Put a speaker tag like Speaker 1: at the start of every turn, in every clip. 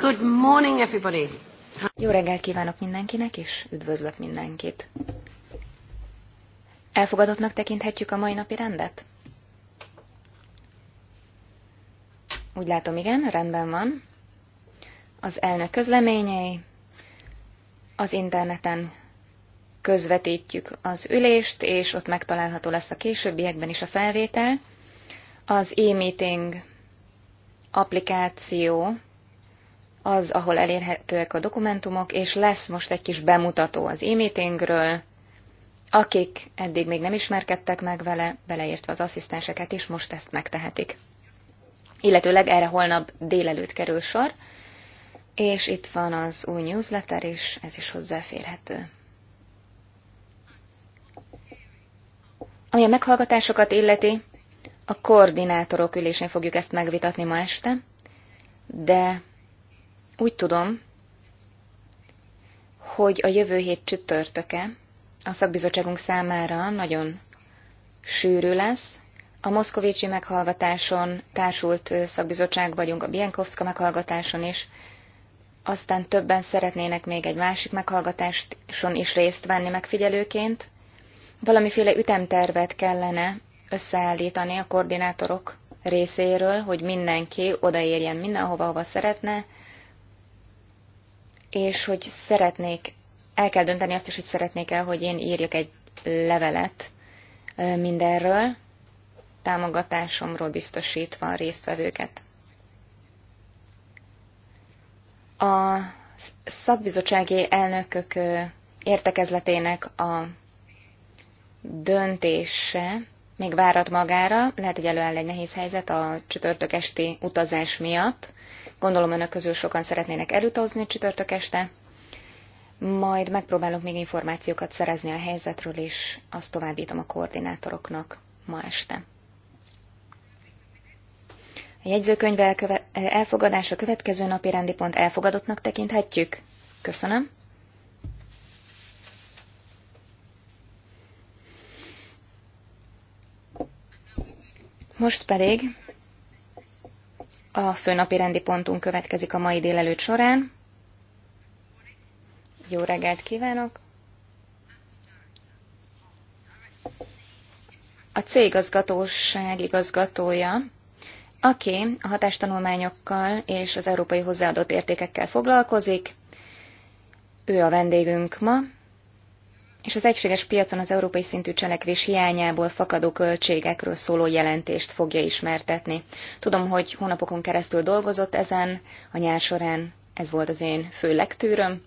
Speaker 1: Good morning, everybody. Jó reggelt kívánok mindenkinek, és üdvözlök mindenkit. Elfogadottnak tekinthetjük a mai napi rendet? Úgy látom, igen, rendben van. Az elnök közleményei, az interneten közvetítjük az ülést, és ott megtalálható lesz a későbbiekben is a felvétel. Az e-meeting applikáció az, ahol elérhetőek a dokumentumok, és lesz most egy kis bemutató az e-meetingről. Akik eddig még nem ismerkedtek meg vele, beleértve az asszisztenseket is, most ezt megtehetik. Illetőleg erre holnap délelőtt kerül sor, és itt van az új newsletter, is ez is hozzáférhető. Ami a meghallgatásokat illeti, a koordinátorok ülésén fogjuk ezt megvitatni ma este, de úgy tudom, hogy a jövő hét csütörtöke a szakbizottságunk számára nagyon sűrű lesz. A Moszkovicsi meghallgatáson társult szakbizottság vagyunk, a Bienkowska meghallgatáson is, aztán többen szeretnének még egy másik meghallgatáson is részt venni megfigyelőként. Valamiféle ütemtervet kellene összeállítani a koordinátorok részéről, hogy mindenki odaérjen mindenhova, hova szeretne, és hogy szeretnék, el kell dönteni azt is, hogy szeretnék el hogy én írjak egy levelet mindenről, támogatásomról biztosítva a résztvevőket. A szakbizottsági elnökök értekezletének a döntése még várat magára, lehet, hogy előáll egy nehéz helyzet a csütörtök esti utazás miatt, Gondolom önök közül sokan szeretnének elutazni csütörtök este. Majd megpróbálok még információkat szerezni a helyzetről, és azt továbbítom a koordinátoroknak ma este. A jegyzőkönyv elköve- elfogadása következő napi rendi pont elfogadottnak tekinthetjük? Köszönöm. Most pedig a főnapi rendi pontunk következik a mai délelőtt során. Jó reggelt kívánok! A cégigazgatóság igazgatója, aki a hatástanulmányokkal és az európai hozzáadott értékekkel foglalkozik, ő a vendégünk ma, és az egységes piacon az európai szintű cselekvés hiányából fakadó költségekről szóló jelentést fogja ismertetni. Tudom, hogy hónapokon keresztül dolgozott ezen, a nyár során ez volt az én fő legtűröm.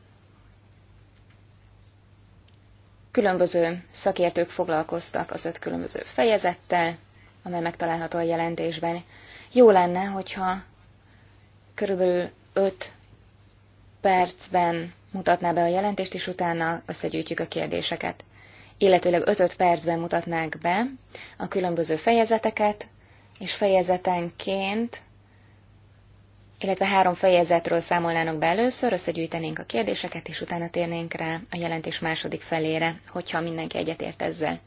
Speaker 1: Különböző szakértők foglalkoztak az öt különböző fejezettel, amely megtalálható a jelentésben. Jó lenne, hogyha körülbelül öt percben mutatná be a jelentést, és utána összegyűjtjük a kérdéseket. Illetőleg 5-5 percben mutatnák be a különböző fejezeteket, és fejezetenként, illetve három fejezetről számolnának be először, összegyűjtenénk a kérdéseket, és utána térnénk rá a jelentés második felére, hogyha mindenki egyetért ezzel.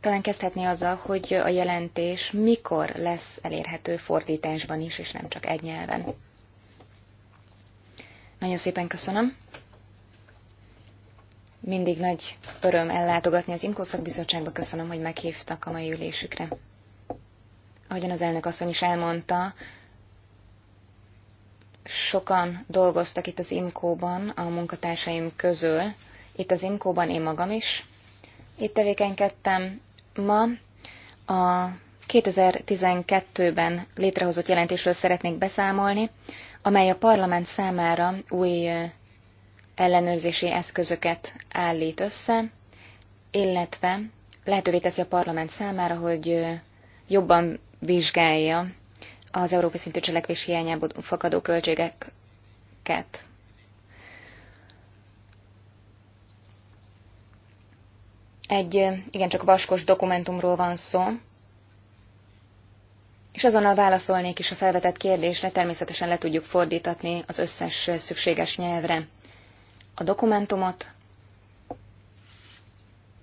Speaker 1: Talán kezdhetné azzal, hogy a jelentés mikor lesz elérhető fordításban is, és nem csak egy nyelven. Nagyon szépen köszönöm. Mindig nagy öröm ellátogatni az IMKO szakbizottságba. Köszönöm, hogy meghívtak a mai ülésükre. Ahogyan az elnök asszony is elmondta, sokan dolgoztak itt az imkóban, a munkatársaim közül. Itt az imkóban én magam is. Itt tevékenykedtem. Ma a 2012-ben létrehozott jelentésről szeretnék beszámolni amely a parlament számára új ellenőrzési eszközöket állít össze, illetve lehetővé teszi a parlament számára, hogy jobban vizsgálja az európai szintű cselekvés hiányából fakadó költségeket. Egy igencsak vaskos dokumentumról van szó, és azonnal válaszolnék is a felvetett kérdésre, természetesen le tudjuk fordítatni az összes szükséges nyelvre a dokumentumot,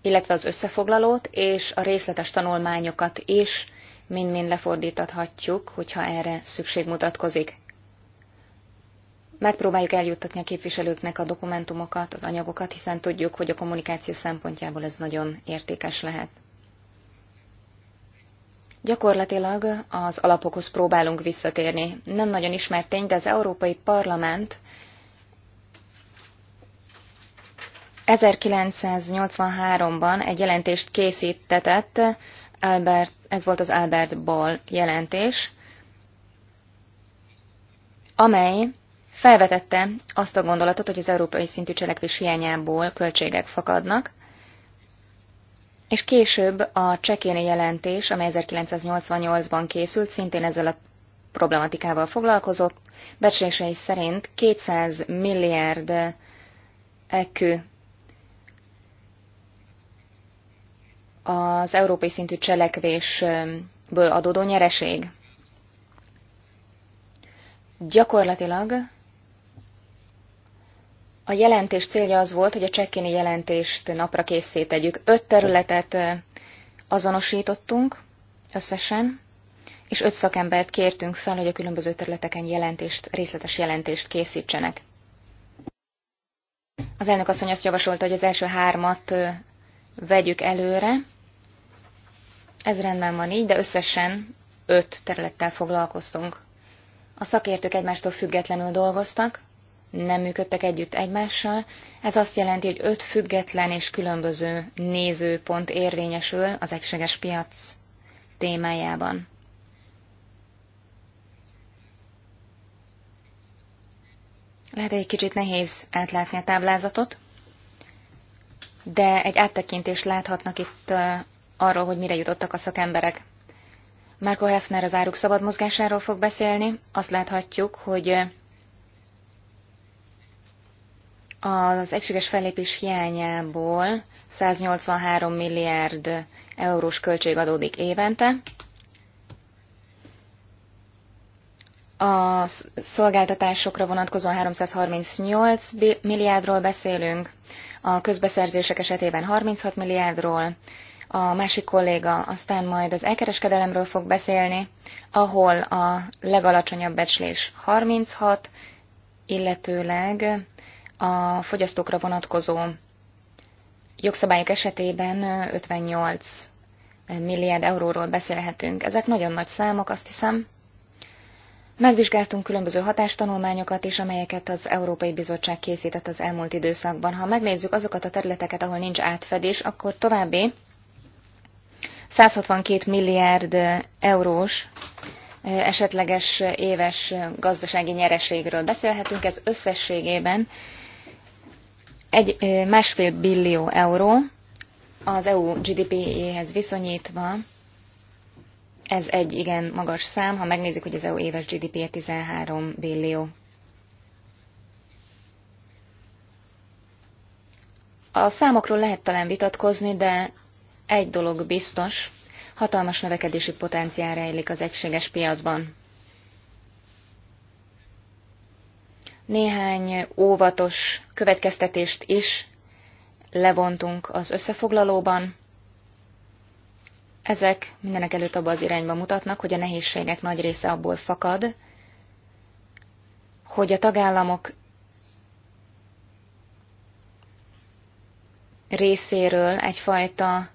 Speaker 1: illetve az összefoglalót és a részletes tanulmányokat is mind-mind lefordítathatjuk, hogyha erre szükség mutatkozik. Megpróbáljuk eljuttatni a képviselőknek a dokumentumokat, az anyagokat, hiszen tudjuk, hogy a kommunikáció szempontjából ez nagyon értékes lehet. Gyakorlatilag az alapokhoz próbálunk visszatérni. Nem nagyon ismert tény, de az Európai Parlament 1983-ban egy jelentést készítetett, Albert, ez volt az Albert Ball jelentés, amely felvetette azt a gondolatot, hogy az európai szintű cselekvés hiányából költségek fakadnak, és később a csekéni jelentés, amely 1988-ban készült, szintén ezzel a problematikával foglalkozott. Becslései szerint 200 milliárd ekkő az európai szintű cselekvésből adódó nyereség. Gyakorlatilag a jelentés célja az volt, hogy a csekkini jelentést napra készé tegyük. Öt területet azonosítottunk összesen, és öt szakembert kértünk fel, hogy a különböző területeken jelentést, részletes jelentést készítsenek. Az elnök asszony azt javasolta, hogy az első hármat vegyük előre. Ez rendben van így, de összesen öt területtel foglalkoztunk. A szakértők egymástól függetlenül dolgoztak, nem működtek együtt egymással. Ez azt jelenti, hogy öt független és különböző nézőpont érvényesül az egységes piac témájában. Lehet, hogy egy kicsit nehéz átlátni a táblázatot, de egy áttekintést láthatnak itt arról, hogy mire jutottak a szakemberek. Marco Hefner az áruk szabad mozgásáról fog beszélni. Azt láthatjuk, hogy az egységes fellépés hiányából 183 milliárd eurós költség adódik évente. A szolgáltatásokra vonatkozóan 338 milliárdról beszélünk, a közbeszerzések esetében 36 milliárdról, a másik kolléga aztán majd az elkereskedelemről fog beszélni, ahol a legalacsonyabb becslés 36, illetőleg a fogyasztókra vonatkozó jogszabályok esetében 58 milliárd euróról beszélhetünk. Ezek nagyon nagy számok, azt hiszem. Megvizsgáltunk különböző hatástanulmányokat is, amelyeket az Európai Bizottság készített az elmúlt időszakban. Ha megnézzük azokat a területeket, ahol nincs átfedés, akkor további 162 milliárd eurós esetleges éves gazdasági nyereségről beszélhetünk. Ez összességében egy, másfél billió euró, az EU GDP-jéhez viszonyítva, ez egy igen magas szám, ha megnézzük, hogy az EU éves GDP-je 13 billió. A számokról lehet talán vitatkozni, de egy dolog biztos, hatalmas növekedési potenciál rejlik az egységes piacban. Néhány óvatos következtetést is levontunk az összefoglalóban. Ezek mindenek előtt abba az irányba mutatnak, hogy a nehézségek nagy része abból fakad, hogy a tagállamok részéről egyfajta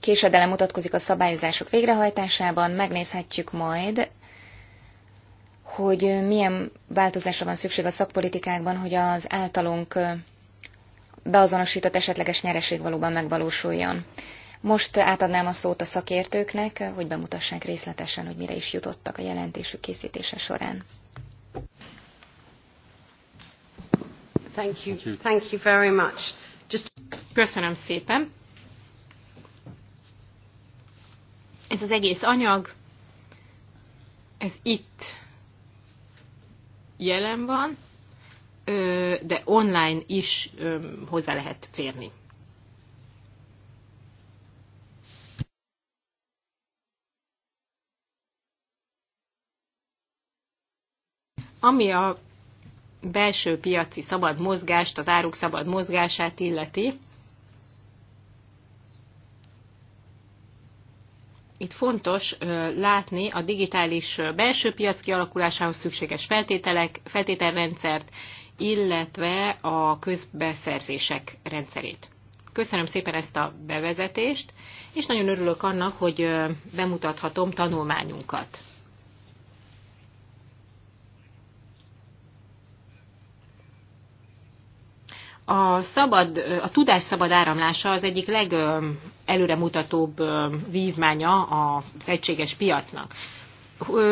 Speaker 1: késedelem mutatkozik a szabályozások végrehajtásában, megnézhetjük majd hogy milyen változásra van szükség a szakpolitikákban, hogy az általunk beazonosított esetleges nyereség valóban megvalósuljon. Most átadnám a szót a szakértőknek, hogy bemutassák részletesen, hogy mire is jutottak a jelentésük készítése során.
Speaker 2: Thank you. Thank you very much. Just... Köszönöm szépen. Ez az egész anyag, ez itt jelen van, de online is hozzá lehet férni. Ami a belső piaci szabad mozgást, az áruk szabad mozgását illeti, itt fontos látni a digitális belső piac kialakulásához szükséges feltételek, feltételrendszert, illetve a közbeszerzések rendszerét. Köszönöm szépen ezt a bevezetést, és nagyon örülök annak, hogy bemutathatom tanulmányunkat. a, szabad, a tudás szabad áramlása az egyik legelőremutatóbb vívmánya az egységes piacnak.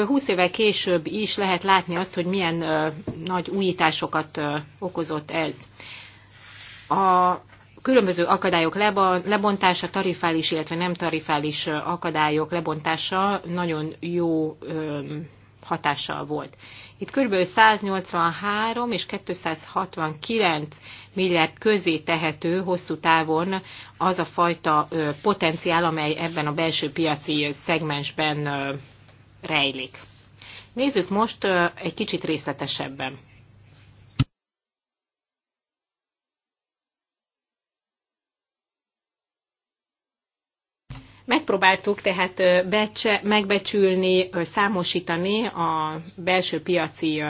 Speaker 2: 20 évvel később is lehet látni azt, hogy milyen nagy újításokat okozott ez. A különböző akadályok lebontása, tarifális, illetve nem tarifális akadályok lebontása nagyon jó hatással volt. Itt kb. 183 és 269 milliárd közé tehető hosszú távon az a fajta potenciál, amely ebben a belső piaci szegmensben rejlik. Nézzük most egy kicsit részletesebben. Megpróbáltuk tehát becse, megbecsülni, számosítani a belső piaci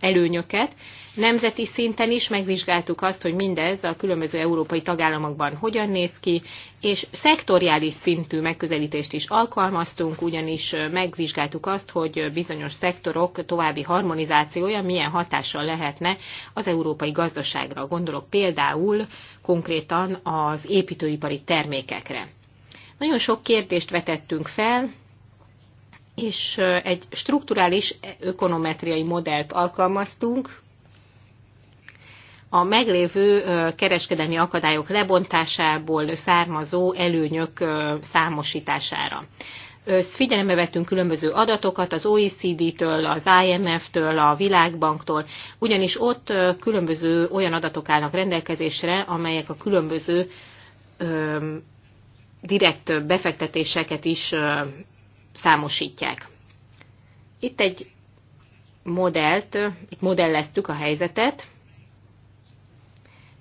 Speaker 2: előnyöket. Nemzeti szinten is megvizsgáltuk azt, hogy mindez a különböző európai tagállamokban hogyan néz ki, és szektoriális szintű megközelítést is alkalmaztunk, ugyanis megvizsgáltuk azt, hogy bizonyos szektorok további harmonizációja milyen hatással lehetne az európai gazdaságra. Gondolok például konkrétan az építőipari termékekre. Nagyon sok kérdést vetettünk fel, és egy strukturális ökonometriai modellt alkalmaztunk, a meglévő kereskedelmi akadályok lebontásából származó előnyök számosítására. Figyelembe vettünk különböző adatokat az OECD-től, az IMF-től, a Világbanktól, ugyanis ott különböző olyan adatok állnak rendelkezésre, amelyek a különböző direkt befektetéseket is számosítják. Itt egy modellt, itt modelleztük a helyzetet,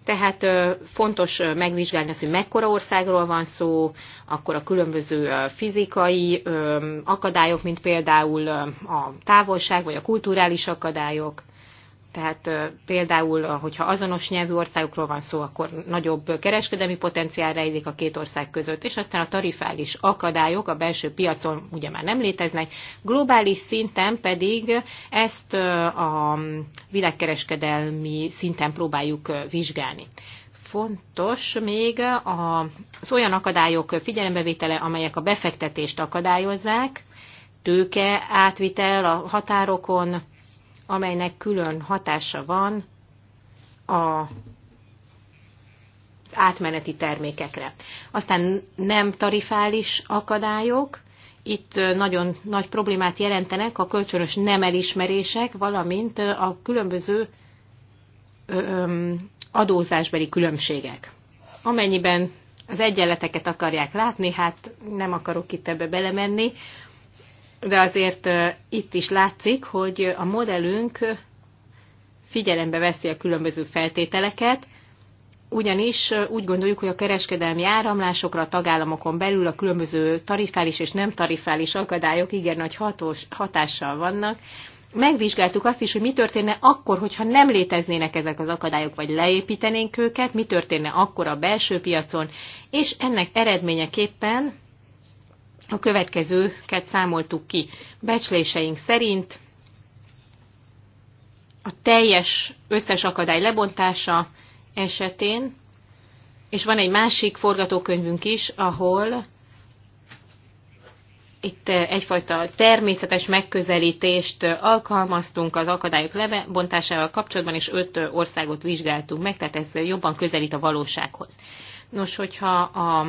Speaker 2: tehát fontos megvizsgálni azt, hogy mekkora országról van szó, akkor a különböző fizikai akadályok, mint például a távolság vagy a kulturális akadályok. Tehát például, hogyha azonos nyelvű országokról van szó, akkor nagyobb kereskedelmi potenciál rejlik a két ország között, és aztán a tarifális akadályok a belső piacon ugye már nem léteznek. Globális szinten pedig ezt a világkereskedelmi szinten próbáljuk vizsgálni fontos még az olyan akadályok figyelembevétele, amelyek a befektetést akadályozzák, tőke, átvitel a határokon, amelynek külön hatása van a átmeneti termékekre. Aztán nem tarifális akadályok, itt nagyon nagy problémát jelentenek a kölcsönös nem elismerések, valamint a különböző adózásbeli különbségek. Amennyiben az egyenleteket akarják látni, hát nem akarok itt ebbe belemenni, de azért itt is látszik, hogy a modellünk figyelembe veszi a különböző feltételeket, ugyanis úgy gondoljuk, hogy a kereskedelmi áramlásokra a tagállamokon belül a különböző tarifális és nem tarifális akadályok igen nagy hatós, hatással vannak. Megvizsgáltuk azt is, hogy mi történne akkor, hogyha nem léteznének ezek az akadályok, vagy leépítenénk őket, mi történne akkor a belső piacon, és ennek eredményeképpen a következőket számoltuk ki. Becsléseink szerint a teljes összes akadály lebontása esetén, és van egy másik forgatókönyvünk is, ahol itt egyfajta természetes megközelítést alkalmaztunk az akadályok lebontásával kapcsolatban, és öt országot vizsgáltunk meg, tehát ez jobban közelít a valósághoz. Nos, hogyha a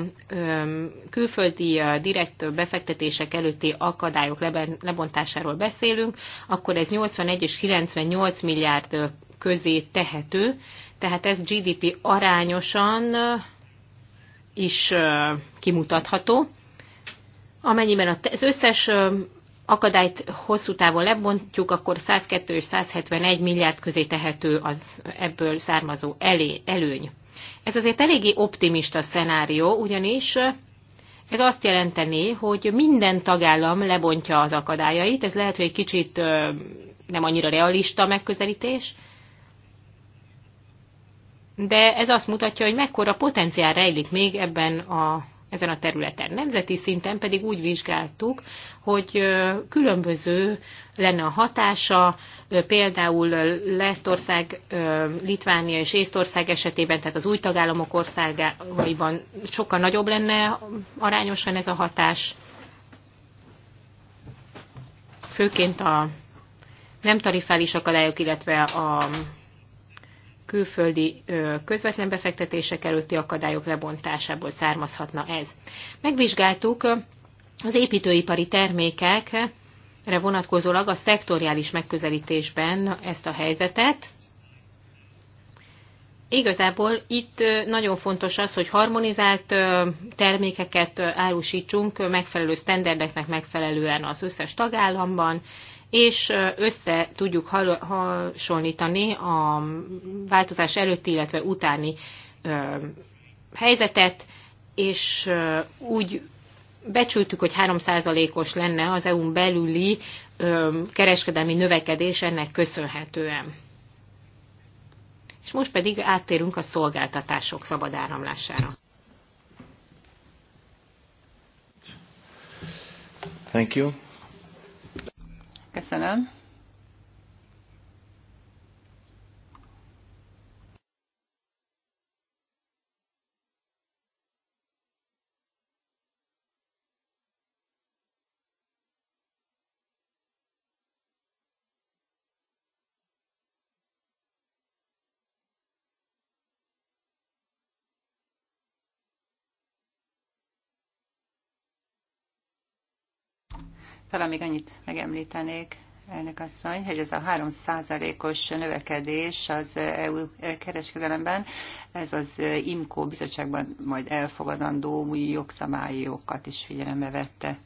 Speaker 2: külföldi direkt befektetések előtti akadályok lebontásáról beszélünk, akkor ez 81 és 98 milliárd közé tehető, tehát ez GDP arányosan is kimutatható. Amennyiben az összes akadályt hosszú távon lebontjuk, akkor 102 és 171 milliárd közé tehető az ebből származó elé, előny. Ez azért eléggé optimista szenárió, ugyanis ez azt jelenteni, hogy minden tagállam lebontja az akadályait, ez lehet, hogy egy kicsit nem annyira realista megközelítés, de ez azt mutatja, hogy mekkora potenciál rejlik még ebben a ezen a területen. Nemzeti szinten pedig úgy vizsgáltuk, hogy különböző lenne a hatása, például Lettország, Litvánia és Észtország esetében, tehát az új tagállamok országaiban sokkal nagyobb lenne arányosan ez a hatás, főként a nem a lejök, illetve a külföldi közvetlen befektetések előtti akadályok lebontásából származhatna ez. Megvizsgáltuk az építőipari termékekre vonatkozólag a szektoriális megközelítésben ezt a helyzetet. Igazából itt nagyon fontos az, hogy harmonizált termékeket árusítsunk megfelelő sztenderdeknek megfelelően az összes tagállamban, és össze tudjuk hasonlítani a változás előtti, illetve utáni helyzetet, és úgy becsültük, hogy 3%-os lenne az EU-n belüli kereskedelmi növekedés ennek köszönhetően. És most pedig áttérünk a szolgáltatások szabad áramlására. Thank you.
Speaker 3: Köszönöm. Talán még annyit megemlítenék, elnök asszony, hogy ez a 3%-os növekedés az EU kereskedelemben, ez az IMCO bizottságban majd elfogadandó új jogszabályokat is figyelembe vette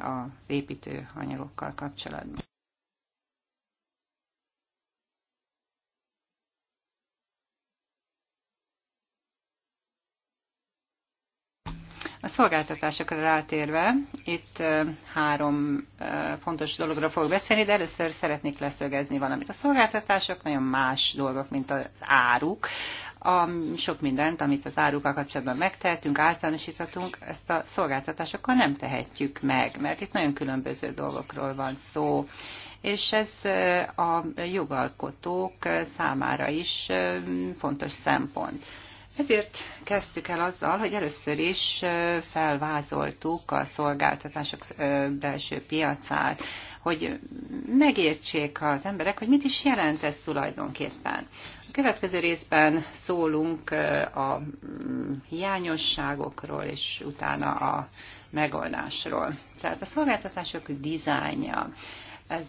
Speaker 3: az építőanyagokkal
Speaker 4: kapcsolatban.
Speaker 3: A szolgáltatásokra rátérve, itt három fontos dologra fogok beszélni, de először szeretnék leszögezni valamit. A szolgáltatások nagyon más dolgok, mint az áruk. A sok mindent, amit az árukkal kapcsolatban megtehetünk, általánosíthatunk, ezt a szolgáltatásokkal nem tehetjük meg, mert itt nagyon különböző dolgokról van szó és ez a jogalkotók számára is fontos szempont. Ezért kezdtük el azzal, hogy először is felvázoltuk a szolgáltatások belső piacát, hogy megértsék az emberek, hogy mit is jelent ez tulajdonképpen. A következő részben szólunk a hiányosságokról, és utána a megoldásról. Tehát a szolgáltatások dizájnja. Ez,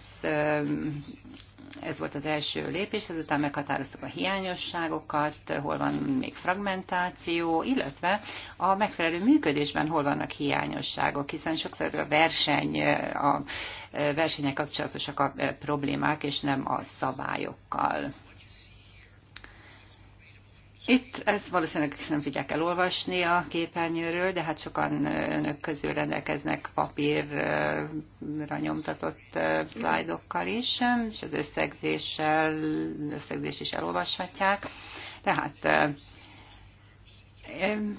Speaker 3: ez volt az első lépés, ezután meghatároztuk a hiányosságokat, hol van még fragmentáció, illetve a megfelelő működésben hol vannak hiányosságok, hiszen sokszor a verseny, a versenyek kapcsolatosak a problémák, és nem a szabályokkal. Itt ezt valószínűleg nem tudják elolvasni a képernyőről, de hát sokan önök közül rendelkeznek papírra nyomtatott szlájdokkal is, és az összegzéssel, összegzés is elolvashatják. Tehát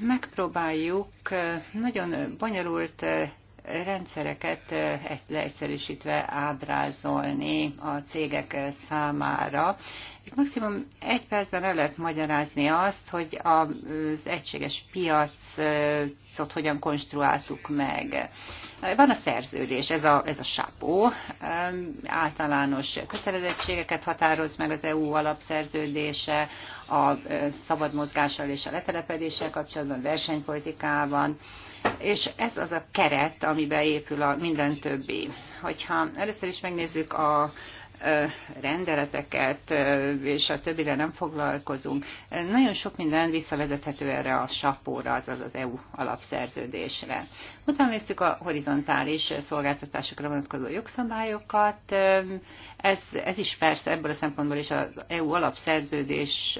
Speaker 3: megpróbáljuk nagyon bonyolult rendszereket eh, leegyszerűsítve ábrázolni a cégek eh, számára. Itt maximum egy percben el lehet magyarázni azt, hogy az egységes piacot hogyan konstruáltuk meg. Van a szerződés, ez a, ez a sápó, általános kötelezettségeket határoz meg az EU alapszerződése, a eh, szabad mozgással és a letelepedéssel kapcsolatban, versenypolitikában, és ez az a keret, amiben épül a minden többi. Hogyha először is megnézzük a rendeleteket, és a többire nem foglalkozunk. Nagyon sok minden visszavezethető erre a sapóra, azaz az EU alapszerződésre. Utána néztük a horizontális szolgáltatásokra vonatkozó jogszabályokat. Ez, ez is persze ebből a szempontból is az EU alapszerződés,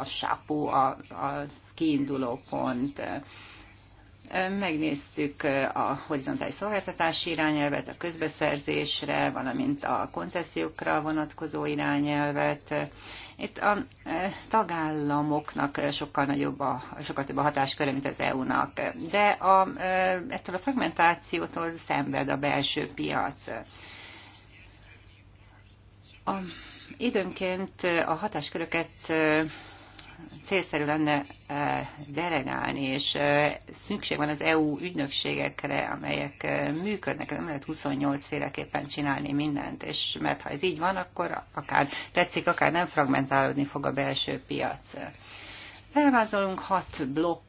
Speaker 3: a sapó, a, a kiinduló pont Megnéztük a horizontális szolgáltatási irányelvet, a közbeszerzésre, valamint a koncesziókra vonatkozó irányelvet. Itt a tagállamoknak sokkal nagyobb a, sokkal több a hatásköre, mint az EU-nak, de a, ettől a fragmentációtól szenved a belső piac. A, időnként a hatásköröket célszerű lenne eh, delegálni, és eh, szükség van az EU ügynökségekre, amelyek eh, működnek, nem lehet 28 féleképpen csinálni mindent, és mert ha ez így van, akkor akár tetszik, akár nem fragmentálódni fog a belső piac. Felvázolunk hat blokk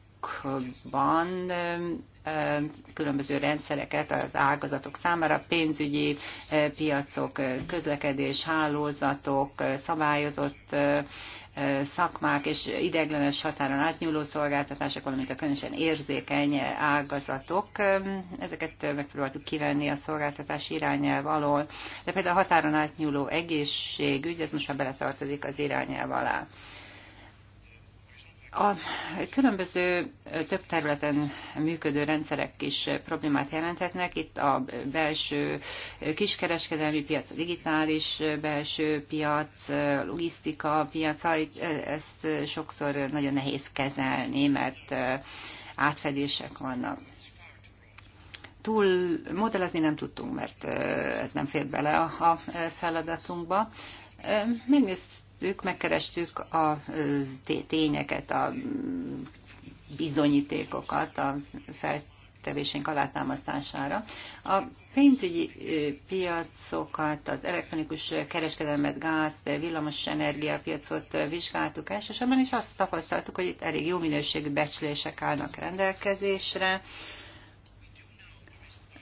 Speaker 3: különböző rendszereket az ágazatok számára, pénzügyi piacok, közlekedés, hálózatok, szabályozott szakmák és ideglenes határon átnyúló szolgáltatások, valamint a különösen érzékeny ágazatok. Ezeket megpróbáltuk kivenni a szolgáltatás irányelv alól. De például a határon átnyúló egészségügy, ez most már beletartozik az irányelv alá. A különböző több területen működő rendszerek is problémát jelenthetnek. Itt a belső kiskereskedelmi piac, a digitális belső piac, logisztika piaca, ezt sokszor nagyon nehéz kezelni, mert átfedések vannak túl modellezni nem tudtunk, mert ez nem fér bele a feladatunkba. Megnéztük, megkerestük, megkerestük a tényeket, a bizonyítékokat, a feltevésénk alátámasztására. A pénzügyi piacokat, az elektronikus kereskedelmet, gázt, villamos energiapiacot vizsgáltuk elsősorban, és azt tapasztaltuk, hogy itt elég jó minőségű becslések állnak rendelkezésre.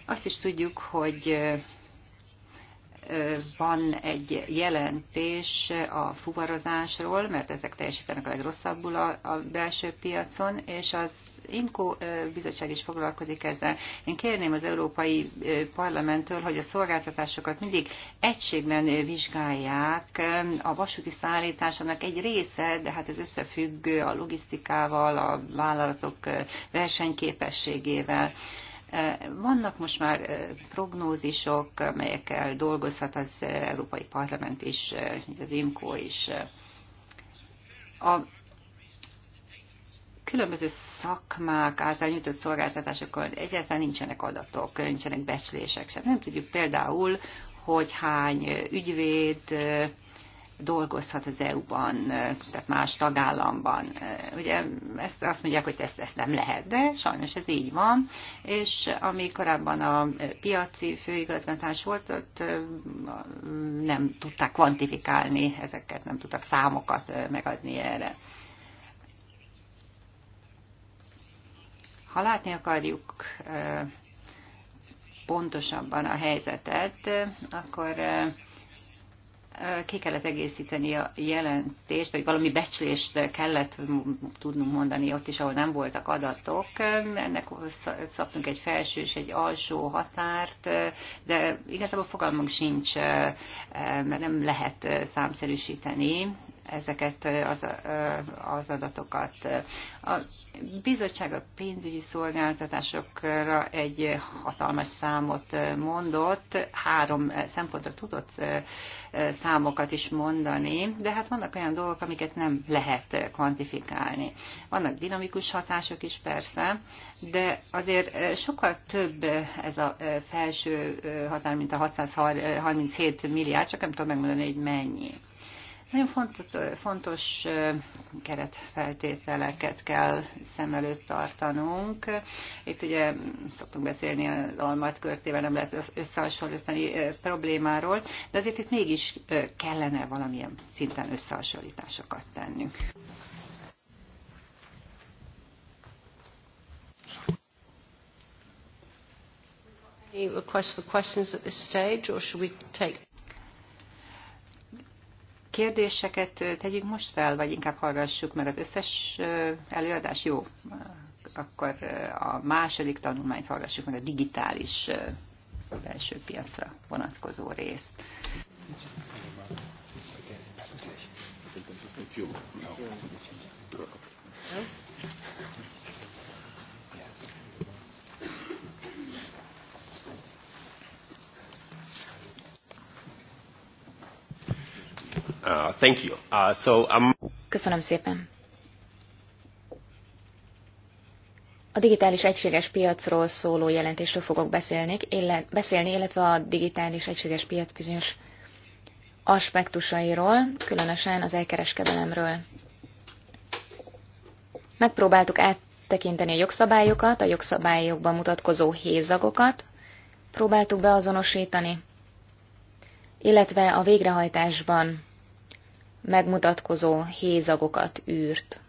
Speaker 3: Azt is tudjuk, hogy van egy jelentés a fuvarozásról, mert ezek teljesítenek a legrosszabbul a, a belső piacon, és az IMCO bizottság is foglalkozik ezzel. Én kérném az Európai Parlamenttől, hogy a szolgáltatásokat mindig egységben vizsgálják. A vasúti szállításának egy része, de hát ez összefügg a logisztikával, a vállalatok versenyképességével. E, vannak most már e, prognózisok, melyekkel dolgozhat az Európai Parlament is, e, az IMCO is. A különböző szakmák által nyújtott szolgáltatásokon egyáltalán nincsenek adatok, nincsenek becslések sem. Nem tudjuk például, hogy hány ügyvéd, dolgozhat az EU-ban, tehát más tagállamban. Ugye ezt azt mondják, hogy ezt, ezt nem lehet, de sajnos ez így van, és ami korábban a piaci főigazgatás volt, ott nem tudták kvantifikálni ezeket, nem tudtak számokat megadni erre. Ha látni akarjuk pontosabban a helyzetet, akkor ki kellett egészíteni a jelentést, vagy valami becslést kellett tudnunk mondani ott is, ahol nem voltak adatok. Ennek szabtunk egy felső és egy alsó határt, de igazából fogalmunk sincs, mert nem lehet számszerűsíteni ezeket az, az adatokat. A bizottság a pénzügyi szolgáltatásokra egy hatalmas számot mondott, három szempontra tudott számokat is mondani, de hát vannak olyan dolgok, amiket nem lehet kvantifikálni. Vannak dinamikus hatások is persze, de azért sokkal több ez a felső határ, mint a 637 milliárd, csak nem tudom megmondani, hogy mennyi. Nagyon fontos, fontos keretfeltételeket kell szem előtt tartanunk. Itt ugye szoktunk beszélni az almat körtében, nem lehet összehasonlítani problémáról, de azért itt mégis kellene valamilyen szinten összehasonlításokat tennünk. Any requests for questions at this stage, or should we take kérdéseket tegyünk most fel, vagy inkább hallgassuk meg az összes előadás? Jó, akkor a második tanulmányt hallgassuk meg a digitális belső piacra vonatkozó részt. Thank you. Uh, thank you. Uh, so, um...
Speaker 1: Köszönöm szépen. A digitális egységes piacról szóló jelentésről fogok beszélni, illet, beszélni, illetve a digitális egységes piac bizonyos aspektusairól, különösen az elkereskedelemről. Megpróbáltuk áttekinteni a jogszabályokat, a jogszabályokban mutatkozó hézagokat, próbáltuk beazonosítani, illetve a végrehajtásban megmutatkozó hézagokat űrt.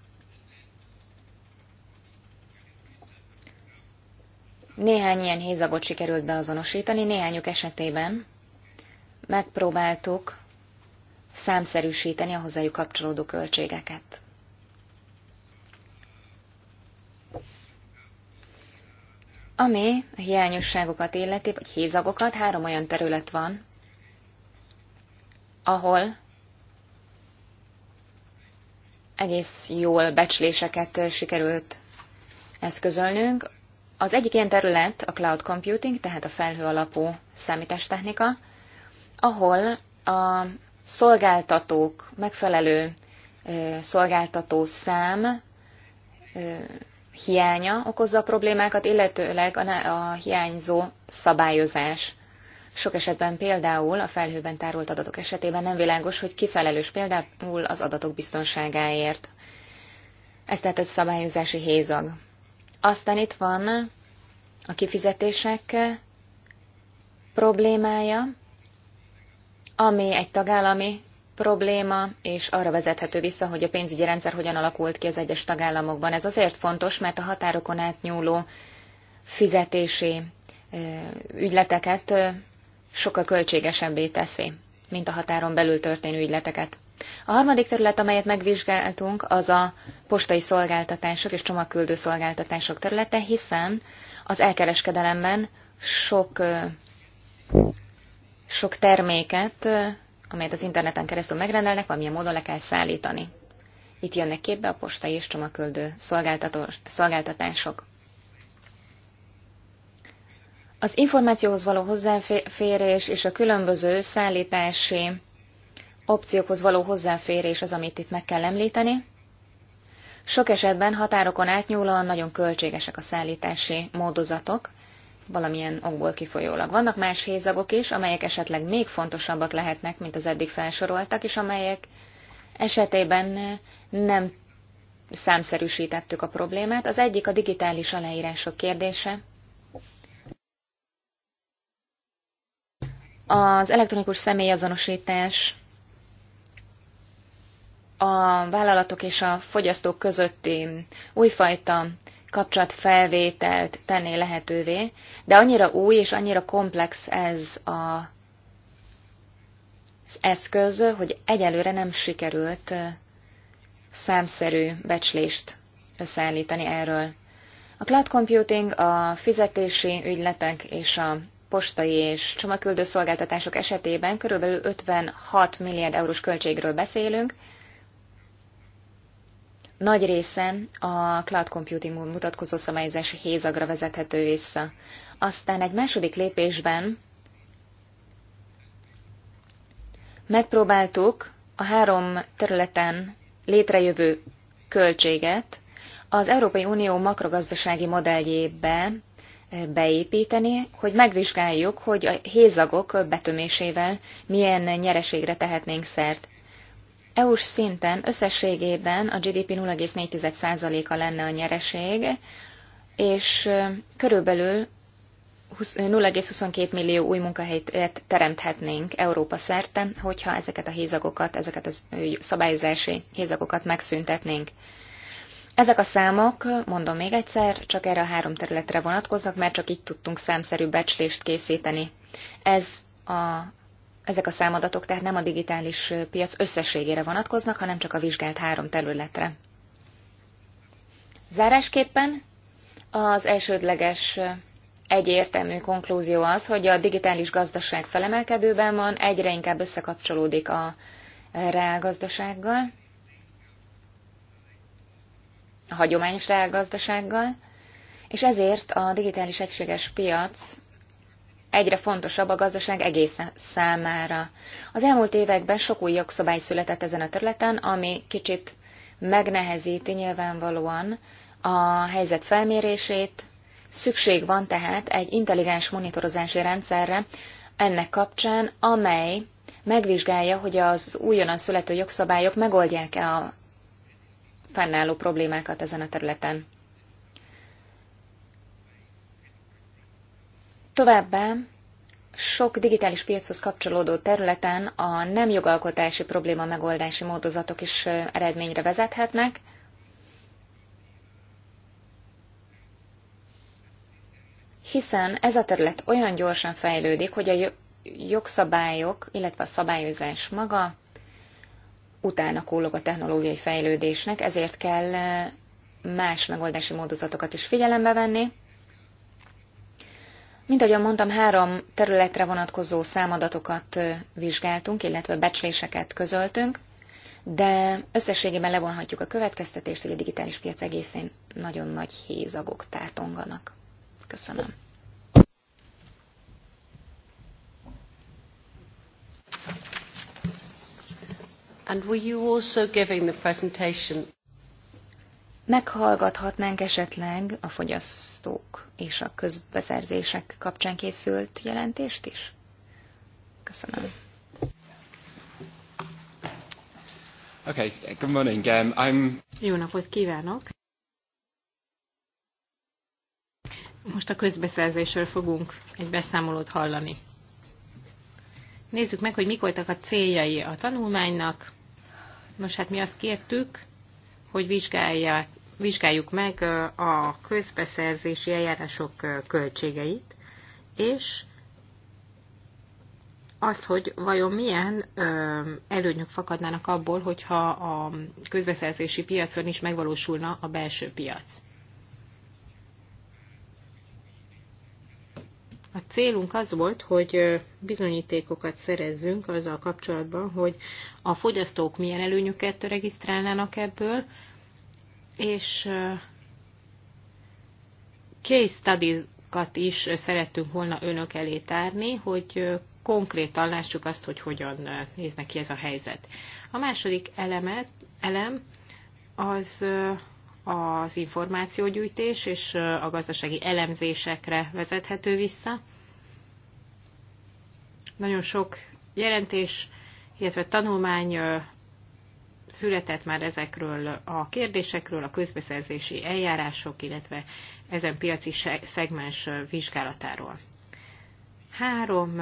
Speaker 1: Néhány ilyen hézagot sikerült beazonosítani, néhányuk esetében megpróbáltuk számszerűsíteni a hozzájuk kapcsolódó költségeket. Ami a hiányosságokat illeti, vagy hézagokat, három olyan terület van, ahol egész jól becsléseket sikerült eszközölnünk. Az egyik ilyen terület a cloud computing, tehát a felhő alapú számítástechnika, ahol a szolgáltatók megfelelő szolgáltató szám hiánya okozza a problémákat, illetőleg a hiányzó szabályozás. Sok esetben például a felhőben tárolt adatok esetében nem világos, hogy kifelelős például az adatok biztonságáért. Ez tehát egy szabályozási hézag. Aztán itt van a kifizetések problémája, ami egy tagállami probléma, és arra vezethető vissza, hogy a pénzügyi rendszer hogyan alakult ki az egyes tagállamokban. Ez azért fontos, mert a határokon átnyúló fizetési ügyleteket sokkal költségesebbé teszi, mint a határon belül történő ügyleteket. A harmadik terület, amelyet megvizsgáltunk, az a postai szolgáltatások és csomagküldő szolgáltatások területe, hiszen az elkereskedelemben sok, sok terméket, amelyet az interneten keresztül megrendelnek, valamilyen módon le kell szállítani. Itt jönnek képbe a postai és csomagküldő szolgáltatások. Az információhoz való hozzáférés és a különböző szállítási opciókhoz való hozzáférés az, amit itt meg kell említeni. Sok esetben határokon átnyúlóan nagyon költségesek a szállítási módozatok, valamilyen okból kifolyólag. Vannak más hézagok is, amelyek esetleg még fontosabbak lehetnek, mint az eddig felsoroltak, és amelyek esetében nem számszerűsítettük a problémát. Az egyik a digitális aláírások kérdése. Az elektronikus személyazonosítás a vállalatok és a fogyasztók közötti újfajta kapcsolatfelvételt tenné lehetővé, de annyira új és annyira komplex ez a, az eszköz, hogy egyelőre nem sikerült számszerű becslést összeállítani erről. A cloud computing, a fizetési ügyletek és a postai és csomagküldő szolgáltatások esetében körülbelül 56 milliárd eurós költségről beszélünk, nagy része a cloud computing mutatkozó szabályozási hézagra vezethető vissza. Aztán egy második lépésben megpróbáltuk a három területen létrejövő költséget az Európai Unió makrogazdasági modelljébe beépíteni, hogy megvizsgáljuk, hogy a hézagok betömésével milyen nyereségre tehetnénk szert. EU-s szinten összességében a GDP 0,4%-a lenne a nyereség, és körülbelül 0,22 millió új munkahelyet teremthetnénk Európa szerte, hogyha ezeket a hézagokat, ezeket a szabályozási hézagokat megszüntetnénk. Ezek a számok, mondom még egyszer, csak erre a három területre vonatkoznak, mert csak így tudtunk számszerű becslést készíteni. Ez a, ezek a számadatok tehát nem a digitális piac összességére vonatkoznak, hanem csak a vizsgált három területre. Zárásképpen az elsődleges egyértelmű konklúzió az, hogy a digitális gazdaság felemelkedőben van, egyre inkább összekapcsolódik a reálgazdasággal, a hagyományos reálgazdasággal, és ezért a digitális egységes piac egyre fontosabb a gazdaság egész számára. Az elmúlt években sok új jogszabály született ezen a területen, ami kicsit megnehezíti nyilvánvalóan a helyzet felmérését. Szükség van tehát egy intelligens monitorozási rendszerre ennek kapcsán, amely megvizsgálja, hogy az újonnan születő jogszabályok megoldják-e a fennálló problémákat ezen a területen. Továbbá sok digitális piachoz kapcsolódó területen a nem jogalkotási probléma megoldási módozatok is eredményre vezethetnek. Hiszen ez a terület olyan gyorsan fejlődik, hogy a jogszabályok, illetve a szabályozás maga utána kullog a technológiai fejlődésnek, ezért kell eh, más megoldási módozatokat is figyelembe venni. Mint ahogyan mondtam, három területre vonatkozó számadatokat eh, vizsgáltunk, illetve becsléseket közöltünk, de összességében levonhatjuk a következtetést, hogy a digitális piac egészén nagyon nagy hézagok tártonganak.
Speaker 3: Köszönöm. And were you also giving the presentation?
Speaker 1: Meghallgathatnánk esetleg a fogyasztók és a közbeszerzések kapcsán készült jelentést is? Köszönöm.
Speaker 3: Okay, good morning. Um, I'm...
Speaker 2: Jó napot kívánok! Most a közbeszerzésről fogunk egy beszámolót hallani. Nézzük meg, hogy mik voltak a céljai a tanulmánynak, Nos, hát mi azt kértük, hogy vizsgálják, vizsgáljuk meg a közbeszerzési eljárások költségeit, és az, hogy vajon milyen előnyök fakadnának abból, hogyha a közbeszerzési piacon is megvalósulna a belső piac. A célunk az volt, hogy bizonyítékokat szerezzünk azzal kapcsolatban, hogy a fogyasztók milyen előnyöket regisztrálnának ebből, és case studies is szerettünk volna önök elé tárni, hogy konkrétan lássuk azt, hogy hogyan néznek ki ez a helyzet. A második elemet, elem az az információgyűjtés és a gazdasági elemzésekre vezethető vissza. Nagyon sok jelentés, illetve tanulmány született már ezekről a kérdésekről, a közbeszerzési eljárások, illetve ezen piaci szegmens vizsgálatáról. Három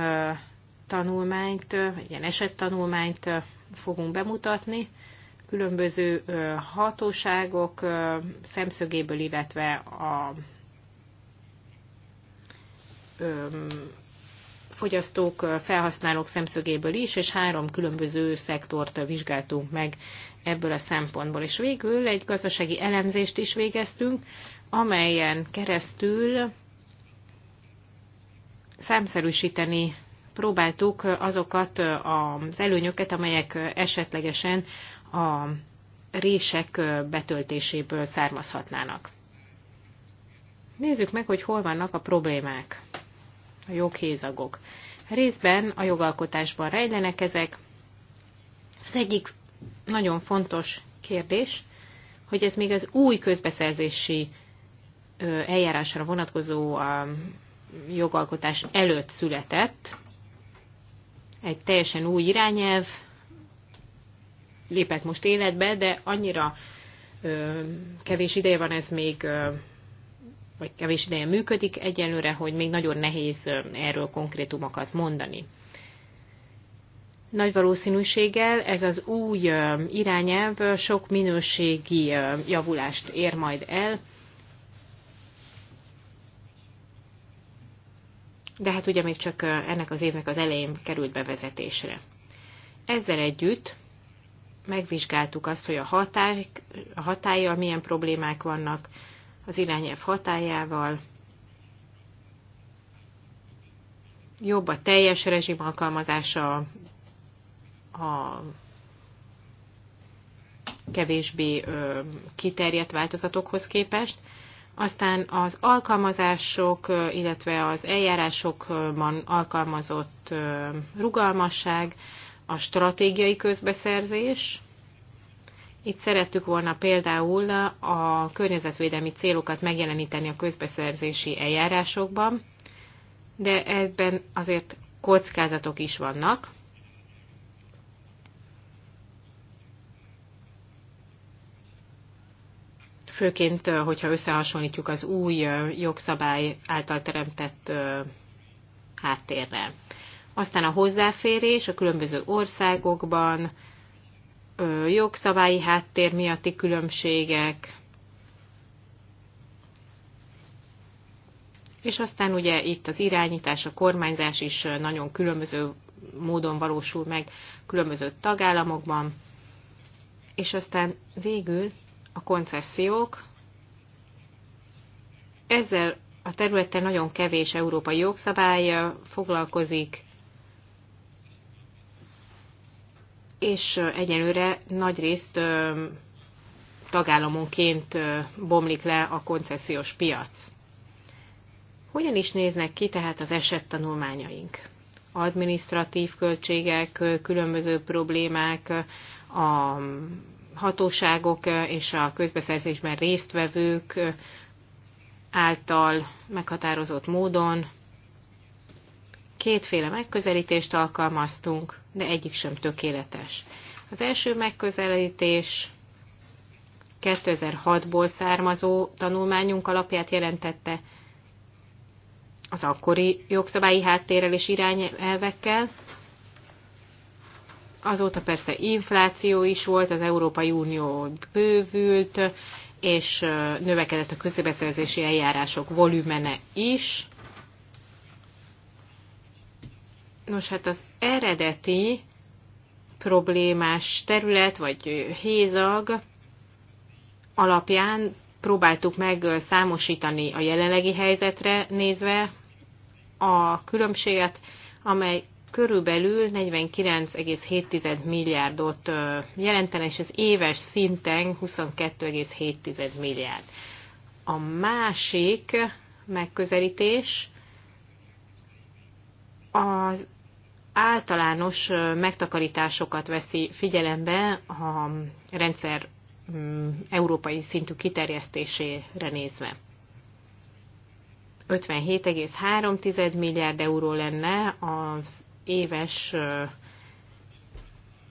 Speaker 2: tanulmányt, ilyen esettanulmányt fogunk bemutatni, különböző hatóságok szemszögéből, illetve a fogyasztók, felhasználók szemszögéből is, és három különböző szektort vizsgáltunk meg ebből a szempontból. És végül egy gazdasági elemzést is végeztünk, amelyen keresztül számszerűsíteni próbáltuk azokat az előnyöket, amelyek esetlegesen a rések betöltéséből származhatnának. Nézzük meg, hogy hol vannak a problémák, a joghézagok. Részben a jogalkotásban rejlenek ezek. Az egyik nagyon fontos kérdés, hogy ez még az új közbeszerzési eljárásra vonatkozó jogalkotás előtt született, egy teljesen új irányelv lépett most életbe, de annyira ö, kevés ideje van ez még, ö, vagy kevés ideje működik egyelőre, hogy még nagyon nehéz erről konkrétumokat mondani. Nagy valószínűséggel ez az új irányelv sok minőségi javulást ér majd el, de hát ugye még csak ennek az évnek az elején került bevezetésre. Ezzel együtt megvizsgáltuk azt, hogy a, hatály, a hatája, milyen problémák vannak, az irányelv hatájával, jobb a teljes rezsim alkalmazása, a kevésbé ö, kiterjedt változatokhoz képest. Aztán az alkalmazások, illetve az eljárásokban alkalmazott rugalmasság, a stratégiai közbeszerzés. Itt szerettük volna például a környezetvédelmi célokat megjeleníteni a közbeszerzési eljárásokban, de ebben azért kockázatok is vannak. Főként, hogyha összehasonlítjuk az új jogszabály által teremtett háttérrel. Aztán a hozzáférés a különböző országokban, jogszabályi háttér miatti különbségek, és aztán ugye itt az irányítás, a kormányzás is nagyon különböző módon valósul meg különböző tagállamokban, és aztán végül a koncesziók. Ezzel a területen nagyon kevés európai jogszabály foglalkozik, és egyelőre nagy részt tagállamonként bomlik le a koncesziós piac. Hogyan is néznek ki tehát az esettanulmányaink? Administratív költségek, különböző problémák, a hatóságok és a közbeszerzésben résztvevők által meghatározott módon kétféle megközelítést alkalmaztunk, de egyik sem tökéletes. Az első megközelítés 2006-ból származó tanulmányunk alapját jelentette az akkori jogszabályi háttérrel és irányelvekkel. Azóta persze infláció is volt, az Európai Unió bővült, és növekedett a közbeszerzési eljárások volümene is. Nos, hát az eredeti problémás terület, vagy hézag alapján próbáltuk meg számosítani a jelenlegi helyzetre nézve a különbséget, amely körülbelül 49,7 milliárdot jelentene, és az éves szinten 22,7 milliárd. A másik megközelítés az általános megtakarításokat veszi figyelembe a rendszer mm, európai szintű kiterjesztésére nézve. 57,3 milliárd euró lenne az éves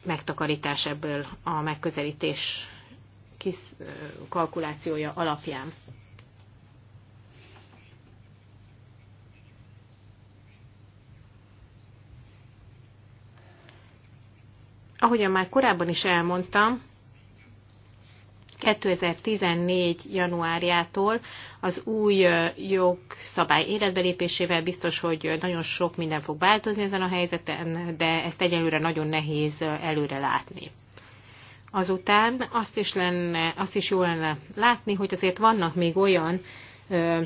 Speaker 2: megtakarítás ebből a megközelítés kis kalkulációja alapján. Ahogyan már korábban is elmondtam, 2014. januárjától az új jogszabály életbelépésével biztos, hogy nagyon sok minden fog változni ezen a helyzeten, de ezt egyelőre nagyon nehéz előre látni. Azután azt is, lenne, azt is jó lenne látni, hogy azért vannak még olyan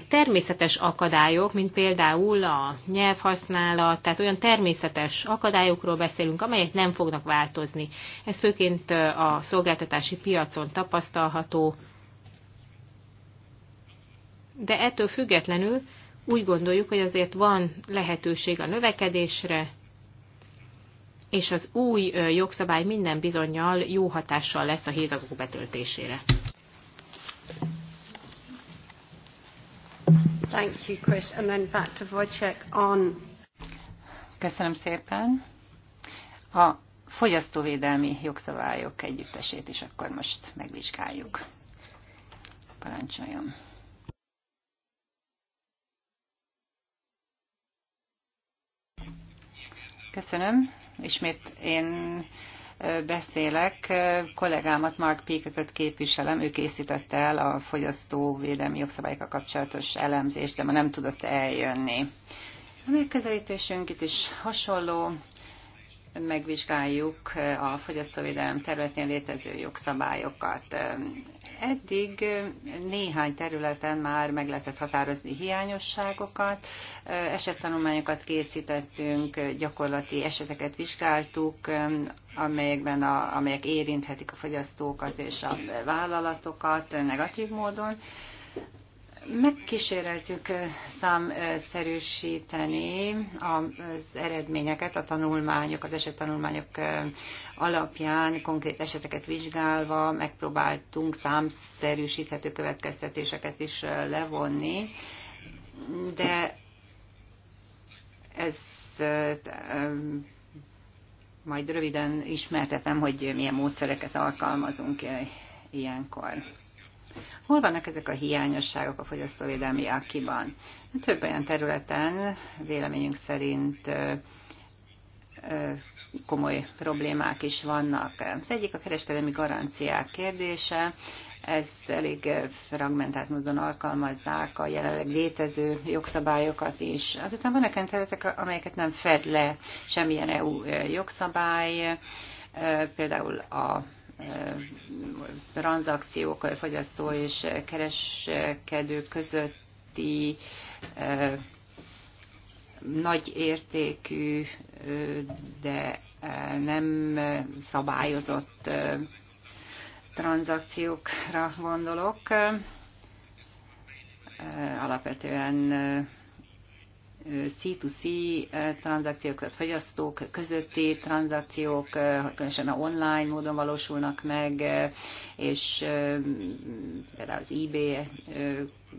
Speaker 2: természetes akadályok, mint például a nyelvhasználat, tehát olyan természetes akadályokról beszélünk, amelyek nem fognak változni. Ez főként a szolgáltatási piacon tapasztalható, de ettől függetlenül úgy gondoljuk, hogy azért van lehetőség a növekedésre, és az új jogszabály minden bizonyal jó hatással lesz a hézagok betöltésére.
Speaker 3: Thank you, Chris. And then back to Wojciech on... Köszönöm szépen. A fogyasztóvédelmi jogszabályok együttesét is akkor most megvizsgáljuk. Parancsoljon. Köszönöm. Ismét én beszélek. Kollégámat, Mark Pékeköt képviselem, ő készítette el a fogyasztóvédelmi jogszabályokkal kapcsolatos elemzést, de ma nem tudott eljönni. A megközelítésünk itt is hasonló megvizsgáljuk a fogyasztóvédelem területén létező jogszabályokat. Eddig néhány területen már meg lehetett határozni hiányosságokat, esettanulmányokat készítettünk, gyakorlati eseteket vizsgáltuk, amelyekben a, amelyek érinthetik a fogyasztókat és a vállalatokat negatív módon, Megkíséreltük számszerűsíteni az eredményeket, a tanulmányok, az esettanulmányok alapján, konkrét eseteket vizsgálva, megpróbáltunk számszerűsíthető következtetéseket is levonni, de ez majd röviden ismertetem, hogy milyen módszereket alkalmazunk ilyenkor. Hol vannak ezek a hiányosságok a fogyasztóvédelmi akiban? Több olyan területen véleményünk szerint komoly problémák is vannak. Az egyik a kereskedelmi garanciák kérdése. Ezt elég fragmentált módon alkalmazzák a jelenleg létező jogszabályokat is. Azután vannak olyan területek, amelyeket nem fed le semmilyen EU jogszabály, például a tranzakciók fogyasztó és kereskedő közötti nagy értékű, de nem szabályozott tranzakciókra gondolok. Alapvetően C2C eh, tranzakciókat, fogyasztók közötti tranzakciók, eh, különösen a online módon valósulnak meg, eh, és például az eBay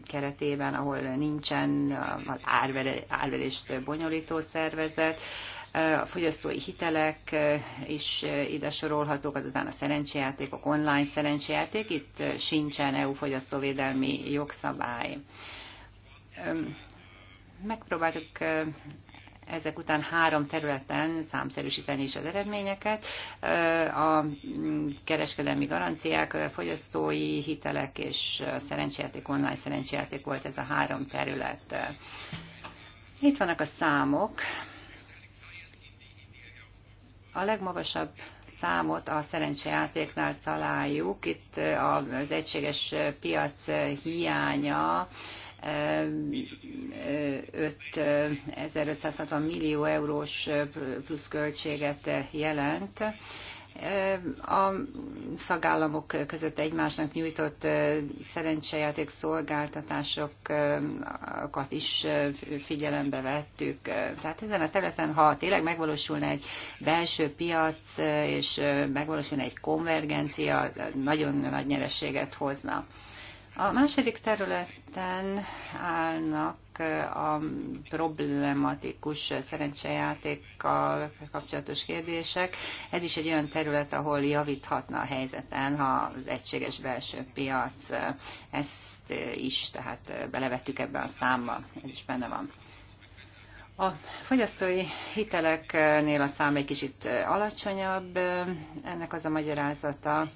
Speaker 3: keretében, ahol nincsen az árverést bonyolító szervezet, a fogyasztói hitelek is ide sorolhatók, azután a szerencsejátékok, online szerencsejáték, itt sincsen EU fogyasztóvédelmi jogszabály Megpróbáltuk ezek után három területen számszerűsíteni is az eredményeket. A mm, kereskedelmi garanciák, a fogyasztói hitelek és a szerencsejáték, online szerencsejáték volt ez a három terület. Itt vannak a számok. A legmagasabb számot a szerencsejátéknál találjuk. Itt az egységes piac hiánya 5560 millió eurós pluszköltséget jelent. A szagállamok között egymásnak nyújtott szerencsejáték szolgáltatásokat is figyelembe vettük. Tehát ezen a területen, ha tényleg megvalósulna egy belső piac, és megvalósulna egy konvergencia, nagyon nagy nyereséget hozna. A második területen állnak eh, a problematikus szerencsejátékkal kapcsolatos kérdések. Ez is egy olyan terület, ahol javíthatna a helyzeten, ha az egységes belső piac eh, ezt eh, is, tehát belevettük ebbe a számba, ez is benne van. A fogyasztói hiteleknél a szám egy kicsit alacsonyabb, ennek az a magyarázata,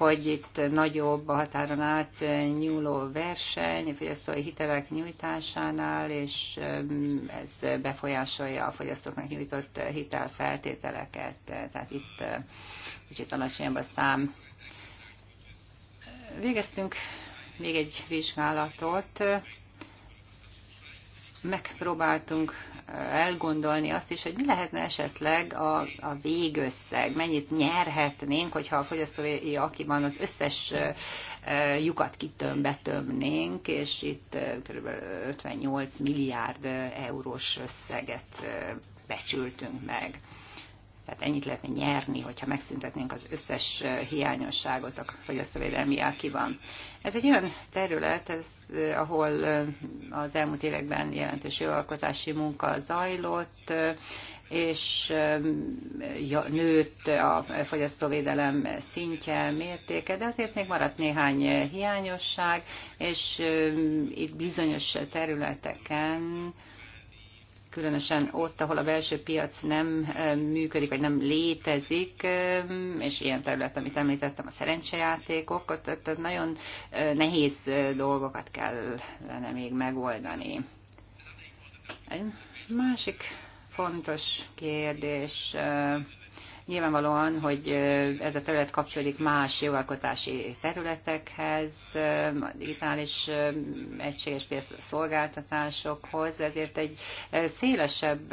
Speaker 3: hogy itt nagyobb a határon át nyúló verseny, fogyasztói hitelek nyújtásánál, és um, ez befolyásolja a fogyasztóknak nyújtott hitelfeltételeket. Tehát itt uh, kicsit alacsonyabb a szám. Végeztünk még egy vizsgálatot. Megpróbáltunk elgondolni azt is, hogy mi lehetne esetleg a, a végösszeg, mennyit nyerhetnénk, hogyha a fogyasztói akiban az összes lyukat kitömbetömnénk, és itt kb. 58 milliárd eurós összeget becsültünk meg. Tehát ennyit lehetne nyerni, hogyha megszüntetnénk az összes hiányosságot a fogyasztóvédelmi ákiban. Ez egy olyan terület, ez, ahol az elmúlt években jelentős jogalkotási munka zajlott, és nőtt a fogyasztóvédelem szintje, mértéke, de azért még maradt néhány hiányosság, és itt bizonyos területeken különösen ott, ahol a belső piac nem működik, vagy nem létezik, és ilyen terület, amit említettem, a szerencsejátékok, ott, ott, ott nagyon nehéz dolgokat kellene még megoldani. Egy másik fontos kérdés Nyilvánvalóan, hogy ez a terület kapcsolódik más jogalkotási területekhez, digitális egységes szolgáltatásokhoz, ezért egy szélesebb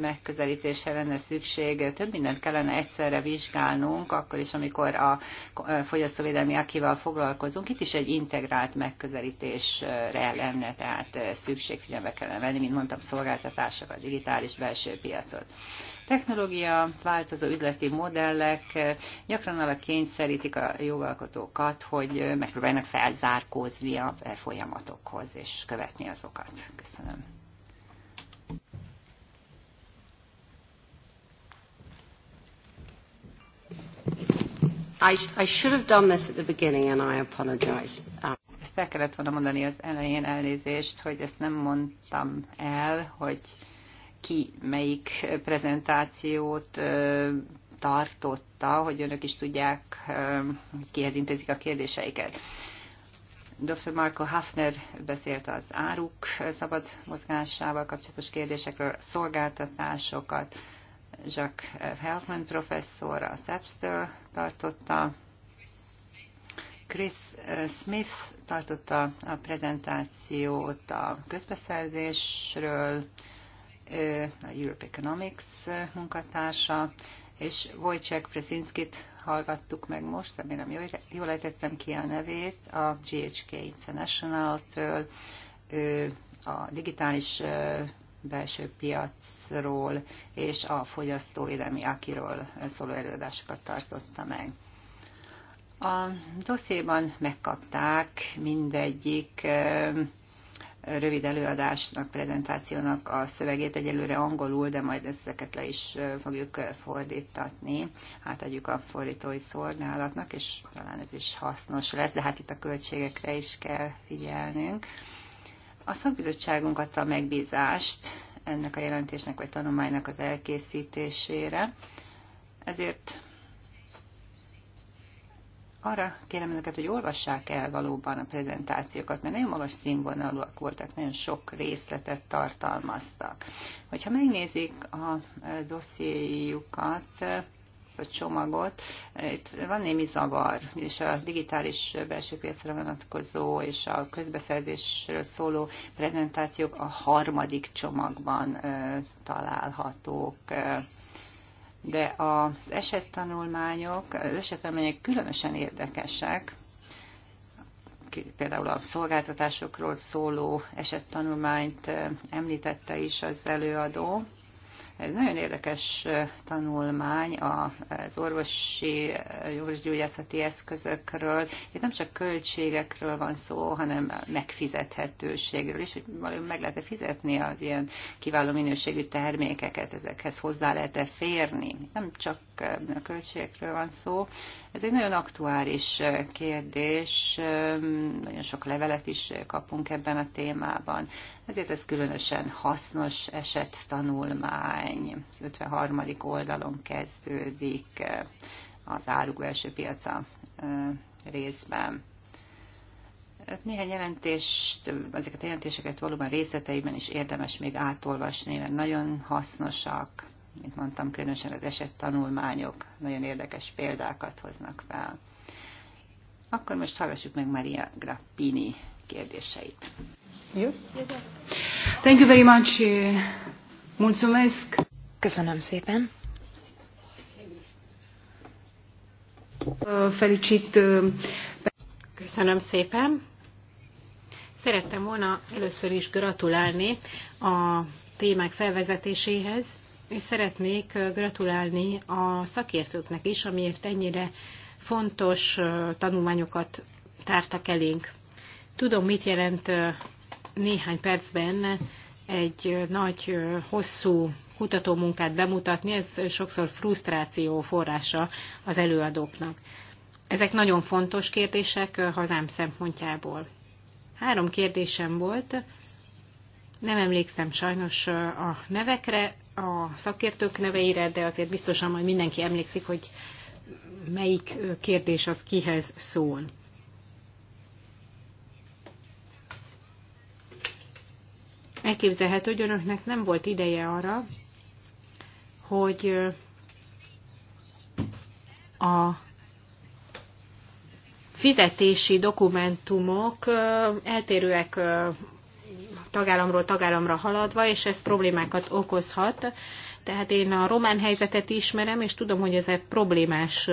Speaker 3: megközelítésre lenne szükség. Több mindent kellene egyszerre vizsgálnunk, akkor is, amikor a fogyasztóvédelmi akival foglalkozunk. Itt is egy integrált megközelítésre lenne, tehát szükség figyelembe kellene venni, mint mondtam, szolgáltatásokat, digitális belső piacot technológia, változó üzleti modellek eh, gyakran arra kényszerítik a jogalkotókat, hogy eh, megpróbálnak felzárkózni a folyamatokhoz és követni azokat. Köszönöm. I, I should have done this at the beginning and I apologize. Um, ezt el kellett volna mondani az elején elnézést, hogy ezt nem mondtam el, hogy ki melyik prezentációt tartotta, hogy önök is tudják, hogy kihez intézik a kérdéseiket. Dr. Marco Hafner beszélt az áruk szabad mozgásával kapcsolatos kérdésekről, szolgáltatásokat. Jacques Helfman professzor a SEPS-től tartotta. Chris Smith tartotta a prezentációt a közbeszerzésről, a Europe Economics munkatársa, és Wojciech Prezinskit hallgattuk meg most, remélem jól, jól ejtettem ki a nevét, a GHK International-től, ő a digitális belső piacról és a fogyasztóvédelmi akiról szóló előadásokat tartotta meg. A dossziéban megkapták mindegyik rövid előadásnak, prezentációnak a szövegét egyelőre angolul, de majd ezeket le is fogjuk fordítatni. adjuk a fordítói szolgálatnak, és talán ez is hasznos lesz, de hát itt a költségekre is kell figyelnünk. A szakbizottságunk adta a megbízást ennek a jelentésnek vagy tanulmánynak az elkészítésére, ezért arra kérem önöket, hogy olvassák el valóban a prezentációkat, mert nagyon magas színvonalúak voltak, nagyon sok részletet tartalmaztak. Hogyha megnézik a dossziéjukat, a csomagot. Itt van némi zavar, és a digitális belső piacra vonatkozó és a közbeszerzésről szóló prezentációk a harmadik csomagban találhatók de az esettanulmányok, az esettanulmányok különösen érdekesek, például a szolgáltatásokról szóló esettanulmányt eh, említette is az előadó. Ez nagyon érdekes tanulmány az orvosi, orvosgyógyászati eszközökről. Itt nem csak költségekről van szó, hanem megfizethetőségről is, hogy valami meg lehet -e fizetni az ilyen kiváló minőségű termékeket, ezekhez hozzá lehet-e férni. Nem csak a költségekről van szó. Ez egy nagyon aktuális kérdés, nagyon sok levelet is kapunk ebben a témában ezért ez különösen hasznos eset tanulmány. Az 53. oldalon kezdődik az áruk belső piaca részben. Hát néhány jelentést, ezeket a jelentéseket valóban részleteiben is érdemes még átolvasni, mert nagyon hasznosak, mint mondtam, különösen az eset tanulmányok nagyon érdekes példákat hoznak fel. Akkor most hallgassuk meg Maria Grappini kérdéseit.
Speaker 4: Thank you
Speaker 2: very much. Eh, mulțumesc. Köszönöm szépen. Felicit. Köszönöm szépen. Szerettem volna először is gratulálni a témák felvezetéséhez, és szeretnék gratulálni a szakértőknek is, amiért ennyire fontos tanulmányokat tártak elénk. Tudom, mit jelent néhány percben egy nagy, hosszú kutatómunkát bemutatni, ez sokszor frusztráció forrása az előadóknak. Ezek nagyon fontos kérdések hazám szempontjából. Három kérdésem volt, nem emlékszem sajnos a nevekre, a szakértők neveire, de azért biztosan majd mindenki emlékszik, hogy melyik kérdés az kihez szól. Elképzelhető, hogy önöknek nem volt ideje arra, hogy a fizetési dokumentumok eltérőek tagállamról tagállamra haladva, és ez problémákat okozhat. Tehát én a román helyzetet ismerem, és tudom, hogy ez egy problémás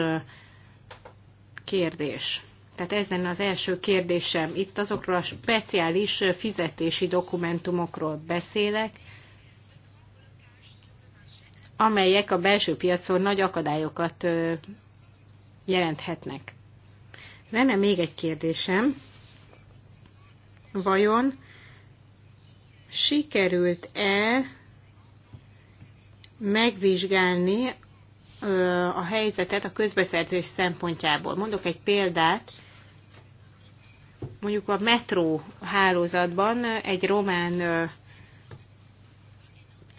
Speaker 2: kérdés. Tehát ez lenne az első kérdésem. Itt azokról a speciális fizetési dokumentumokról beszélek, amelyek a belső piacon nagy akadályokat jelenthetnek. Lenne még egy kérdésem. Vajon sikerült-e megvizsgálni a helyzetet a közbeszerzés szempontjából. Mondok egy példát, mondjuk a metró hálózatban egy román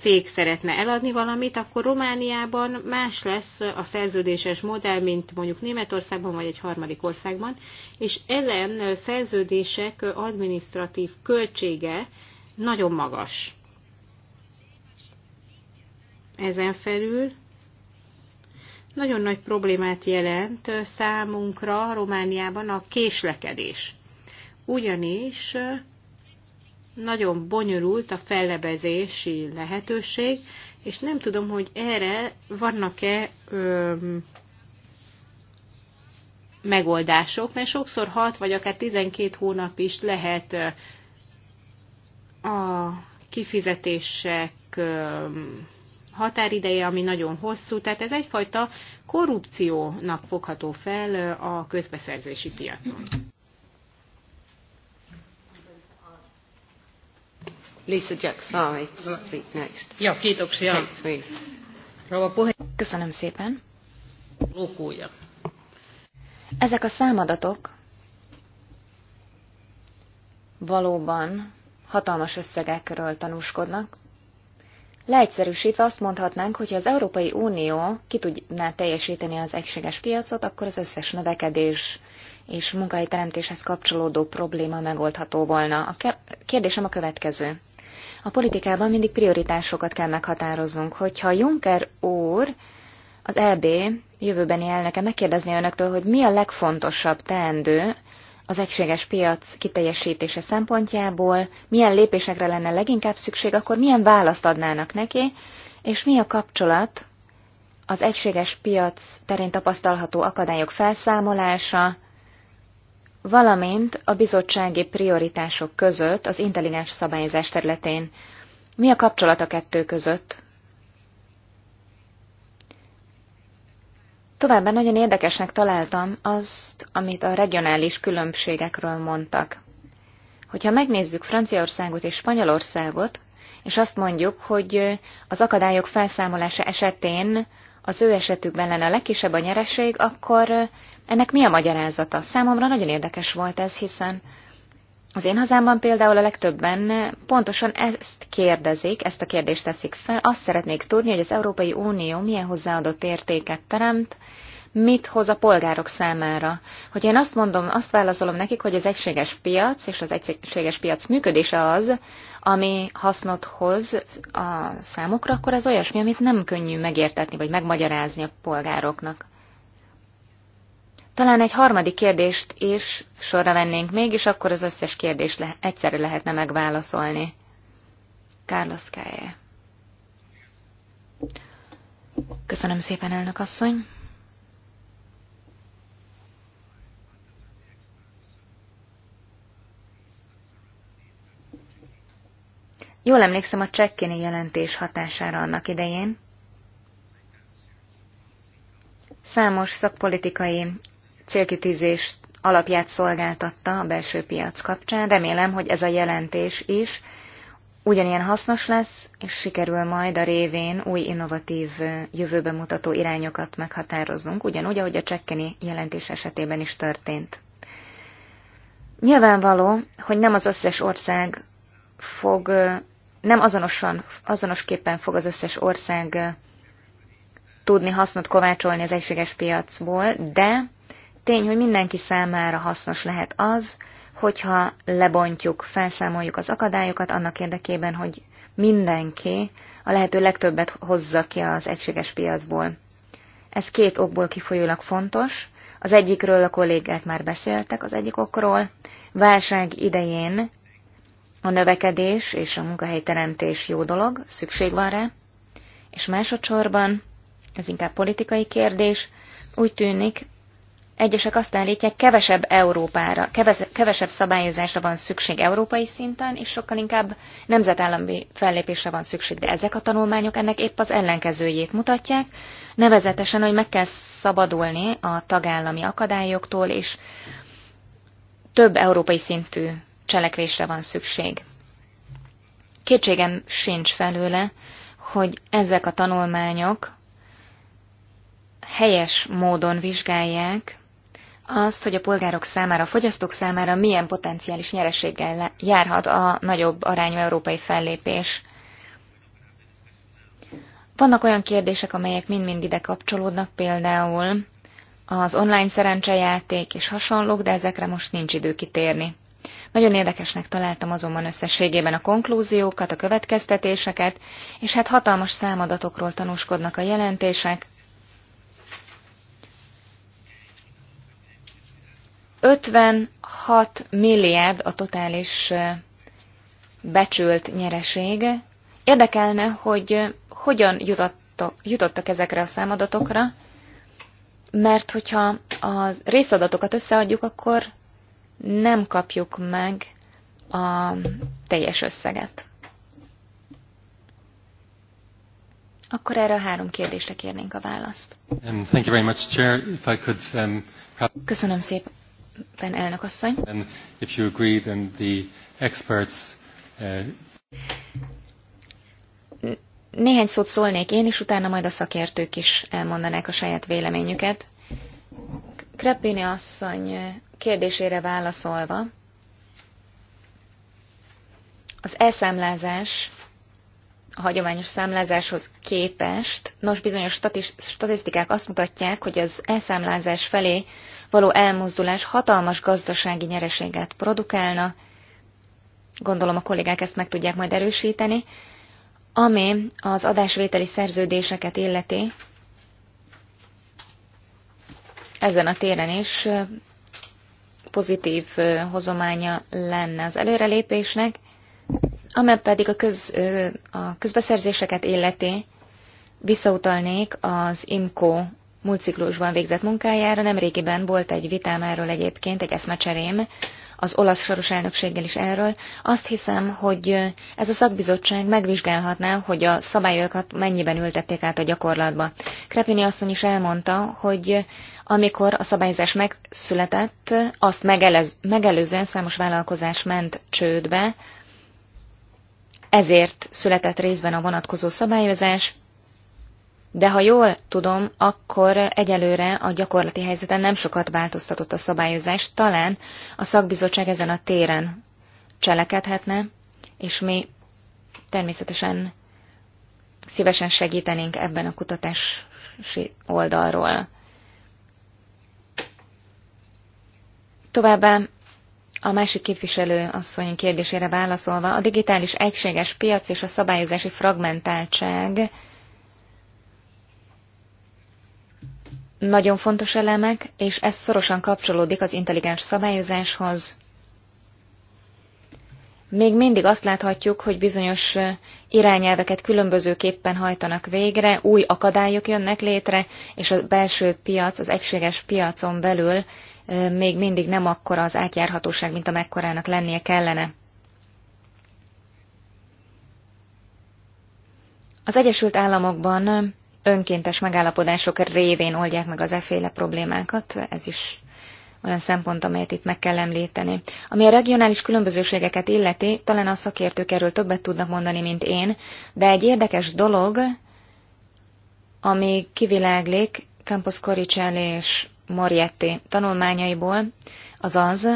Speaker 2: cég szeretne eladni valamit, akkor Romániában más lesz a szerződéses modell, mint mondjuk Németországban vagy egy harmadik országban, és ezen szerződések administratív költsége nagyon magas. Ezen felül nagyon nagy problémát jelent számunkra Romániában a késlekedés. Ugyanis nagyon bonyolult a fellebezési lehetőség, és nem tudom, hogy erre vannak-e megoldások, mert sokszor 6 vagy akár 12 hónap is lehet a kifizetések határideje, ami nagyon hosszú, tehát ez egyfajta korrupciónak fogható fel a közbeszerzési piacon.
Speaker 3: Lisa Jackson, next. Ja, kiitoksia.
Speaker 1: Rouva puhe... Köszönöm szépen. Lukuja. Ezek a számadatok valóban hatalmas összegekről tanúskodnak, Leegyszerűsítve azt mondhatnánk, hogy ha az Európai Unió ki tudná teljesíteni az egységes piacot, akkor az összes növekedés és teremtéshez kapcsolódó probléma megoldható volna. A kérdésem a következő. A politikában mindig prioritásokat kell meghatároznunk. Hogyha Juncker úr, az EB jövőbeni elnöke megkérdezni önöktől, hogy mi a legfontosabb teendő az egységes piac kiteljesítése szempontjából, milyen lépésekre lenne leginkább szükség, akkor milyen választ adnának neki, és mi a kapcsolat az egységes piac terén tapasztalható akadályok felszámolása, valamint a bizottsági prioritások között az intelligens szabályozás területén. Mi a kapcsolat a kettő között? Továbbá nagyon érdekesnek találtam azt, amit a regionális különbségekről mondtak. Hogyha megnézzük Franciaországot és Spanyolországot, és azt mondjuk, hogy az akadályok felszámolása esetén az ő esetükben lenne a legkisebb a nyereség, akkor ennek mi a magyarázata? Számomra nagyon érdekes volt ez, hiszen az én hazámban például a legtöbben pontosan ezt kérdezik, ezt a kérdést teszik fel. Azt szeretnék tudni, hogy az Európai Unió milyen hozzáadott értéket teremt, mit hoz a polgárok számára. Hogy én azt mondom, azt válaszolom nekik, hogy az egységes piac és az egységes piac működése az, ami hasznot hoz a számukra, akkor az olyasmi, amit nem könnyű megértetni vagy megmagyarázni a polgároknak. Talán egy harmadik kérdést is sorra vennénk még, és akkor az összes kérdést le- egyszerre lehetne megválaszolni. Carlos Káje. Köszönöm szépen, elnök asszony. Jól emlékszem a csekkini jelentés hatására annak idején. Számos szakpolitikai célkitűzés alapját szolgáltatta a belső piac kapcsán. Remélem, hogy ez a jelentés is ugyanilyen hasznos lesz, és sikerül majd a révén új innovatív jövőbe mutató irányokat meghatározunk, ugyanúgy, ahogy a csekkeni jelentés esetében is történt. Nyilvánvaló, hogy nem az összes ország fog, nem azonosan, azonosképpen fog az összes ország tudni hasznot kovácsolni az egységes piacból, de Tény, hogy mindenki számára hasznos lehet az, hogyha lebontjuk, felszámoljuk az akadályokat annak érdekében, hogy mindenki a lehető legtöbbet hozza ki az egységes piacból. Ez két okból kifolyólag fontos. Az egyikről a kollégák már beszéltek, az egyik okról. Válság idején a növekedés és a munkahelyteremtés jó dolog, szükség van rá. És másodszorban, ez inkább politikai kérdés, úgy tűnik, Egyesek azt állítják, kevesebb Európára, kevesebb szabályozásra van szükség európai szinten, és sokkal inkább nemzetállami fellépésre van szükség, de ezek a tanulmányok ennek épp az ellenkezőjét mutatják, nevezetesen, hogy meg kell szabadulni a tagállami akadályoktól, és több európai szintű cselekvésre van szükség. Kétségem sincs felőle, hogy ezek a tanulmányok helyes módon vizsgálják azt, hogy a polgárok számára, a fogyasztók számára milyen potenciális nyereséggel járhat a nagyobb arányú európai fellépés. Vannak olyan kérdések, amelyek mind-mind ide kapcsolódnak, például az online szerencsejáték és hasonlók, de ezekre most nincs idő kitérni. Nagyon érdekesnek találtam azonban összességében a konklúziókat, a következtetéseket, és hát hatalmas számadatokról tanúskodnak a jelentések, 56 milliárd a totális becsült nyereség. Érdekelne, hogy hogyan jutottak, jutottak ezekre a számadatokra, mert hogyha a részadatokat összeadjuk, akkor nem kapjuk meg a teljes összeget. Akkor erre a három kérdésre kérnénk a választ.
Speaker 4: Um, um, Köszönöm
Speaker 1: szépen elnök asszony.
Speaker 4: If you agree, then the experts, uh,
Speaker 1: Néhány szót szólnék én is, utána majd a szakértők is elmondanák a saját véleményüket. Krepini asszony kérdésére válaszolva, az elszámlázás a hagyományos számlázáshoz képest, nos bizonyos statisztikák azt mutatják, hogy az elszámlázás felé való elmozdulás hatalmas gazdasági nyereséget produkálna, gondolom a kollégák ezt meg tudják majd erősíteni, ami az adásvételi szerződéseket illeti, ezen a téren is pozitív hozománya lenne az előrelépésnek, Amely pedig a, köz, a közbeszerzéseket illeti, visszautalnék az IMCO múlt végzett munkájára. Nemrégiben volt egy vitám erről egyébként, egy eszmecserém, az olasz soros elnökséggel is erről. Azt hiszem, hogy ez a szakbizottság megvizsgálhatná, hogy a szabályokat mennyiben ültették át a gyakorlatba. Krepini asszony is elmondta, hogy amikor a szabályzás megszületett, azt megelőzően számos vállalkozás ment csődbe, ezért született részben a vonatkozó szabályozás, de ha jól tudom, akkor egyelőre a gyakorlati helyzeten nem sokat változtatott a szabályozás, talán a szakbizottság ezen a téren cselekedhetne, és mi természetesen szívesen segítenénk ebben a kutatási oldalról. Továbbá a másik képviselő asszony kérdésére válaszolva, a digitális egységes piac és a szabályozási fragmentáltság nagyon fontos elemek, és ez szorosan kapcsolódik az intelligens szabályozáshoz. Még mindig azt láthatjuk, hogy bizonyos irányelveket különbözőképpen hajtanak végre, új akadályok jönnek létre, és a belső piac, az egységes piacon belül még mindig nem akkora az átjárhatóság, mint amekkorának lennie kellene. Az Egyesült Államokban önkéntes megállapodások révén oldják meg az eféle problémákat, ez is olyan szempont, amelyet itt meg kell említeni. Ami a regionális különbözőségeket illeti, talán a szakértők erről többet tudnak mondani, mint én, de egy érdekes dolog, ami kiviláglik Campos Coricelli és Marietti tanulmányaiból, az az,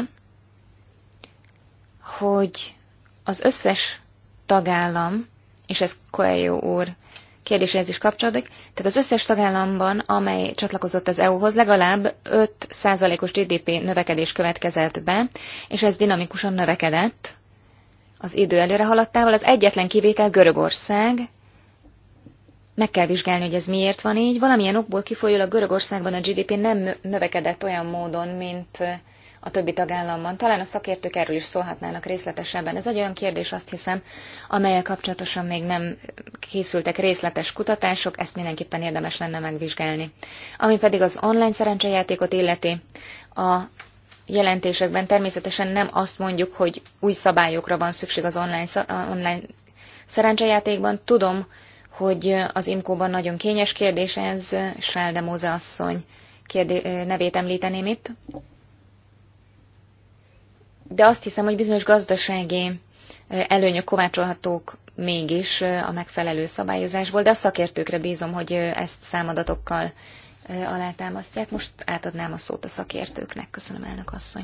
Speaker 1: hogy az összes tagállam, és ez Coelho úr kérdéséhez is kapcsolódik, tehát az összes tagállamban, amely csatlakozott az EU-hoz, legalább 5%-os GDP növekedés következett be, és ez dinamikusan növekedett az idő előre haladtával. Az egyetlen kivétel Görögország, meg kell vizsgálni, hogy ez miért van így. Valamilyen okból kifolyólag Görögországban a GDP nem növekedett olyan módon, mint a többi tagállamban. Talán a szakértők erről is szólhatnának részletesebben. Ez egy olyan kérdés, azt hiszem, amelyel kapcsolatosan még nem készültek részletes kutatások, ezt mindenképpen érdemes lenne megvizsgálni. Ami pedig az online szerencsejátékot illeti, a jelentésekben természetesen nem azt mondjuk, hogy új szabályokra van szükség az online, online szerencsejátékban. Tudom, hogy az imkóban ban nagyon kényes kérdés ez, Sálde Móze asszony kérdé- nevét említeném itt. De azt hiszem, hogy bizonyos gazdasági előnyök kovácsolhatók mégis a megfelelő szabályozásból, de a szakértőkre bízom, hogy ezt számadatokkal alátámasztják. Most átadnám a szót a szakértőknek. Köszönöm, elnök asszony.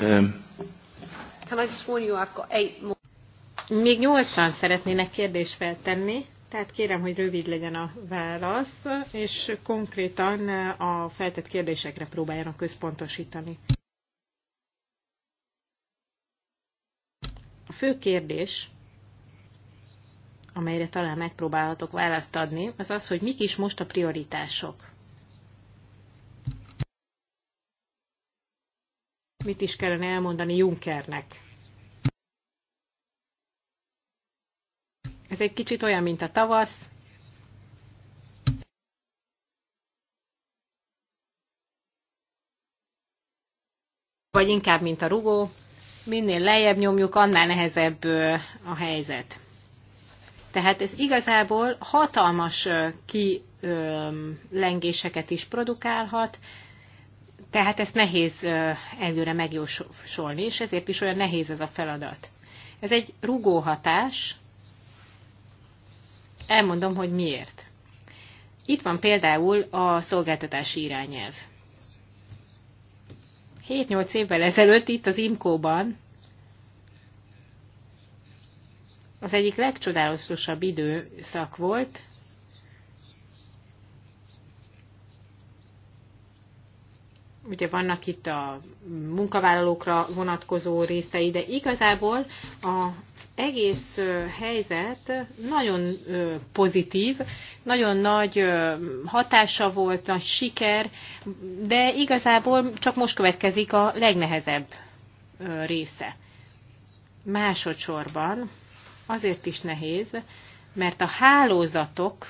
Speaker 4: Um.
Speaker 3: Can I just warn you, I've got eight more. Még
Speaker 2: nyolcan szeretnének kérdést feltenni, tehát kérem, hogy rövid legyen a válasz, és konkrétan a feltett kérdésekre próbáljanak központosítani. A fő kérdés, amelyre talán megpróbálhatok választ adni, az az, hogy mik is most a prioritások. mit is kellene elmondani Junckernek. Ez egy kicsit olyan, mint a tavasz. Vagy inkább, mint a rugó. Minél lejjebb nyomjuk, annál nehezebb a helyzet. Tehát ez igazából hatalmas kilengéseket is produkálhat, tehát ezt nehéz előre megjósolni, és ezért is olyan nehéz ez a feladat. Ez egy rugó hatás. Elmondom, hogy miért. Itt van például a szolgáltatási irányelv. 7-8 évvel ezelőtt itt az Imkóban az egyik legcsodálatosabb időszak volt, ugye vannak itt a munkavállalókra vonatkozó részei, de igazából az egész helyzet nagyon pozitív, nagyon nagy hatása volt, a siker, de igazából csak most következik a legnehezebb része. Másodszorban azért is nehéz, mert a hálózatok,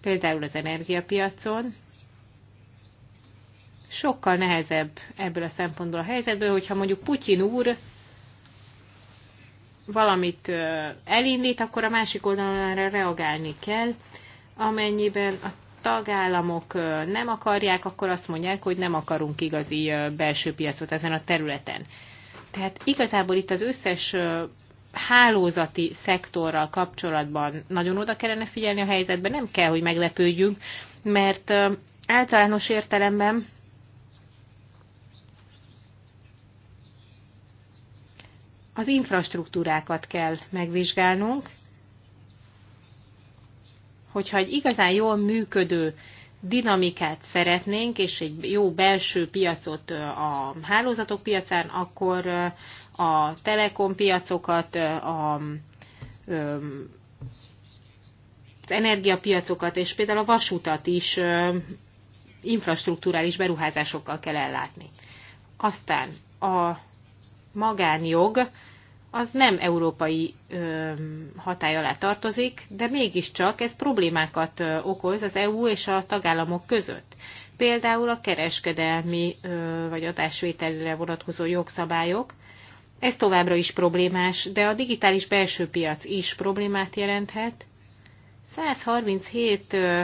Speaker 2: például az energiapiacon, sokkal nehezebb ebből a szempontból a helyzetből, hogyha mondjuk Putyin úr valamit elindít, akkor a másik oldalon erre reagálni kell. Amennyiben a tagállamok nem akarják, akkor azt mondják, hogy nem akarunk igazi belső piacot ezen a területen. Tehát igazából itt az összes hálózati szektorral kapcsolatban nagyon oda kellene figyelni a helyzetben, nem kell, hogy meglepődjünk, mert általános értelemben az infrastruktúrákat kell megvizsgálnunk, hogyha egy igazán jól működő dinamikát szeretnénk, és egy jó belső piacot a hálózatok piacán, akkor a telekom piacokat, a, az energiapiacokat, és például a vasutat is infrastruktúrális beruházásokkal kell ellátni. Aztán a magánjog, az nem európai ö, hatály alá tartozik, de mégiscsak ez problémákat okoz az EU és a tagállamok között. Például a kereskedelmi ö, vagy adásvételre vonatkozó jogszabályok. Ez továbbra is problémás, de a digitális belső piac is problémát jelenthet. 137 ö,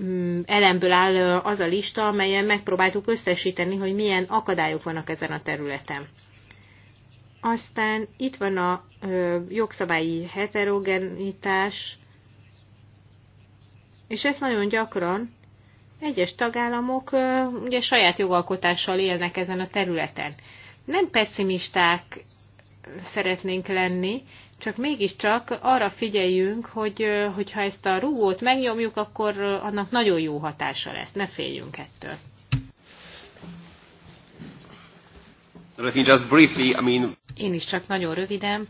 Speaker 2: mm, elemből áll az a lista, amelyen megpróbáltuk összesíteni, hogy milyen akadályok vannak ezen a területen. Aztán itt van a jogszabályi heterogenitás, és ez nagyon gyakran egyes tagállamok ugye saját jogalkotással élnek ezen a területen. Nem pessimisták szeretnénk lenni, csak mégiscsak arra figyeljünk, hogy hogyha ezt a rúgót megnyomjuk, akkor annak nagyon jó hatása lesz. Ne féljünk ettől.
Speaker 4: Let me just briefly, I mean...
Speaker 2: Én is csak nagyon röviden.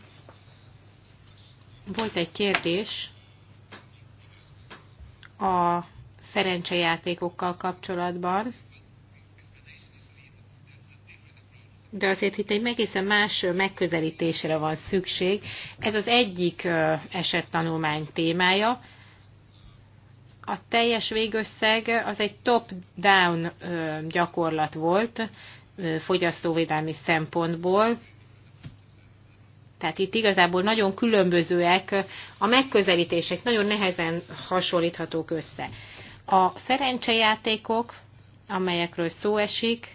Speaker 2: Volt egy kérdés a szerencsejátékokkal kapcsolatban, de azért itt egy egészen más megközelítésre van szükség. Ez az egyik esettanulmány témája. A teljes végösszeg az egy top-down gyakorlat volt fogyasztóvédelmi szempontból, tehát itt igazából nagyon különbözőek a megközelítések, nagyon nehezen hasonlíthatók össze. A szerencsejátékok, amelyekről szó esik,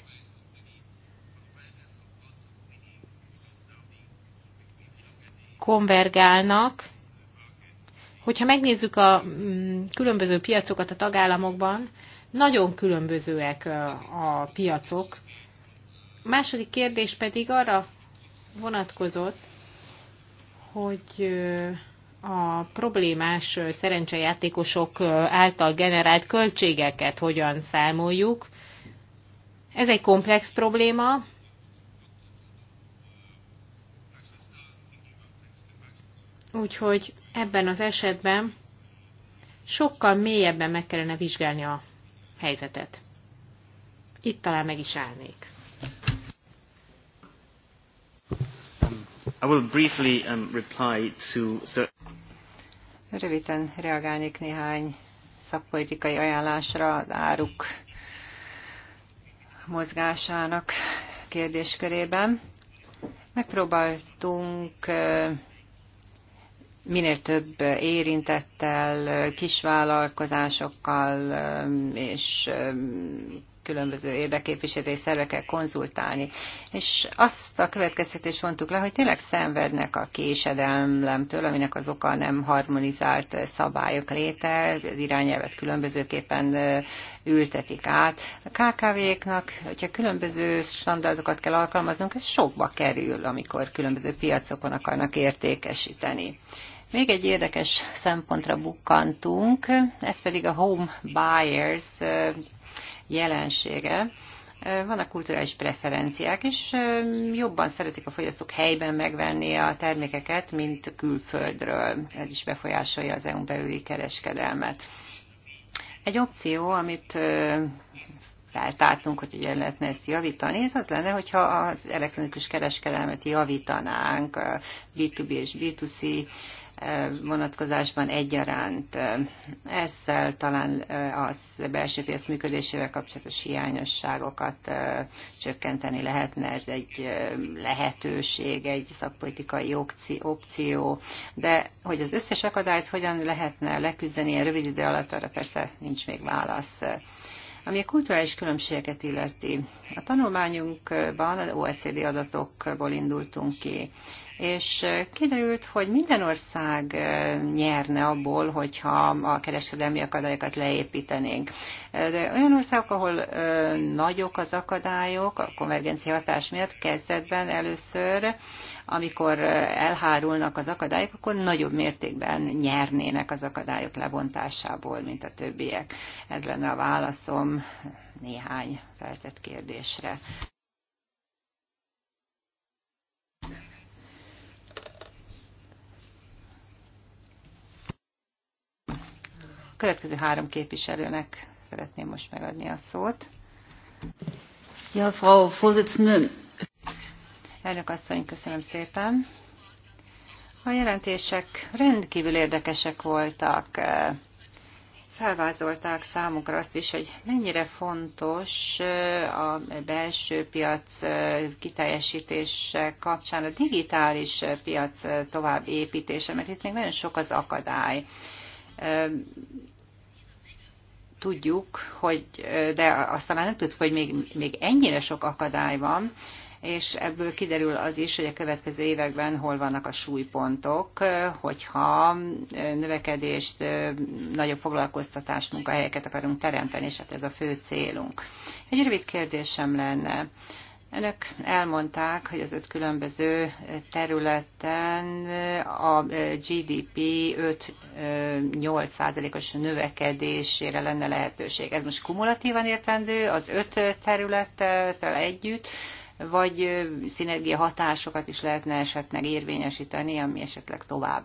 Speaker 2: konvergálnak. Hogyha megnézzük a mm, különböző piacokat a tagállamokban, nagyon különbözőek a piacok. A második kérdés pedig arra vonatkozott, hogy a problémás szerencsejátékosok által generált költségeket hogyan számoljuk. Ez egy komplex probléma. Úgyhogy ebben az esetben sokkal mélyebben meg kellene vizsgálni a helyzetet. Itt
Speaker 3: talán meg is állnék.
Speaker 1: I will briefly um, reply to...
Speaker 3: Röviden reagálnék néhány szakpolitikai ajánlásra az áruk mozgásának kérdéskörében. Megpróbáltunk minél több érintettel, kisvállalkozásokkal és különböző érdeképviselői szervekkel konzultálni. És azt a következtetést vontuk le, hogy tényleg szenvednek a késedelemtől, aminek az oka nem harmonizált szabályok léte, az irányelvet különbözőképpen ültetik át. A KKV-knak, hogyha különböző standardokat kell alkalmaznunk, ez sokba kerül, amikor különböző piacokon akarnak értékesíteni. Még egy érdekes szempontra bukkantunk, ez pedig a home buyers jelensége. Vannak kulturális preferenciák, és jobban szeretik a fogyasztók helyben megvenni a termékeket, mint külföldről. Ez is befolyásolja az EU-n belüli kereskedelmet. Egy opció, amit feltártunk, hogy ugye lehetne ezt javítani, ez az lenne, hogyha az elektronikus kereskedelmet javítanánk, B2B és B2C vonatkozásban egyaránt. Ezzel talán az belső piac működésével kapcsolatos hiányosságokat csökkenteni lehetne. Ez egy lehetőség, egy szakpolitikai opció, de hogy az összes akadályt hogyan lehetne leküzdeni ilyen rövid idő alatt, arra persze nincs még válasz. Ami a kulturális különbségeket illeti, a tanulmányunkban az OECD adatokból indultunk ki, és kiderült, hogy minden ország nyerne abból, hogyha a kereskedelmi akadályokat leépítenénk. De olyan országok, ahol nagyok az akadályok, a konvergencia hatás miatt kezdetben először, amikor elhárulnak az akadályok, akkor nagyobb mértékben nyernének az akadályok lebontásából, mint a többiek. Ez lenne a válaszom néhány feltett kérdésre. következő három képviselőnek szeretném most megadni a szót. Ja, Frau Vorsitzende. Elnök asszony, köszönöm szépen. A jelentések rendkívül érdekesek voltak. Felvázolták számukra azt is, hogy mennyire fontos a belső piac kiteljesítése kapcsán a digitális piac tovább építése, mert itt még nagyon sok az akadály tudjuk, hogy, de aztán már nem tudjuk, hogy még, még ennyire sok akadály van, és ebből kiderül az is, hogy a következő években hol vannak a súlypontok, hogyha növekedést, nagyobb foglalkoztatást, munkahelyeket akarunk teremteni, és hát ez a fő célunk. Egy rövid kérdésem lenne. Önök elmondták, hogy az öt különböző területen a GDP 5-8 os növekedésére lenne lehetőség. Ez most kumulatívan értendő az öt területtel együtt, vagy szinergia hatásokat is lehetne esetleg érvényesíteni, ami esetleg tovább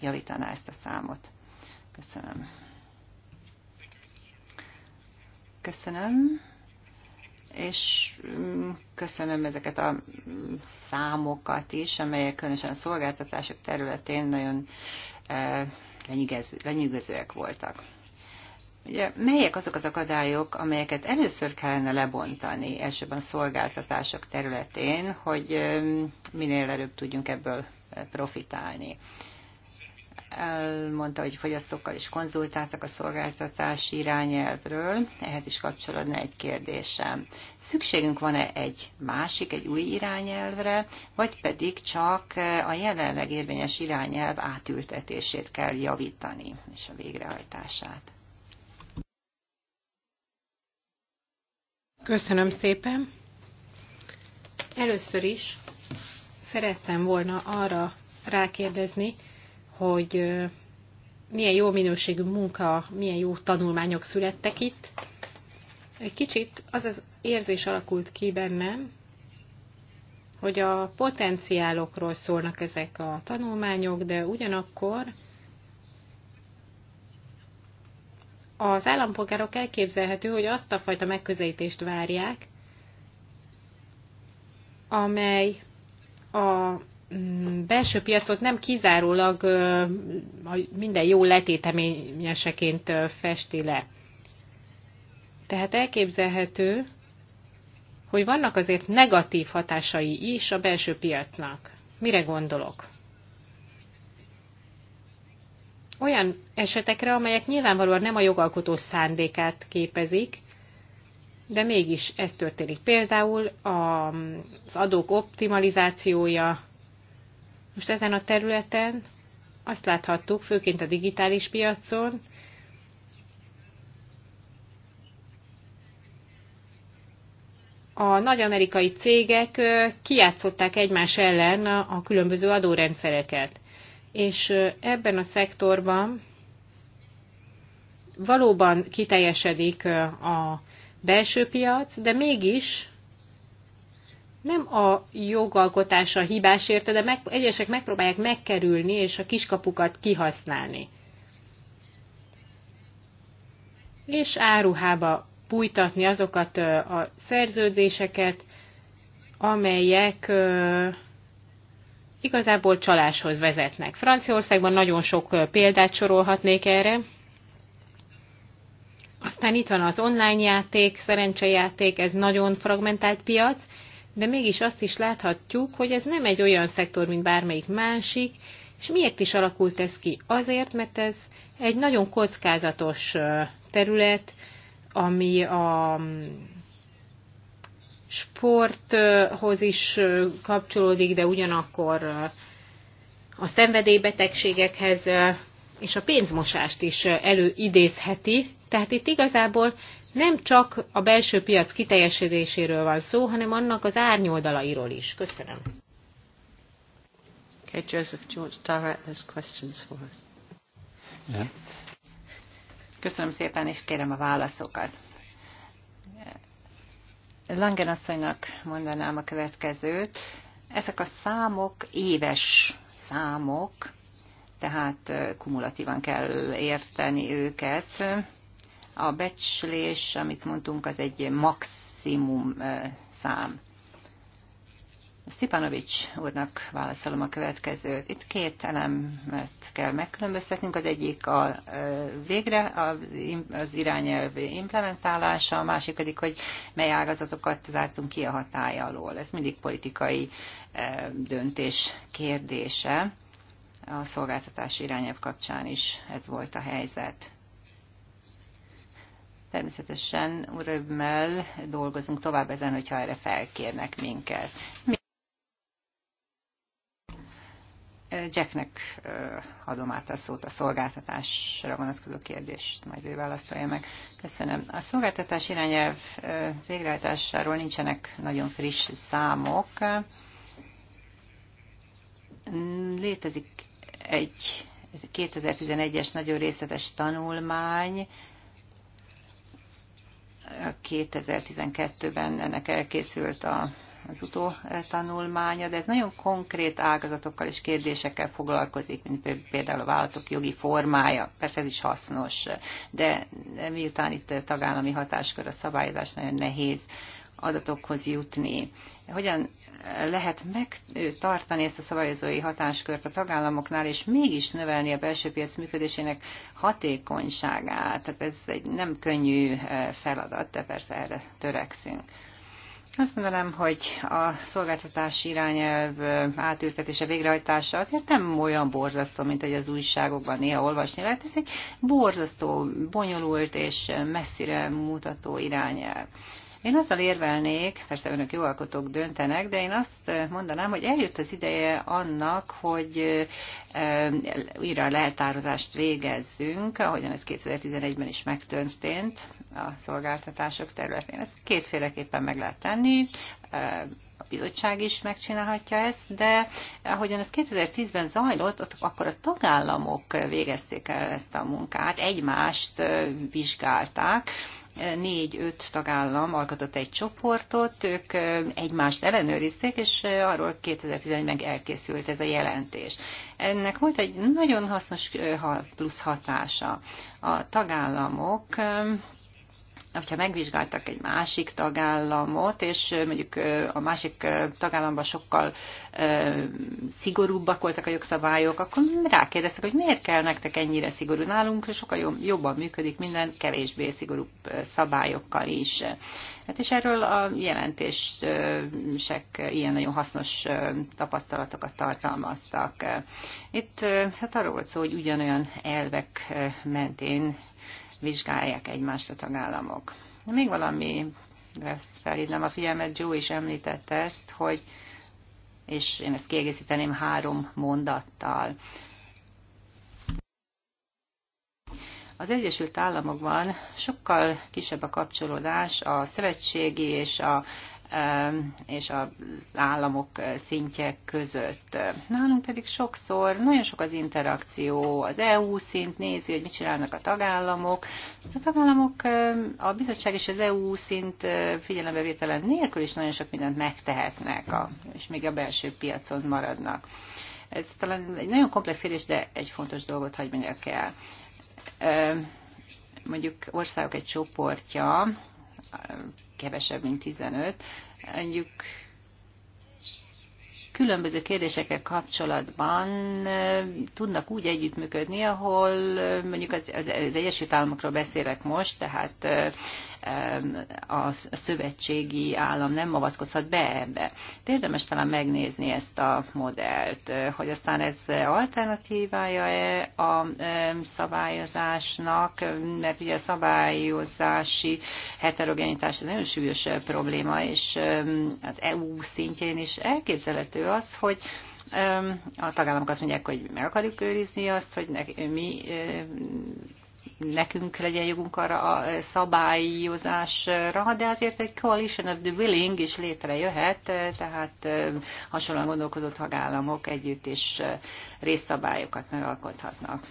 Speaker 3: javítaná ezt a számot. Köszönöm. Köszönöm és mm, köszönöm ezeket a számokat is, amelyek különösen a szolgáltatások területén nagyon e, lenyűgözőek voltak. Ugye, melyek azok az akadályok, amelyeket először kellene lebontani, elsőben a szolgáltatások területén, hogy e, minél előbb tudjunk ebből e, profitálni? elmondta, hogy fogyasztókkal is konzultáltak a szolgáltatási irányelvről. Ehhez is kapcsolódna egy kérdésem. Szükségünk van-e egy másik, egy új irányelvre, vagy pedig csak a jelenleg érvényes irányelv átültetését kell javítani, és a végrehajtását?
Speaker 2: Köszönöm szépen. Először is szerettem volna arra rákérdezni, hogy milyen jó minőségű munka, milyen jó tanulmányok születtek itt. Egy kicsit az az érzés alakult ki bennem, hogy a potenciálokról szólnak ezek a tanulmányok, de ugyanakkor az állampolgárok elképzelhető, hogy azt a fajta megközelítést várják, amely a Mm, belső piacot nem kizárólag minden jó letéteményeseként festi le. Tehát elképzelhető, hogy vannak azért negatív hatásai is a belső piacnak. Mire gondolok? Olyan esetekre, amelyek nyilvánvalóan nem a jogalkotó szándékát képezik, de mégis ez történik. Például az adók optimalizációja, most ezen a területen azt láthattuk, főként a digitális piacon, a nagy amerikai cégek kiátszották egymás ellen a különböző adórendszereket. És ebben a szektorban valóban kiteljesedik a belső piac, de mégis nem a jogalkotása hibás érte, de meg, egyesek megpróbálják megkerülni és a kiskapukat kihasználni. És áruhába bújtatni azokat a szerződéseket, amelyek igazából csaláshoz vezetnek. Franciaországban nagyon sok példát sorolhatnék erre. Aztán itt van az online játék, szerencsejáték, ez nagyon fragmentált piac, de mégis azt is láthatjuk, hogy ez nem egy olyan szektor, mint bármelyik másik, és miért is alakult ez ki? Azért, mert ez egy nagyon kockázatos terület, ami a mm, sporthoz is kapcsolódik, de ugyanakkor a szenvedélybetegségekhez és a pénzmosást is előidézheti. Tehát itt igazából nem csak a belső piac kiteljesedéséről van szó, hanem annak az árnyoldalairól is. Köszönöm.
Speaker 3: Okay, Joseph, George, you want direct those questions for us? Yeah. Köszönöm szépen, és kérem a válaszokat. Langen asszonynak mondanám a következőt. Ezek a számok éves számok, tehát eh, kumulatívan kell érteni őket a becslés, amit mondtunk, az egy maximum szám. Stipanovics úrnak válaszolom a következőt. Itt két elemet kell megkülönböztetnünk. Az egyik a végre az irányelv implementálása, a másik pedig, hogy mely ágazatokat zártunk ki a hatája alól. Ez mindig politikai döntés kérdése. A szolgáltatási irányelv kapcsán is ez volt a helyzet. Természetesen örömmel dolgozunk tovább ezen, hogyha erre felkérnek minket. Jacknek adom át a szót a szolgáltatásra vonatkozó kérdést, majd ő választolja meg. Köszönöm. A szolgáltatás irányelv végrehajtásáról nincsenek nagyon friss számok. Létezik egy 2011-es nagyon részletes tanulmány, 2012-ben ennek elkészült a az utó tanulmánya, de ez nagyon konkrét ágazatokkal és kérdésekkel foglalkozik, mint például a vállalatok jogi formája. Persze ez is hasznos, de miután itt tagállami hatáskör a szabályozás nagyon nehéz adatokhoz jutni. Hogyan lehet megtartani ezt a szabályozói hatáskört a tagállamoknál, és mégis növelni a belső piac működésének hatékonyságát. Tehát ez egy nem könnyű eh, feladat, de persze erre törekszünk. Azt mondanám, hogy a szolgáltatás irányelv eh, átültetése, végrehajtása azért nem olyan borzasztó, mint hogy az újságokban néha olvasni lehet. Ez egy borzasztó, bonyolult és eh, messzire mutató irányelv. Én azzal érvelnék, persze önök alkotók döntenek, de én azt mondanám, hogy eljött az ideje annak, hogy újra lehetározást végezzünk, ahogyan ez 2011-ben is megtörtént a szolgáltatások területén. Ezt kétféleképpen meg lehet tenni a bizottság is megcsinálhatja ezt, de ahogyan ez 2010-ben zajlott, ott akkor a tagállamok végezték el ezt a munkát, egymást vizsgálták, négy-öt tagállam alkotott egy csoportot, ők egymást ellenőrizték, és arról 2011-ben elkészült ez a jelentés. Ennek volt egy nagyon hasznos plusz hatása. A tagállamok hogyha megvizsgáltak egy másik tagállamot, és mondjuk a másik tagállamban sokkal szigorúbbak voltak a jogszabályok, akkor rákérdeztek, hogy miért kell nektek ennyire szigorú nálunk, sokkal jobban működik minden, kevésbé szigorúbb szabályokkal is. Hát és erről a jelentések ilyen nagyon hasznos tapasztalatokat tartalmaztak. Itt hát arról volt szó, hogy ugyanolyan elvek mentén vizsgálják egymást a tagállamok. Még valami felhívnám a figyelmet, Joe is említette ezt, hogy, és én ezt kiegészíteném három mondattal. Az Egyesült Államokban sokkal kisebb a kapcsolódás a szövetségi és a és az államok eh, szintje között. Nálunk pedig sokszor nagyon sok az interakció, az EU szint nézi, hogy mit csinálnak a tagállamok. A tagállamok, a bizottság és az EU szint eh, figyelembevételen nélkül is nagyon sok mindent megtehetnek, a, és még a belső piacon maradnak. Ez talán egy nagyon komplex kérdés, de egy fontos dolgot hagy mondjak el. Mondjuk országok egy csoportja, kevesebb, mint 15. Mondjuk különböző kérdésekkel kapcsolatban tudnak úgy együttműködni, ahol mondjuk az, az, az Egyesült Államokról beszélek most, tehát a szövetségi állam nem avatkozhat be ebbe. De érdemes talán megnézni ezt a modellt, hogy aztán ez alternatívája-e a szabályozásnak, mert ugye a szabályozási heterogenitás nagyon súlyos probléma, és az EU szintjén is elképzelhető az, hogy a tagállamok azt mondják, hogy meg akarjuk őrizni azt, hogy mi nekünk legyen jogunk arra a szabályozásra, de azért egy coalition of the willing is létrejöhet, tehát hasonlóan gondolkodó tagállamok együtt is részszabályokat megalkothatnak.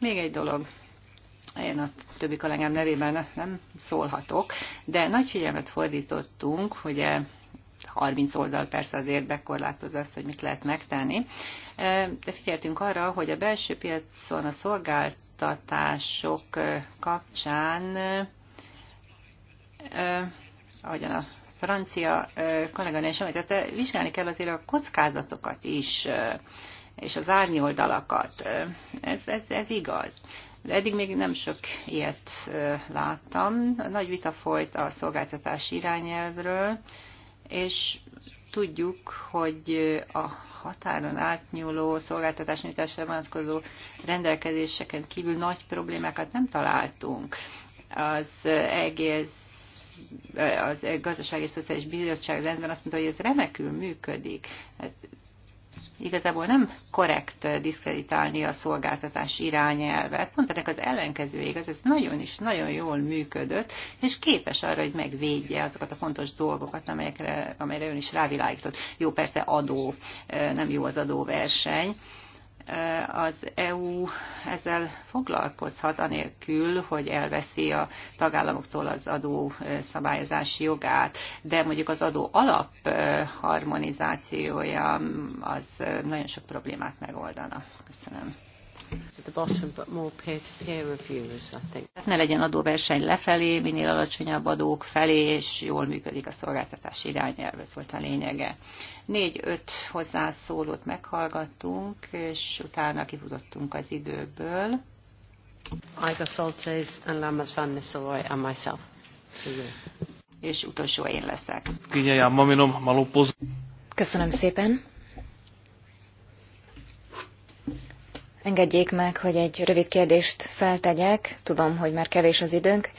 Speaker 3: Még egy dolog én a többi kollégám nevében nem szólhatok, de nagy figyelmet fordítottunk, hogy 30 oldal persze azért bekorlátoz azt, hogy mit lehet megtenni. De figyeltünk arra, hogy a belső piacon a szolgáltatások kapcsán, ahogyan a francia kolléganő is említette, vizsgálni kell azért a kockázatokat is, és az árnyoldalakat. Ez, ez, ez igaz. De eddig még nem sok ilyet láttam. Nagy vita folyt a szolgáltatás irányelvről, és tudjuk, hogy a határon átnyúló szolgáltatásnyújtásra vonatkozó rendelkezéseken kívül nagy problémákat nem találtunk. Az egész az Gazdasági Szociális Bizottság rendben azt mondta, hogy ez remekül működik. Hát Igazából nem korrekt diszkreditálni a szolgáltatás irányelvet. Pont ennek az ellenkező igaz, ez nagyon is, nagyon jól működött, és képes arra, hogy megvédje azokat a fontos dolgokat, amelyekre, amelyre ön is rávilágított. Jó, persze adó, eh, nem jó az adóverseny, az EU ezzel foglalkozhat, anélkül, hogy elveszi a tagállamoktól az adó eh, szabályozási jogát, de mondjuk az adó alap eh, harmonizációja mm, az eh, nagyon sok problémát megoldana. Köszönöm. Ne legyen adóverseny lefelé, minél alacsonyabb adók felé, és jól működik a szolgáltatás irányelv, ez volt a lényege. Négy-öt hozzászólót meghallgattunk, és utána kifutottunk az időből. Iga Soltes and Lamas van Nisselrooy and myself. És utolsó én leszek.
Speaker 1: Köszönöm szépen. Engedjék meg, hogy egy rövid kérdést feltegyek. Tudom, hogy már kevés az időnk.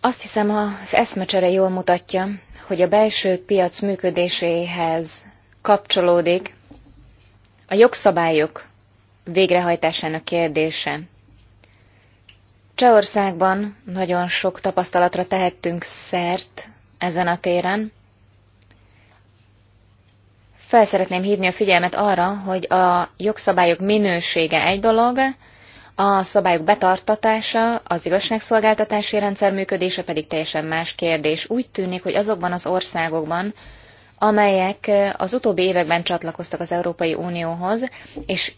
Speaker 1: Azt hiszem, az eszmecsere jól mutatja, hogy a belső piac működéséhez kapcsolódik a jogszabályok végrehajtásának kérdése. Csehországban nagyon sok tapasztalatra tehettünk szert ezen a téren, fel szeretném hívni a figyelmet arra, hogy a jogszabályok minősége egy dolog, a szabályok betartatása, az igazságszolgáltatási rendszer működése pedig teljesen más kérdés. Úgy tűnik, hogy azokban az országokban, amelyek az utóbbi években csatlakoztak az Európai Unióhoz, és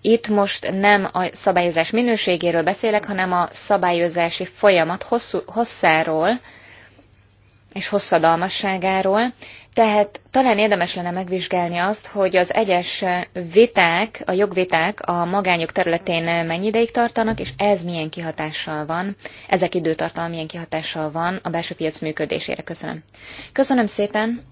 Speaker 1: itt most nem a szabályozás minőségéről beszélek, hanem a szabályozási folyamat hosszú, hosszáról, és hosszadalmasságáról, tehát talán érdemes lenne megvizsgálni azt, hogy az egyes viták, a jogviták a magányok területén mennyi ideig tartanak, és ez milyen kihatással van, ezek időtartalma milyen kihatással van a belső piac működésére. Köszönöm. Köszönöm szépen.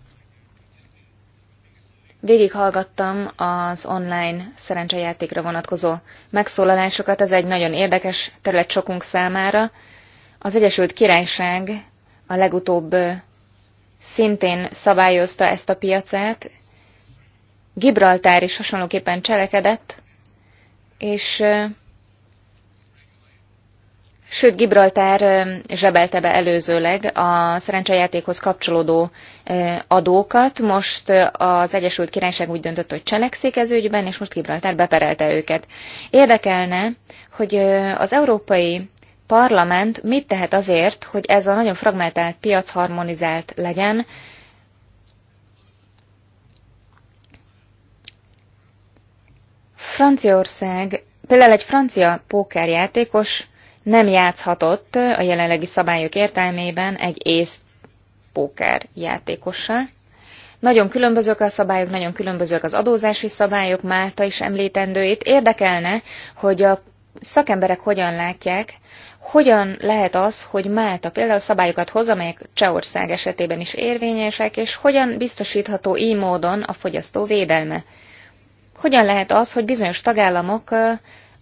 Speaker 1: Végighallgattam az online szerencsejátékra vonatkozó megszólalásokat, ez egy nagyon érdekes terület sokunk számára. Az Egyesült Királyság a legutóbb szintén szabályozta ezt a piacát. Gibraltár is hasonlóképpen cselekedett, és Sőt, Gibraltár zsebelte be előzőleg a szerencsejátékhoz kapcsolódó adókat. Most az Egyesült Királyság úgy döntött, hogy cselekszik ez ügyben, és most Gibraltár beperelte őket. Érdekelne, hogy az európai parlament mit tehet azért, hogy ez a nagyon fragmentált piac harmonizált legyen, Franciaország, például egy francia pókerjátékos nem játszhatott a jelenlegi szabályok értelmében egy ész pókerjátékossal. Nagyon különbözők a szabályok, nagyon különbözők az adózási szabályok, Málta is említendő. Itt érdekelne, hogy a szakemberek hogyan látják hogyan lehet az, hogy Málta például szabályokat hoz, amelyek Csehország esetében is érvényesek, és hogyan biztosítható így módon a fogyasztó védelme? Hogyan lehet az, hogy bizonyos tagállamok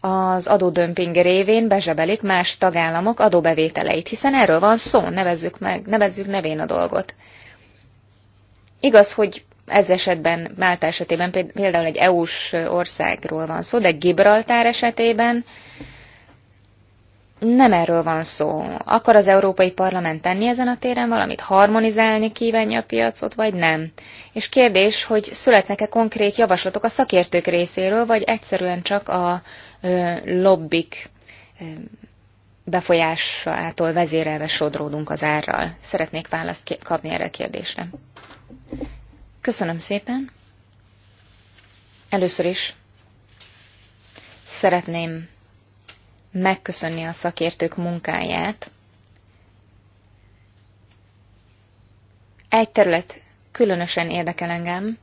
Speaker 1: az adódömping révén bezsebelik más tagállamok adóbevételeit, hiszen erről van szó, nevezzük, meg, nevezzük nevén a dolgot. Igaz, hogy ez esetben, Málta esetében például egy EU-s országról van szó, de Gibraltár esetében nem erről van szó. Akar az Európai Parlament tenni ezen a téren valamit? Harmonizálni kívánja a piacot, vagy nem? És kérdés, hogy születnek-e konkrét javaslatok a szakértők részéről, vagy egyszerűen csak a ö, lobbik ö, befolyásától vezérelve sodródunk az árral? Szeretnék választ kapni erre a kérdésre. Köszönöm szépen. Először is szeretném megköszönni a szakértők munkáját. Egy terület különösen érdekel engem,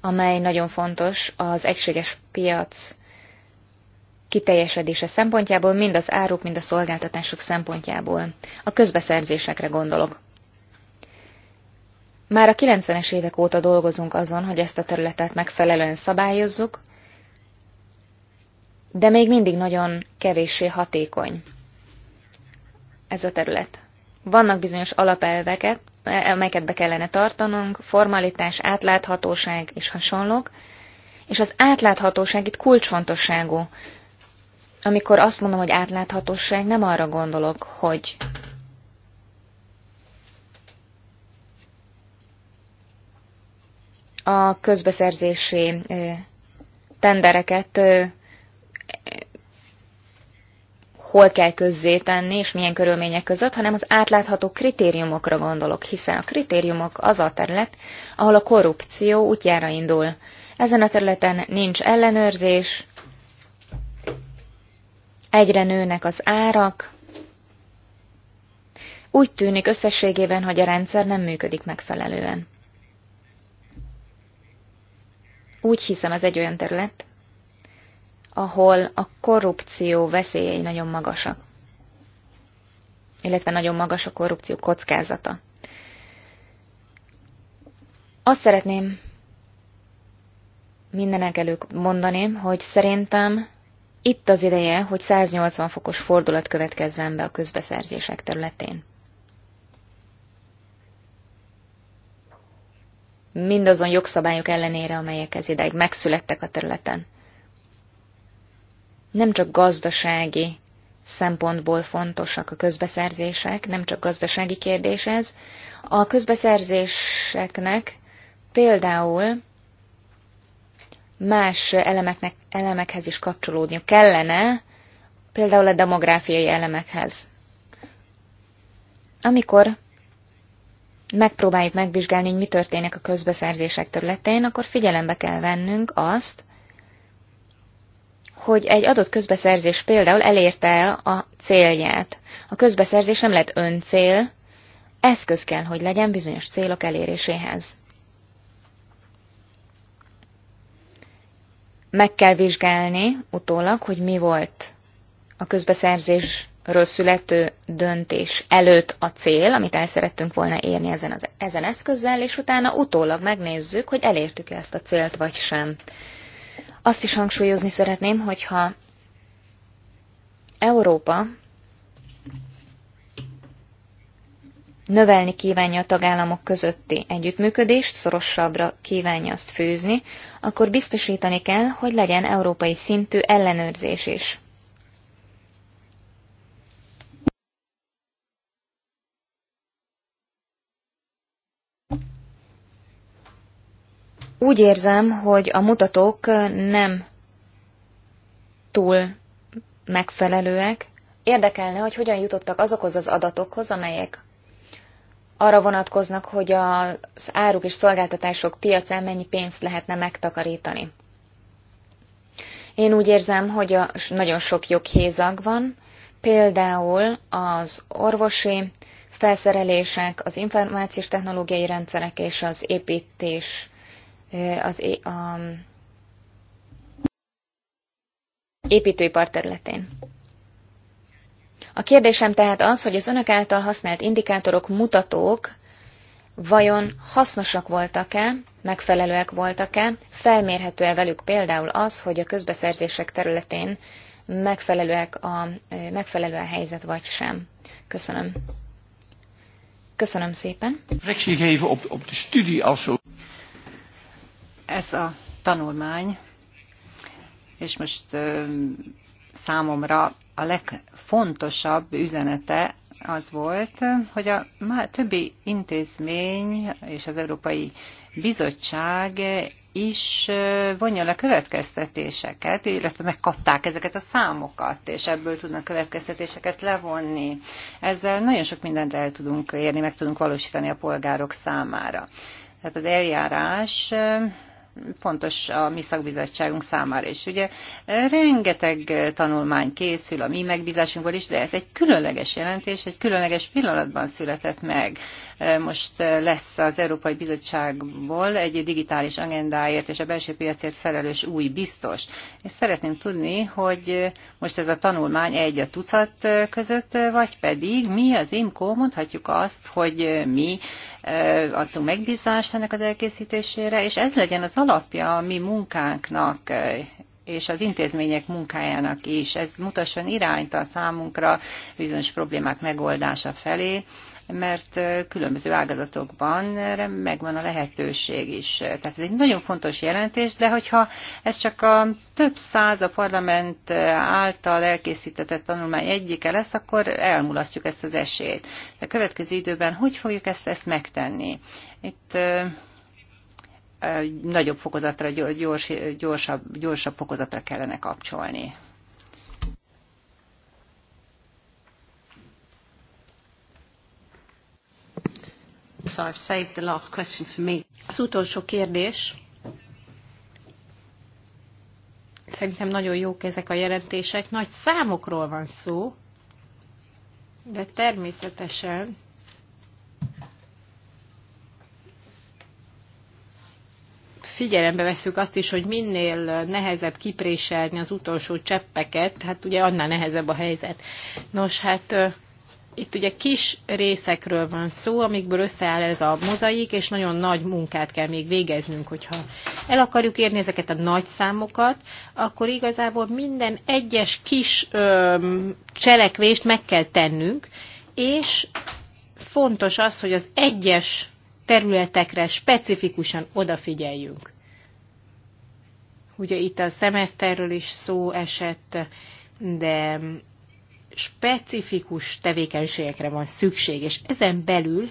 Speaker 1: amely nagyon fontos az egységes piac kiteljesedése szempontjából, mind az áruk, mind a szolgáltatások szempontjából. A közbeszerzésekre gondolok. Már a 90-es évek óta dolgozunk azon, hogy ezt a területet megfelelően szabályozzuk, de még mindig nagyon kevéssé hatékony ez a terület. Vannak bizonyos alapelveket, amelyeket be kellene tartanunk, formalitás, átláthatóság és hasonlók, és az átláthatóság itt kulcsfontosságú. Amikor azt mondom, hogy átláthatóság, nem arra gondolok, hogy a közbeszerzési tendereket hol kell közzétenni, és milyen körülmények között, hanem az átlátható kritériumokra gondolok, hiszen a kritériumok az a terület, ahol a korrupció útjára indul. Ezen a területen nincs ellenőrzés, egyre nőnek az árak, úgy tűnik összességében, hogy a rendszer nem működik megfelelően. Úgy hiszem, ez egy olyan terület, ahol a korrupció veszélyei nagyon magasak, illetve nagyon magas a korrupció kockázata. Azt szeretném mindenek előtt mondani, hogy szerintem itt az ideje, hogy 180 fokos fordulat következzen be a közbeszerzések területén. Mindazon jogszabályok ellenére, amelyek ez ideig megszülettek a területen nem csak gazdasági szempontból fontosak a közbeszerzések, nem csak gazdasági kérdés ez. A közbeszerzéseknek például más elemeknek, elemekhez is kapcsolódni kellene, például a demográfiai elemekhez. Amikor megpróbáljuk megvizsgálni, hogy mi történik a közbeszerzések területén, akkor figyelembe kell vennünk azt, hogy egy adott közbeszerzés például elérte el a célját. A közbeszerzés nem lett öncél, eszköz kell, hogy legyen bizonyos célok eléréséhez. Meg kell vizsgálni utólag, hogy mi volt a közbeszerzésről születő döntés előtt a cél, amit el szerettünk volna érni ezen, az, ezen eszközzel, és utána utólag megnézzük, hogy elértük -e ezt a célt vagy sem. Azt is hangsúlyozni szeretném, hogyha Európa növelni kívánja a tagállamok közötti együttműködést, szorosabbra kívánja azt főzni, akkor biztosítani kell, hogy legyen európai szintű ellenőrzés is. Úgy érzem, hogy a mutatók nem túl megfelelőek. Érdekelne, hogy hogyan jutottak azokhoz az adatokhoz, amelyek arra vonatkoznak, hogy az áruk és szolgáltatások piacán mennyi pénzt lehetne megtakarítani. Én úgy érzem, hogy a, nagyon sok joghézag van, például az orvosi felszerelések, az információs technológiai rendszerek és az építés az a építőipar területén. A kérdésem tehát az, hogy az önök által használt indikátorok, mutatók vajon hasznosak voltak-e, megfelelőek voltak-e, felmérhető-e velük például az, hogy a közbeszerzések területén megfelelőek a, megfelelő a helyzet vagy sem. Köszönöm. Köszönöm szépen.
Speaker 3: geven op, op de studie als zo. Ez a tanulmány, és most számomra a legfontosabb üzenete az volt, hogy a többi intézmény és az Európai Bizottság is vonja le következtetéseket, illetve megkapták ezeket a számokat, és ebből tudnak következtetéseket levonni. Ezzel nagyon sok mindent el tudunk érni, meg tudunk valósítani a polgárok számára. Tehát az eljárás fontos a mi szakbizottságunk számára is. Ugye rengeteg tanulmány készül a mi megbízásunkból is, de ez egy különleges jelentés, egy különleges pillanatban született meg. Most lesz az Európai Bizottságból egy digitális agendáért és a belső piacért felelős új biztos. És szeretném tudni, hogy most ez a tanulmány egy a tucat között, vagy pedig mi az IMCO mondhatjuk azt, hogy mi adtunk megbízást ennek az elkészítésére, és ez legyen az alapja a mi munkánknak, és az intézmények munkájának is. Ez mutasson irányt a számunkra bizonyos problémák megoldása felé, mert különböző ágazatokban erre megvan a lehetőség is. Tehát ez egy nagyon fontos jelentés, de hogyha ez csak a több száz a parlament által elkészítetett tanulmány egyike lesz, akkor elmulasztjuk ezt az esélyt. A következő időben hogy fogjuk ezt, ezt megtenni? Itt nagyobb fokozatra, gyors, gyorsabb, gyorsabb fokozatra kellene kapcsolni.
Speaker 2: So I've saved the last question for me. Az utolsó kérdés. Szerintem nagyon jók ezek a jelentések. Nagy számokról van szó, de természetesen figyelembe veszük azt is, hogy minél nehezebb kipréselni az utolsó cseppeket, hát ugye annál nehezebb a helyzet. Nos, hát itt ugye kis részekről van szó, amikből összeáll ez a mozaik, és nagyon nagy munkát kell még végeznünk, hogyha el akarjuk érni ezeket a nagy számokat, akkor igazából minden egyes kis ö, cselekvést meg kell tennünk, és fontos az, hogy az egyes területekre specifikusan odafigyeljünk. Ugye itt a szemeszterről is szó esett, de specifikus tevékenységekre van szükség, és ezen belül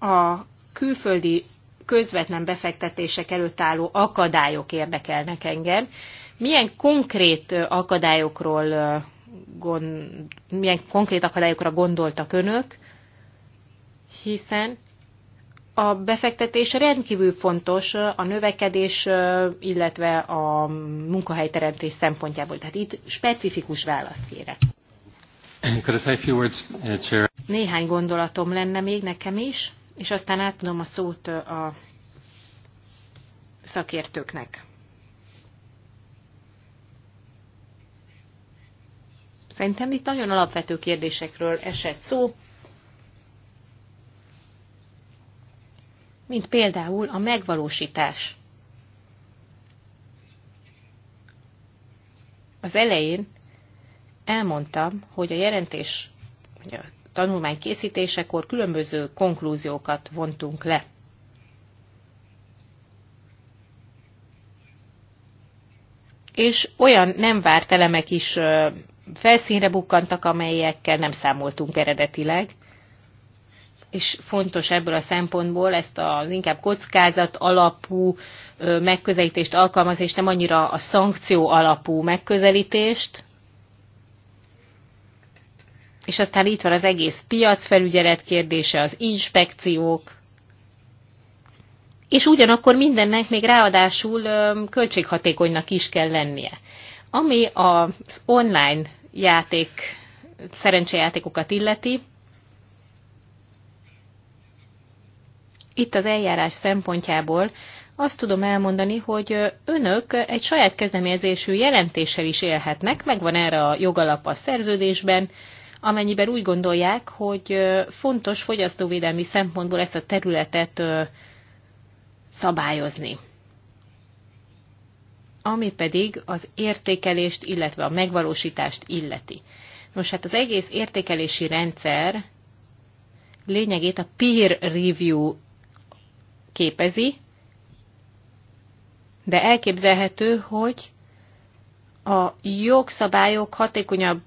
Speaker 2: a külföldi közvetlen befektetések előtt álló akadályok érdekelnek engem. Milyen konkrét akadályokról gond, milyen konkrét akadályokra gondoltak önök, hiszen a befektetés rendkívül fontos a növekedés, illetve a munkahelyteremtés szempontjából. Tehát itt specifikus választ kérek.
Speaker 4: Uh,
Speaker 2: Néhány gondolatom lenne még nekem is, és aztán átadom a szót a szakértőknek. Szerintem itt nagyon alapvető kérdésekről esett szó, mint például a megvalósítás. Az elején elmondtam, hogy a jelentés, vagy a tanulmány készítésekor különböző konklúziókat vontunk le. És olyan nem várt elemek is felszínre bukkantak, amelyekkel nem számoltunk eredetileg és fontos ebből a szempontból ezt az inkább kockázat alapú megközelítést alkalmazni, és nem annyira a szankció alapú megközelítést. És aztán itt van az egész piacfelügyelet kérdése, az inspekciók, és ugyanakkor mindennek még ráadásul költséghatékonynak is kell lennie. Ami az online játék, szerencsejátékokat illeti, itt az eljárás szempontjából azt tudom elmondani, hogy önök egy saját kezdeményezésű jelentéssel is élhetnek, megvan erre a jogalap a szerződésben, amennyiben úgy gondolják, hogy fontos fogyasztóvédelmi szempontból ezt a területet szabályozni. Ami pedig az értékelést, illetve a megvalósítást illeti. Nos, hát az egész értékelési rendszer lényegét a peer review képezi, de elképzelhető, hogy a jogszabályok hatékonyabb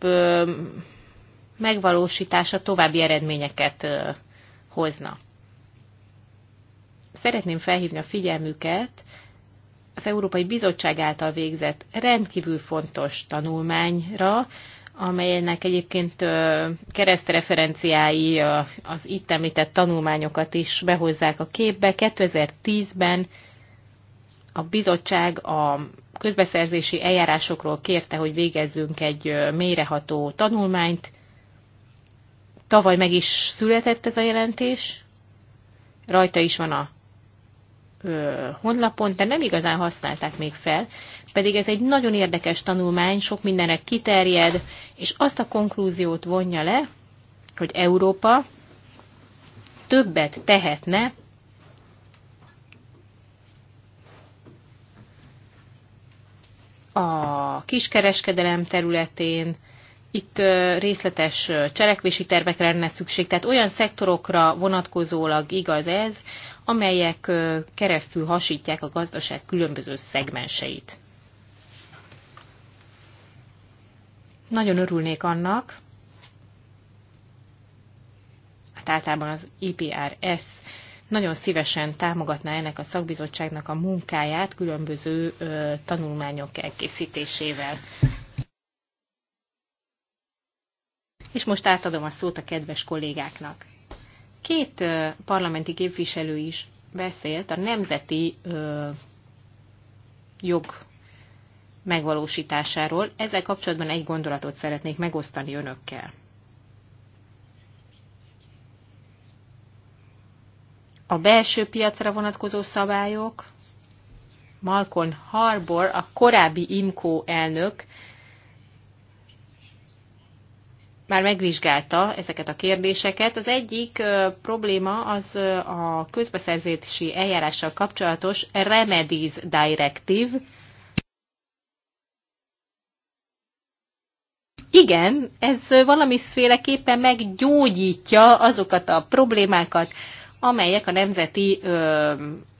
Speaker 2: megvalósítása további eredményeket hozna. Szeretném felhívni a figyelmüket az Európai Bizottság által végzett rendkívül fontos tanulmányra, amelynek egyébként keresztreferenciái az itt említett tanulmányokat is behozzák a képbe. 2010-ben a bizottság a közbeszerzési eljárásokról kérte, hogy végezzünk egy mélyreható tanulmányt. Tavaly meg is született ez a jelentés, rajta is van a honlapon, de nem igazán használták még fel, pedig ez egy nagyon érdekes tanulmány, sok mindenre kiterjed, és azt a konklúziót vonja le, hogy Európa többet tehetne a kiskereskedelem területén, itt részletes cselekvési tervekre lenne szükség, tehát olyan szektorokra vonatkozólag igaz ez, amelyek keresztül hasítják a gazdaság különböző szegmenseit. Nagyon örülnék annak, hát általában az IPRS nagyon szívesen támogatná ennek a szakbizottságnak a munkáját különböző ö, tanulmányok elkészítésével. És most átadom a szót a kedves kollégáknak. Két parlamenti képviselő is beszélt a nemzeti jog megvalósításáról. Ezzel kapcsolatban egy gondolatot szeretnék megosztani önökkel. A belső piacra vonatkozó szabályok, Malcolm Harbour, a korábbi IMCO elnök már megvizsgálta ezeket a kérdéseket. Az egyik probléma az a közbeszerzési eljárással kapcsolatos Remedies Directive. Igen, ez valamiféleképpen meggyógyítja azokat a problémákat, amelyek a nemzeti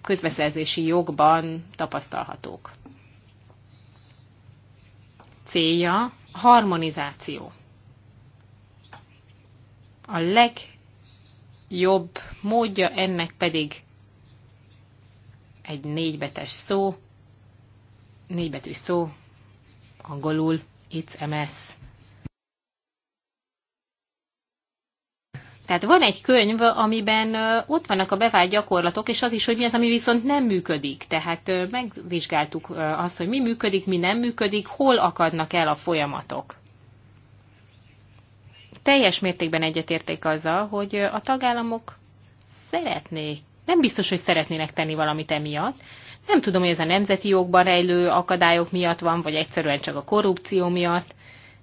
Speaker 2: közbeszerzési jogban tapasztalhatók. Célja harmonizáció. A legjobb módja ennek pedig egy négybetes szó, négybetű szó, angolul it's MS. Tehát van egy könyv, amiben ott vannak a bevált gyakorlatok, és az is, hogy mi az, ami viszont nem működik. Tehát megvizsgáltuk azt, hogy mi működik, mi nem működik, hol akadnak el a folyamatok teljes mértékben egyetérték azzal, hogy a tagállamok szeretnék, nem biztos, hogy szeretnének tenni valamit emiatt. Nem tudom, hogy ez a nemzeti jogban rejlő akadályok miatt van, vagy egyszerűen csak a korrupció miatt,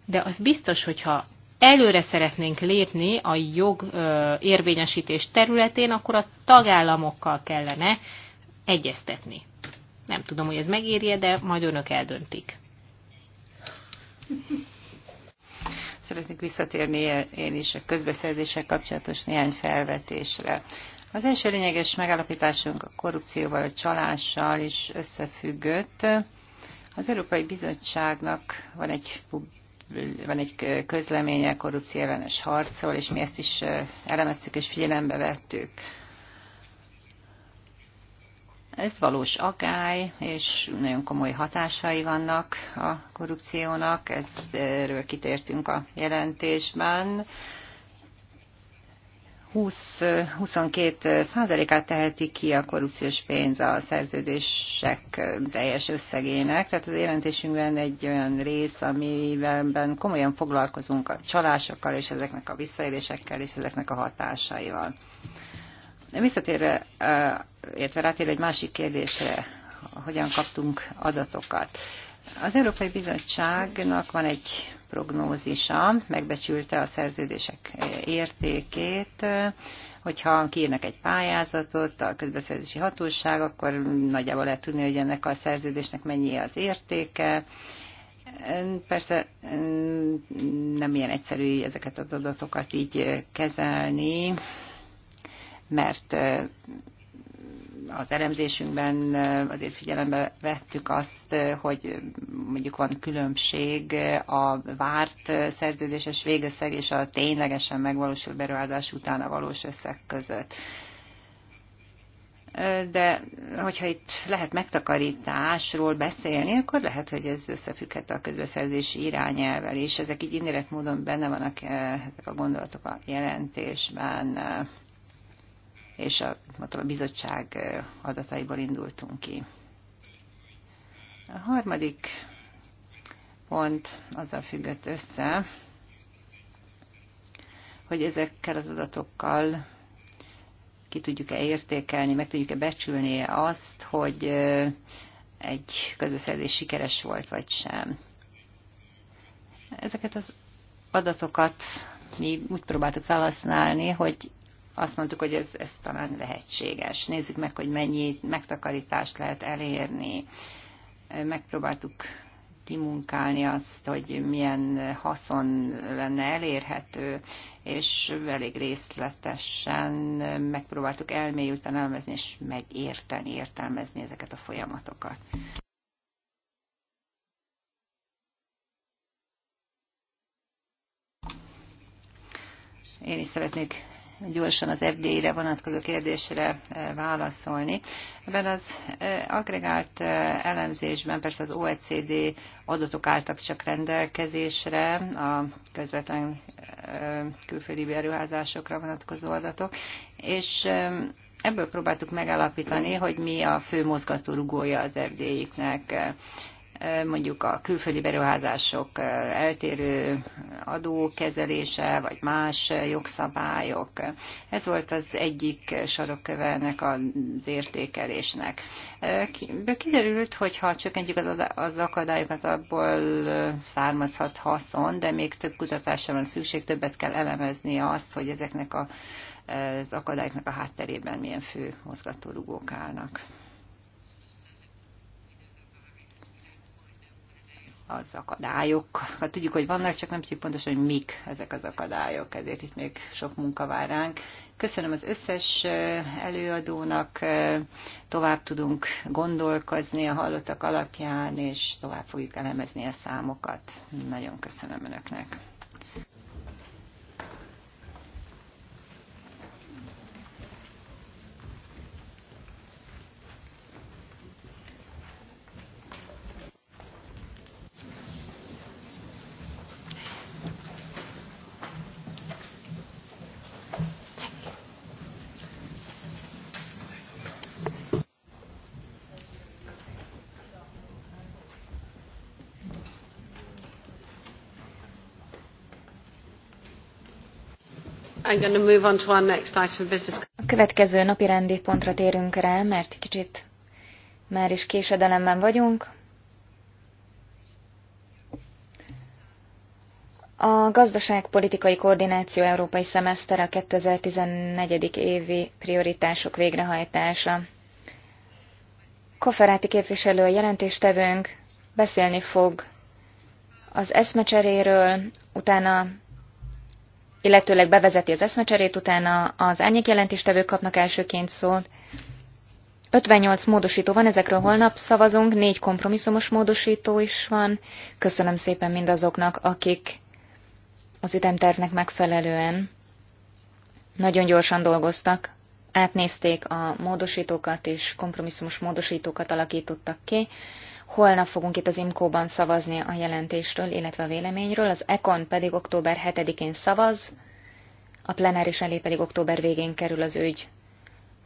Speaker 2: de az biztos, hogyha előre szeretnénk lépni a jog érvényesítés területén, akkor a tagállamokkal kellene egyeztetni. Nem tudom, hogy ez megérje, de majd önök eldöntik
Speaker 3: szeretnék visszatérni én is a közbeszerzéssel kapcsolatos néhány felvetésre. Az első lényeges megállapításunk a korrupcióval, a csalással is összefüggött. Az Európai Bizottságnak van egy, van egy közleménye korrupció ellenes harcról, és mi ezt is elemeztük és figyelembe vettük. Ez valós agály, és nagyon komoly hatásai vannak a korrupciónak, ezről kitértünk a jelentésben. 20-22 százalékát teheti ki a korrupciós pénz a szerződések teljes összegének. Tehát az jelentésünkben egy olyan rész, amiben komolyan foglalkozunk a csalásokkal és ezeknek a visszaélésekkel és ezeknek a hatásaival. Visszatérve, értve rátér egy másik kérdésre, hogyan kaptunk adatokat. Az Európai Bizottságnak van egy prognózisa, megbecsülte a szerződések értékét, hogyha kiírnak egy pályázatot a közbeszerzési hatóság, akkor nagyjából lehet tudni, hogy ennek a szerződésnek mennyi az értéke. Persze nem ilyen egyszerű ezeket a adatokat így kezelni, mert az elemzésünkben azért figyelembe vettük azt, hogy mondjuk van különbség a várt szerződéses végösszeg és a ténylegesen megvalósult beruházás után a valós összeg között. De hogyha itt lehet megtakarításról beszélni, akkor lehet, hogy ez összefügghet a közbeszerzési irányelvel, és ezek így indirekt módon benne vannak ezek a gondolatok a jelentésben és a, mondtam, a bizottság adataiból indultunk ki. A harmadik pont azzal függött össze, hogy ezekkel az adatokkal ki tudjuk-e értékelni, meg tudjuk-e becsülni azt, hogy egy közbeszerzés sikeres volt, vagy sem. Ezeket az adatokat mi úgy próbáltuk felhasználni, hogy azt mondtuk, hogy ez, ez talán lehetséges. Nézzük meg, hogy mennyi megtakarítást lehet elérni. Megpróbáltuk kimunkálni azt, hogy milyen haszon lenne elérhető, és elég részletesen megpróbáltuk elmélyülten elemezni és megérteni, értelmezni ezeket a folyamatokat. Én is szeretnék gyorsan az FDI-re vonatkozó kérdésre e, válaszolni. Ebben az e, agregált e, elemzésben persze az OECD adatok álltak csak rendelkezésre, a közvetlen külföldi beruházásokra vonatkozó adatok, és ebből próbáltuk megállapítani, hogy mi a fő mozgatórugója az FDI-knek mondjuk a külföldi beruházások eltérő adókezelése, vagy más jogszabályok. Ez volt az egyik sarokkövelnek az értékelésnek. Kiderült, hogy ha csökkentjük az, az akadályokat, abból származhat haszon, de még több kutatásra van szükség, többet kell elemezni azt, hogy ezeknek a, az akadályoknak a hátterében milyen fő mozgatórugók állnak. az akadályok, hát tudjuk, hogy vannak, csak nem tudjuk pontosan, hogy mik ezek az akadályok, ezért itt még sok munka vár ránk. Köszönöm az összes előadónak, tovább tudunk gondolkozni a hallottak alapján, és tovább fogjuk elemezni a számokat. Nagyon köszönöm Önöknek.
Speaker 4: A
Speaker 1: következő napi rendi pontra térünk rá, mert kicsit már is késedelemben vagyunk. A gazdaságpolitikai koordináció európai szemeszter a 2014. évi prioritások végrehajtása. Koferáti képviselő jelentéstevőnk beszélni fog az eszmecseréről, utána illetőleg bevezeti az eszmecserét, utána az jelentéstevők kapnak elsőként szót. 58 módosító van, ezekről holnap szavazunk, négy kompromisszumos módosító is van. Köszönöm szépen mindazoknak, akik az ütemtervnek megfelelően nagyon gyorsan dolgoztak, átnézték a módosítókat és kompromisszumos módosítókat alakítottak ki. Holnap fogunk itt az Imkóban szavazni a jelentésről, illetve a véleményről, az ECON pedig október 7-én szavaz, a plenáris elé pedig október végén kerül az ügy.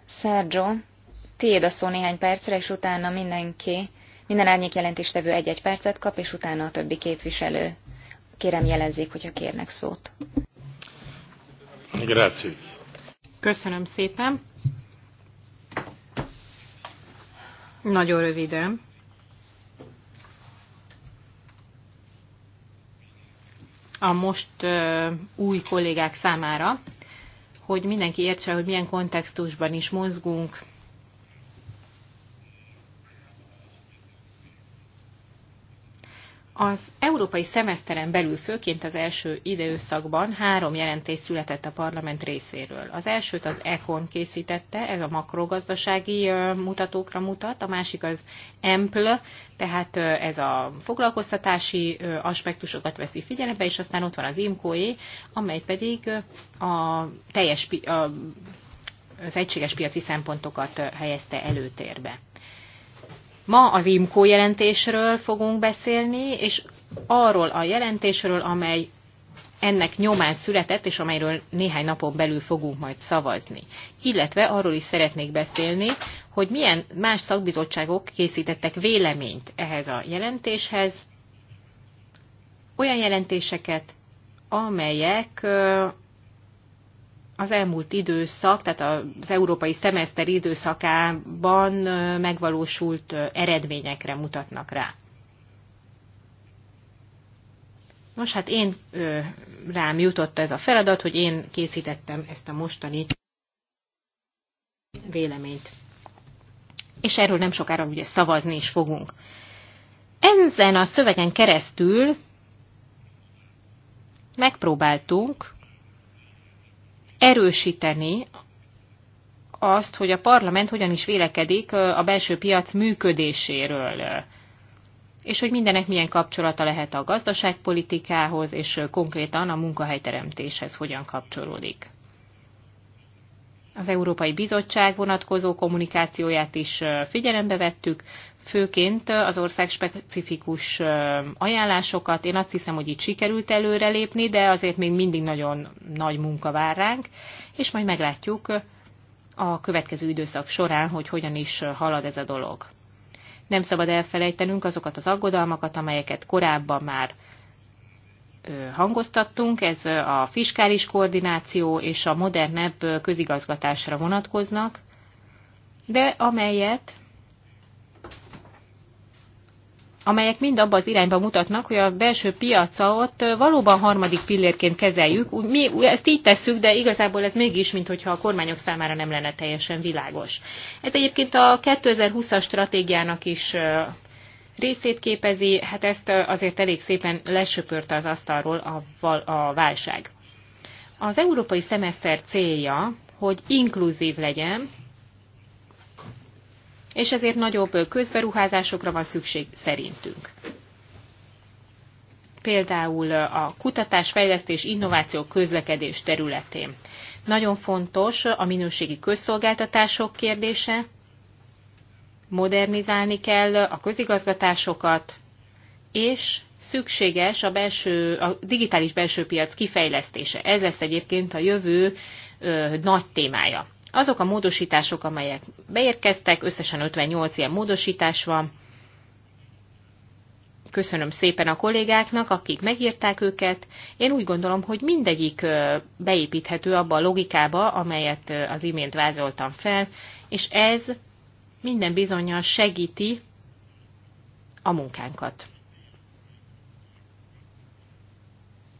Speaker 1: Sergio, tiéd a szó néhány percre, és utána mindenki, minden árnyék jelentéstevő egy-egy percet kap, és utána a többi képviselő. Kérem jelezzék, hogyha kérnek szót. Grazie. Köszönöm szépen.
Speaker 2: Nagyon röviden a most új kollégák számára, hogy mindenki értse, hogy milyen kontextusban is mozgunk, Az európai szemeszteren belül, főként az első időszakban három jelentés született a parlament részéről. Az elsőt az ECON készítette, ez a makrogazdasági mutatókra mutat, a másik az EMPL, tehát ez a foglalkoztatási aspektusokat veszi figyelembe, és aztán ott van az IMCOE, amely pedig a teljes, az egységes piaci szempontokat helyezte előtérbe. Ma az IMCO jelentésről fogunk beszélni, és arról a jelentésről, amely ennek nyomán született, és amelyről néhány napon belül fogunk majd szavazni. Illetve arról is szeretnék beszélni, hogy milyen más szakbizottságok készítettek véleményt ehhez a jelentéshez, olyan jelentéseket, amelyek az elmúlt időszak, tehát az európai szemeszter időszakában megvalósult eredményekre mutatnak rá. Nos, hát én rám jutott ez a feladat, hogy én készítettem ezt a mostani véleményt. És erről nem sokára ugye szavazni is fogunk. Ezen a szövegen keresztül megpróbáltunk erősíteni azt, hogy a parlament hogyan is vélekedik a belső piac működéséről, és hogy mindenek milyen kapcsolata lehet a gazdaságpolitikához, és konkrétan a munkahelyteremtéshez hogyan kapcsolódik. Az Európai Bizottság vonatkozó kommunikációját is figyelembe vettük, főként az ország specifikus ajánlásokat. Én azt hiszem, hogy itt sikerült előrelépni, de azért még mindig nagyon nagy munka vár ránk, és majd meglátjuk a következő időszak során, hogy hogyan is halad ez a dolog. Nem szabad elfelejtenünk azokat az aggodalmakat, amelyeket korábban már hangoztattunk, ez a fiskális koordináció és a modernebb közigazgatásra vonatkoznak, de amelyet amelyek mind abba az irányba mutatnak, hogy a belső piacot valóban harmadik pillérként kezeljük. Mi ezt így tesszük, de igazából ez mégis, mintha a kormányok számára nem lenne teljesen világos. Ez egyébként a 2020-as stratégiának is részét képezi, hát ezt azért elég szépen lesöpörte az asztalról a, a válság. Az európai szemeszter célja, hogy inkluzív legyen, és ezért nagyobb közberuházásokra van szükség szerintünk. Például a kutatás, fejlesztés, innováció, közlekedés területén. Nagyon fontos a minőségi közszolgáltatások kérdése, modernizálni kell a közigazgatásokat, és szükséges a, belső, a digitális belső piac kifejlesztése. Ez lesz egyébként a jövő ö, nagy témája. Azok a módosítások, amelyek beérkeztek, összesen 58 ilyen módosítás van. Köszönöm szépen a kollégáknak, akik megírták őket. Én úgy gondolom, hogy mindegyik beépíthető abba a logikába, amelyet az imént vázoltam fel, és ez minden bizonyal segíti a munkánkat.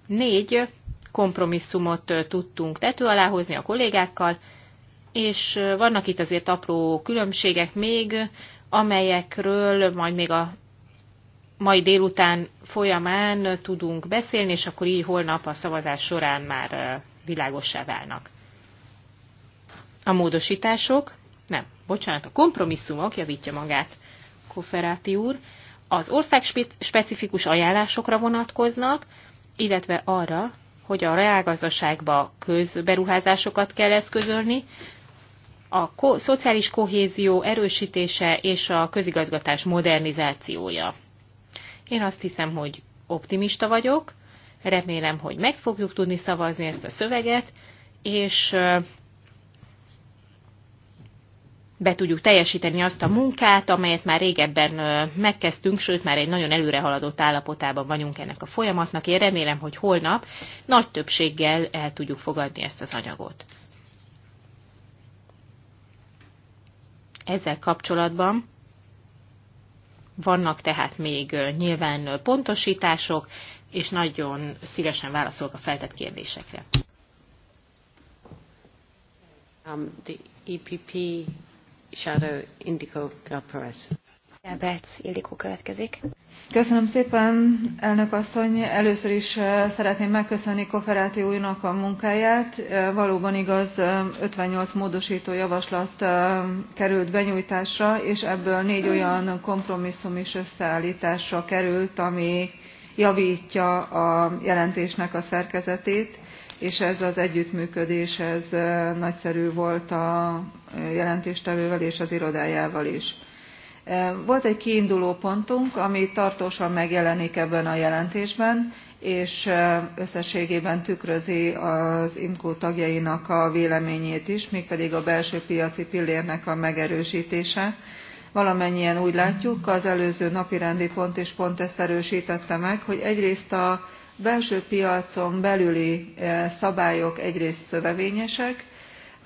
Speaker 2: Négy kompromisszumot tudtunk tető alá hozni a kollégákkal, és vannak itt azért apró különbségek még, amelyekről majd még a mai délután folyamán tudunk beszélni, és akkor így holnap a szavazás során már világossá válnak. A módosítások, nem, bocsánat, a kompromisszumok, javítja magát Koferáti úr, az ország specifikus ajánlásokra vonatkoznak, illetve arra, hogy a reálgazdaságba közberuházásokat kell eszközölni, a ko- szociális kohézió erősítése és a közigazgatás modernizációja. Én azt hiszem, hogy optimista vagyok, remélem, hogy meg fogjuk tudni szavazni ezt a szöveget, és be tudjuk teljesíteni azt a munkát, amelyet már régebben megkezdtünk, sőt már egy nagyon előre haladott állapotában vagyunk ennek a folyamatnak. Én remélem, hogy holnap nagy többséggel el tudjuk fogadni ezt az anyagot. Ezzel kapcsolatban vannak tehát még nyilván pontosítások, és nagyon szívesen válaszolok a feltett kérdésekre.
Speaker 3: Um, the EPP Shadow Indico Galperez.
Speaker 4: Elbec Ildikó következik. Köszönöm szépen, elnök asszony! először is szeretném megköszönni cofferati úrnak a munkáját. valóban igaz fifty eight módostó javaslat került benyújtásra és ebből négy olyan kompromisszum is összeálltásra került ami javtja a jelentésnek a szerkezetét és ez az együttműködés ez nagyszerű volt a jelentéstevővel és az irodájával is volt egy kiinduló pontunk ami tartósan megjelenik ebben a jelentésben és összességében tükrözi az imco tagjainak a véleményét is mégpedig a belső piaci pillérnek a megerőstése. valamennyien úgy látjuk az előző napirendi pont is pont ezt erőstette meg hogy egyrészt a belső piacon belüli szabályok egyrészt szövevényesek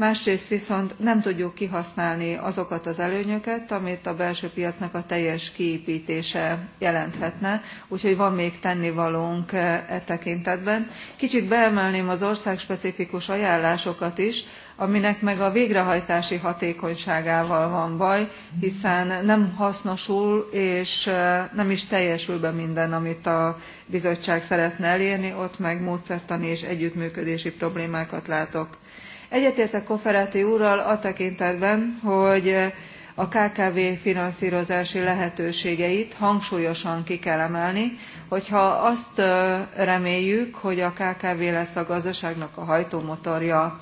Speaker 4: másrészt viszont nem tudjuk kihasználni azokat az előnyöket amit a belső piacnak a teljes kiéptése jelenthetne úgyhogy van még tennivalónk e, e tekintetben. kicsit beemelném az országspecifikus ajánlásokat is aminek meg a végrehajtási hatékonyságával van baj hiszen nem hasznosul és e, nem is teljesül be minden amit a bizottság szeretne elérni ott meg módszertani és együttműködési problémákat látok egyetértek cofferati úrral a tekintetben hogy a kkv finanszrozási lehetőségeit hangsúlyosan ki kell emelni hogyha azt reméljük hogy a kkv lesz a gazdaságnak a hajtómotorja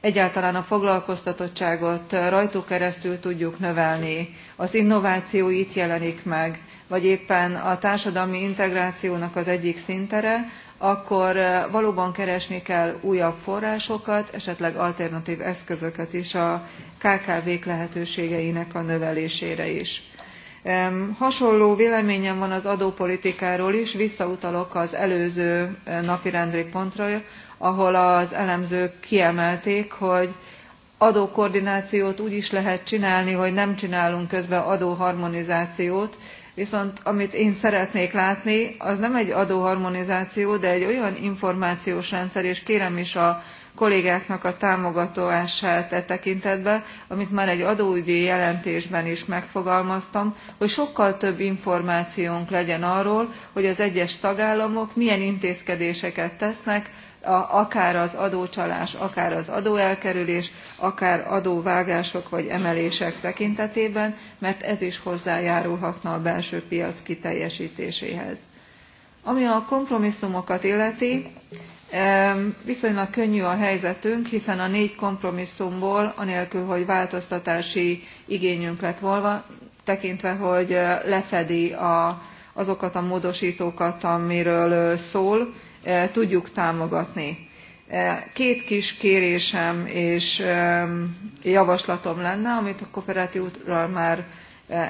Speaker 4: egyáltalán a foglalkoztatottságot rajtuk keresztül tudjuk növelni az innováció itt jelenik meg vagy éppen a társadalmi integrációnak az egyik szintere akkor valóban keresni kell újabb forrásokat esetleg alternatv eszközöket is a kkv k lehetőségeinek a növelésére is. hasonló véleményem van az adópolitikáról is visszautalok az előző napirendi pontra ahol az elemzők kiemelték hogy adókoordinációt úgy is lehet csinálni hogy nem csinálunk közben adóharmonizációt viszont amit én szeretnék látni az nem egy adóharmonizáció de egy olyan információs rendszer és kérem is a kollégáknak a támogatását e tekintetben amit már egy adóügyi jelentésben is megfogalmaztam hogy sokkal több információnk legyen arról hogy az egyes tagállamok milyen intézkedéseket tesznek akár az adócsalás akár az adóelkerülés akár adóvágások vagy emelések tekintetében mert ez is hozzájárulhatna a belső piac kiteljestéséhez. ami a kompromisszumokat illeti viszonylag könnyű a helyzetünk hiszen a négy kompromisszumból anélkül hogy változtatási igényünk lett volna tekintve hogy lefedi a, azokat a módostókat amiről szól tudjuk támogatni. Két kis kérésem és javaslatom lenne, amit a kooperatív már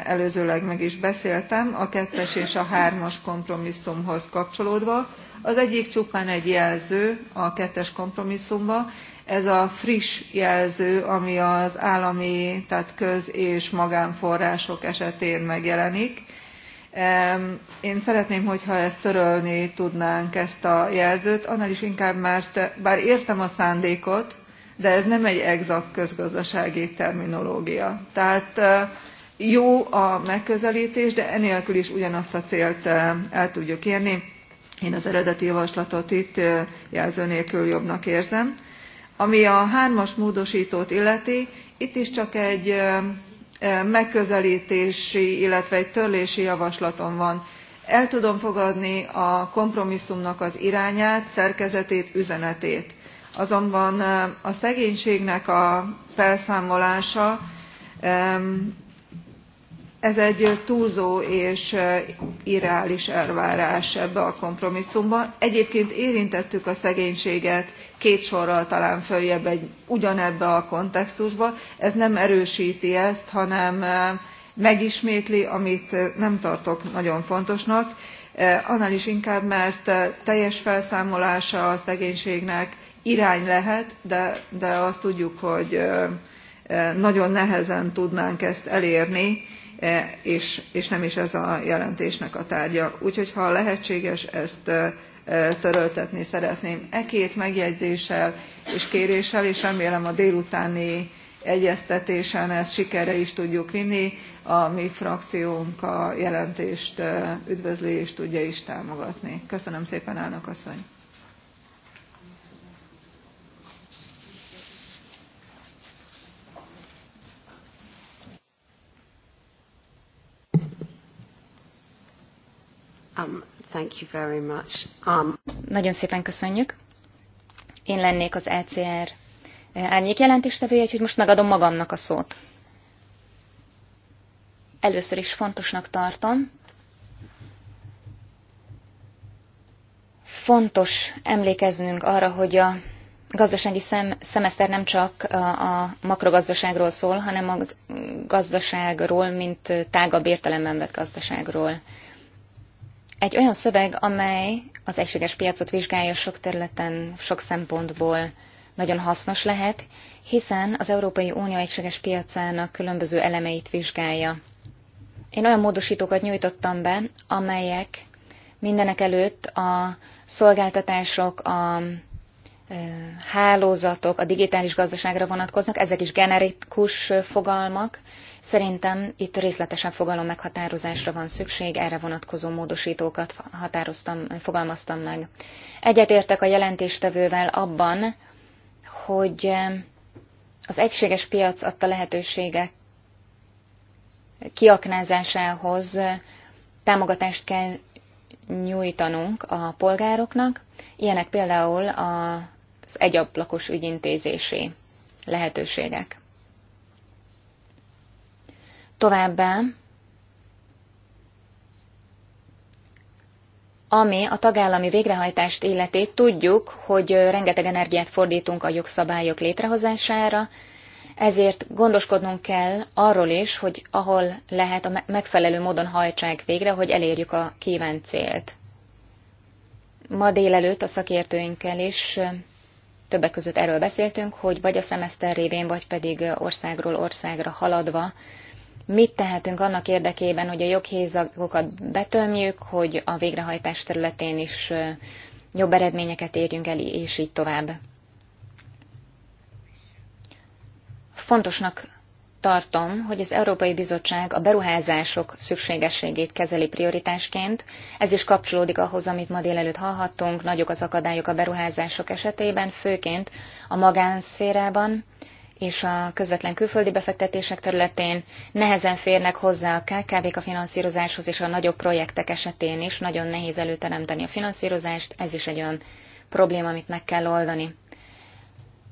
Speaker 4: előzőleg meg is beszéltem, a kettes és a hármas kompromisszumhoz kapcsolódva. Az egyik csupán egy jelző a kettes kompromisszumba, ez a friss jelző, ami az állami, tehát köz- és magánforrások esetén megjelenik én szeretném hogyha ezt törölni tudnánk ezt a jelzőt annál is inkább mert bár értem a szándékot de ez nem egy egzakt közgazdasági terminológia. tehát jó a megközeltés de enélkül is ugyanazt a célt el tudjuk érni. én az eredeti javaslatot itt jelző nélkül jobbnak érzem. ami a hármas módostót illeti itt is csak egy megközeltési illetve egy törlési javaslatom van. el tudom fogadni a kompromisszumnak az irányát szerkezetét üzenetét azonban a szegénységnek a felszámolása ez egy túlzó és irreális elvárás ebbe a kompromisszumba. egyébként érintettük a szegénységet két sorral talán följebb egy, ugyanebbe a kontextusba ez nem erősti ezt hanem eh, megismétli amit eh, nem tartok nagyon fontosnak eh, annál is inkább mert teljes felszámolása a szegénységnek irány lehet de, de azt tudjuk hogy nagyon nehezen tudnánk ezt elérni és, és nem is ez a jelentésnek a tárgya. úgyhogy ha lehetséges ezt töröltetni szeretném. e két megjegyzéssel és kéréssel és remélem a délutáni egyeztetésen ezt sikerre is tudjuk vinni a mi frakciónk a jelentést üdvözli és tudja is támogatni. köszönöm szépen elnök asszony! Um, Thank you very much.
Speaker 3: Um...
Speaker 1: Nagyon szépen köszönjük. Én lennék az ECR eh, árnyék jelentéstevője, úgyhogy most megadom magamnak a szót. Először is fontosnak tartom, fontos emlékeznünk arra, hogy a gazdasági szem, szemeszter nem csak a, a makrogazdaságról szól, hanem a gazdaságról, mint tágabb értelemben vett gazdaságról egy olyan szöveg, amely az egységes piacot vizsgálja sok területen, sok szempontból nagyon hasznos lehet, hiszen az Európai Unió egységes piacának különböző elemeit vizsgálja. Én olyan módosítókat nyújtottam be, amelyek mindenek előtt a szolgáltatások, a hálózatok, a digitális gazdaságra vonatkoznak, ezek is generikus fogalmak, Szerintem itt részletesen fogalom meghatározásra van szükség, erre vonatkozó módosítókat határoztam, fogalmaztam meg. Egyetértek a jelentéstevővel abban, hogy az egységes piac adta lehetőségek kiaknázásához támogatást kell nyújtanunk a polgároknak, ilyenek például az egyablakos ügyintézési lehetőségek. Továbbá, ami a tagállami végrehajtást illeti, tudjuk, hogy rengeteg energiát fordítunk a jogszabályok létrehozására, ezért gondoskodnunk kell arról is, hogy ahol lehet a megfelelő módon hajtsák végre, hogy elérjük a kívánt célt. Ma délelőtt a szakértőinkkel is többek között erről beszéltünk, hogy vagy a szemeszter révén, vagy pedig országról országra haladva Mit tehetünk annak érdekében, hogy a joghézagokat betömjük, hogy a végrehajtás területén is jobb eredményeket érjünk el, és így tovább. Fontosnak tartom, hogy az Európai Bizottság a beruházások szükségességét kezeli prioritásként. Ez is kapcsolódik ahhoz, amit ma délelőtt hallhattunk, nagyok az akadályok a beruházások esetében, főként a magánszférában, és a közvetlen külföldi befektetések területén nehezen férnek hozzá a KKV-k a finanszírozáshoz, és a nagyobb projektek esetén is nagyon nehéz előteremteni a finanszírozást, ez is egy olyan probléma, amit meg kell oldani.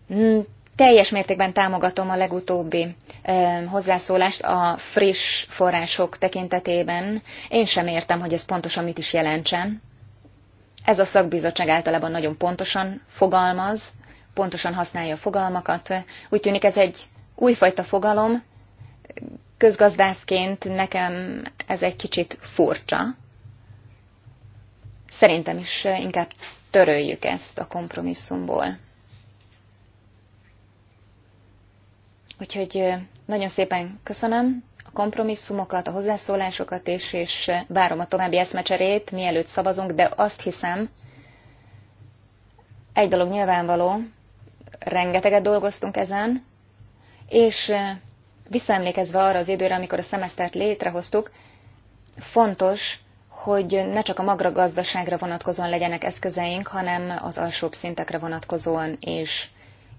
Speaker 1: Hmm, teljes mértékben támogatom a legutóbbi ö, hozzászólást a friss források tekintetében. Én sem értem, hogy ez pontosan mit is jelentsen. Ez a szakbizottság általában nagyon pontosan fogalmaz, pontosan használja a fogalmakat. Úgy tűnik ez egy újfajta fogalom. Közgazdászként nekem ez egy kicsit furcsa. Szerintem is inkább töröljük ezt a kompromisszumból. Úgyhogy nagyon szépen köszönöm a kompromisszumokat, a hozzászólásokat, és, és várom a további eszmecserét, mielőtt szavazunk, de azt hiszem, egy dolog nyilvánvaló, rengeteget dolgoztunk ezen, és visszaemlékezve arra az időre, amikor a szemesztert létrehoztuk, fontos, hogy ne csak a magra gazdaságra vonatkozóan legyenek eszközeink, hanem az alsóbb szintekre vonatkozóan, és,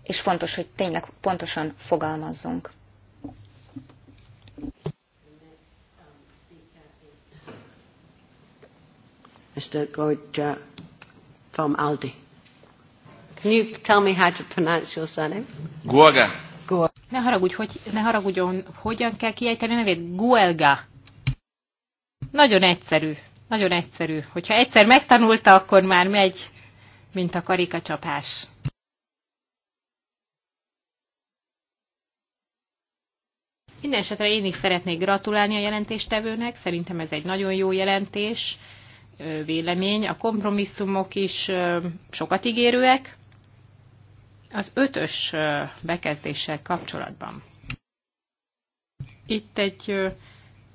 Speaker 1: és fontos, hogy tényleg pontosan fogalmazzunk.
Speaker 4: Mr. Goja
Speaker 2: from Aldi.
Speaker 3: Can you tell me how to pronounce your surname?
Speaker 2: Guaga. Guaga. Ne, haragudj, hogy, ne haragudjon, hogyan kell kiejteni a nevét? Guelga. Nagyon egyszerű. Nagyon egyszerű. Hogyha egyszer megtanulta, akkor már megy, mint a karikacsapás. Minden esetre én is szeretnék gratulálni a jelentéstevőnek, szerintem ez egy nagyon jó jelentés, vélemény. A kompromisszumok is sokat ígérőek, az ötös bekezdéssel kapcsolatban. Itt egy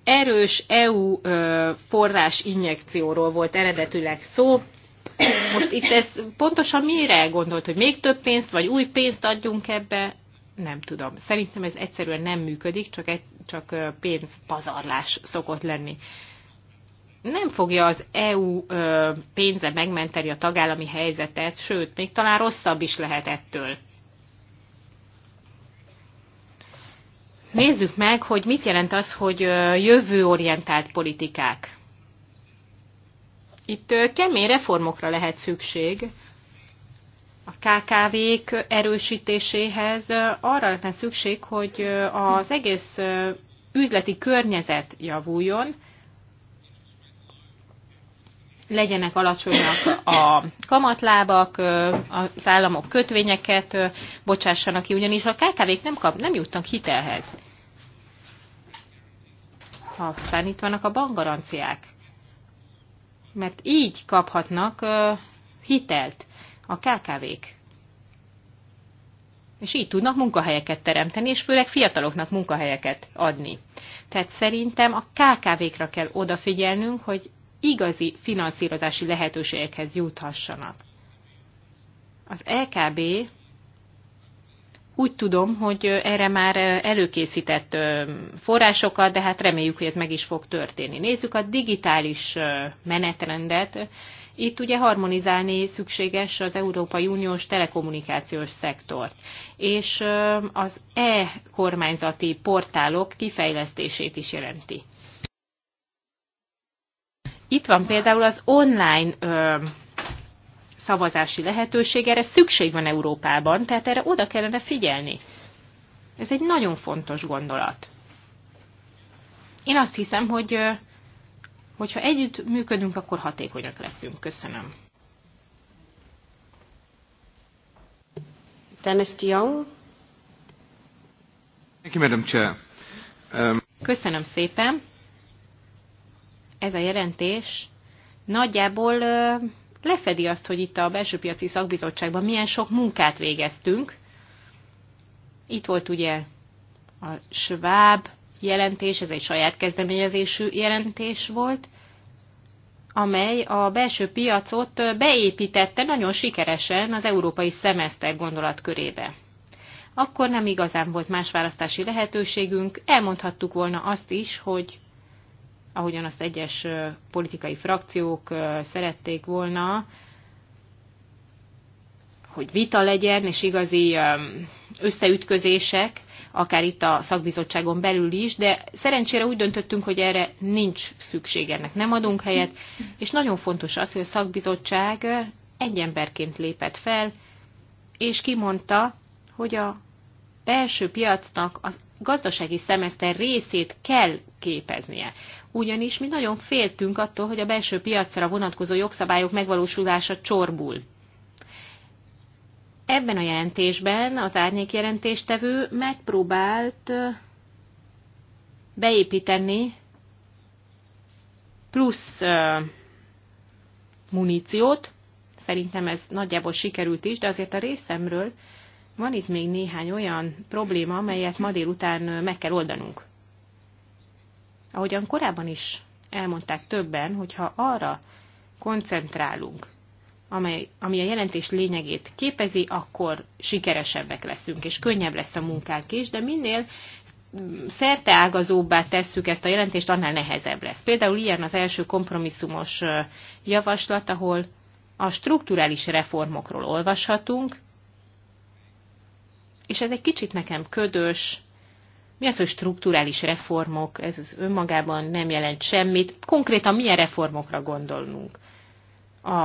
Speaker 2: erős EU forrás injekcióról volt eredetileg szó. Most itt ez pontosan mire gondolt, hogy még több pénzt, vagy új pénzt adjunk ebbe? Nem tudom. Szerintem ez egyszerűen nem működik, csak, egy, csak pénzpazarlás szokott lenni nem fogja az EU pénze megmenteni a tagállami helyzetet, sőt, még talán rosszabb is lehet ettől. Nézzük meg, hogy mit jelent az, hogy jövőorientált politikák. Itt kemény reformokra lehet szükség a KKV-k erősítéséhez. Arra lenne szükség, hogy az egész üzleti környezet javuljon, legyenek alacsonyak a kamatlábak, az államok kötvényeket bocsássanak ki, ugyanis a KKV-k nem, kap, nem jutnak hitelhez. Aztán itt vannak a bankgaranciák, mert így kaphatnak hitelt a KKV-k. És így tudnak munkahelyeket teremteni, és főleg fiataloknak munkahelyeket adni. Tehát szerintem a KKV-kra kell odafigyelnünk, hogy igazi finanszírozási lehetőségekhez juthassanak. Az LKB úgy tudom, hogy erre már előkészített forrásokat, de hát reméljük, hogy ez meg is fog történni. Nézzük a digitális menetrendet. Itt ugye harmonizálni szükséges az Európai Uniós telekommunikációs szektort, és az e-kormányzati portálok kifejlesztését is jelenti. Itt van például az online ö, szavazási lehetőség, erre szükség van Európában, tehát erre oda kellene figyelni. Ez egy nagyon fontos gondolat. Én azt hiszem, hogy hogyha együtt működünk, akkor hatékonyak leszünk. Köszönöm. Dennis de Jong. Um, Köszönöm szépen ez a jelentés nagyjából lefedi azt, hogy itt a belső piaci szakbizottságban milyen sok munkát végeztünk. Itt volt ugye a Schwab jelentés, ez egy saját kezdeményezésű jelentés volt, amely a belső piacot beépítette nagyon sikeresen az európai szemeszter gondolatkörébe. Akkor nem igazán volt más választási lehetőségünk, elmondhattuk volna azt is, hogy ahogyan azt egyes politikai frakciók szerették volna, hogy vita legyen, és igazi összeütközések, akár itt a szakbizottságon belül is, de szerencsére úgy döntöttünk, hogy erre nincs szükség, ennek nem adunk helyet, és nagyon fontos az, hogy a szakbizottság egy emberként lépett fel, és kimondta, hogy a belső piacnak az gazdasági szemeszter részét kell képeznie ugyanis mi nagyon féltünk attól, hogy a belső piacra vonatkozó jogszabályok megvalósulása csorbul. Ebben a jelentésben az árnyék jelentéstevő megpróbált beépíteni plusz muníciót, szerintem ez nagyjából sikerült is, de azért a részemről van itt még néhány olyan probléma, amelyet ma délután meg kell oldanunk. Ahogyan korábban is elmondták többen, hogyha arra koncentrálunk, amely, ami a jelentés lényegét képezi, akkor sikeresebbek leszünk, és könnyebb lesz a munkánk is, de minél mm, ágazóbbá tesszük ezt a jelentést, annál nehezebb lesz. Például ilyen az első kompromisszumos javaslat, ahol a strukturális reformokról olvashatunk, és ez egy kicsit nekem ködös, mi az, hogy strukturális reformok, ez az önmagában nem jelent semmit. Konkrétan milyen reformokra gondolnunk? A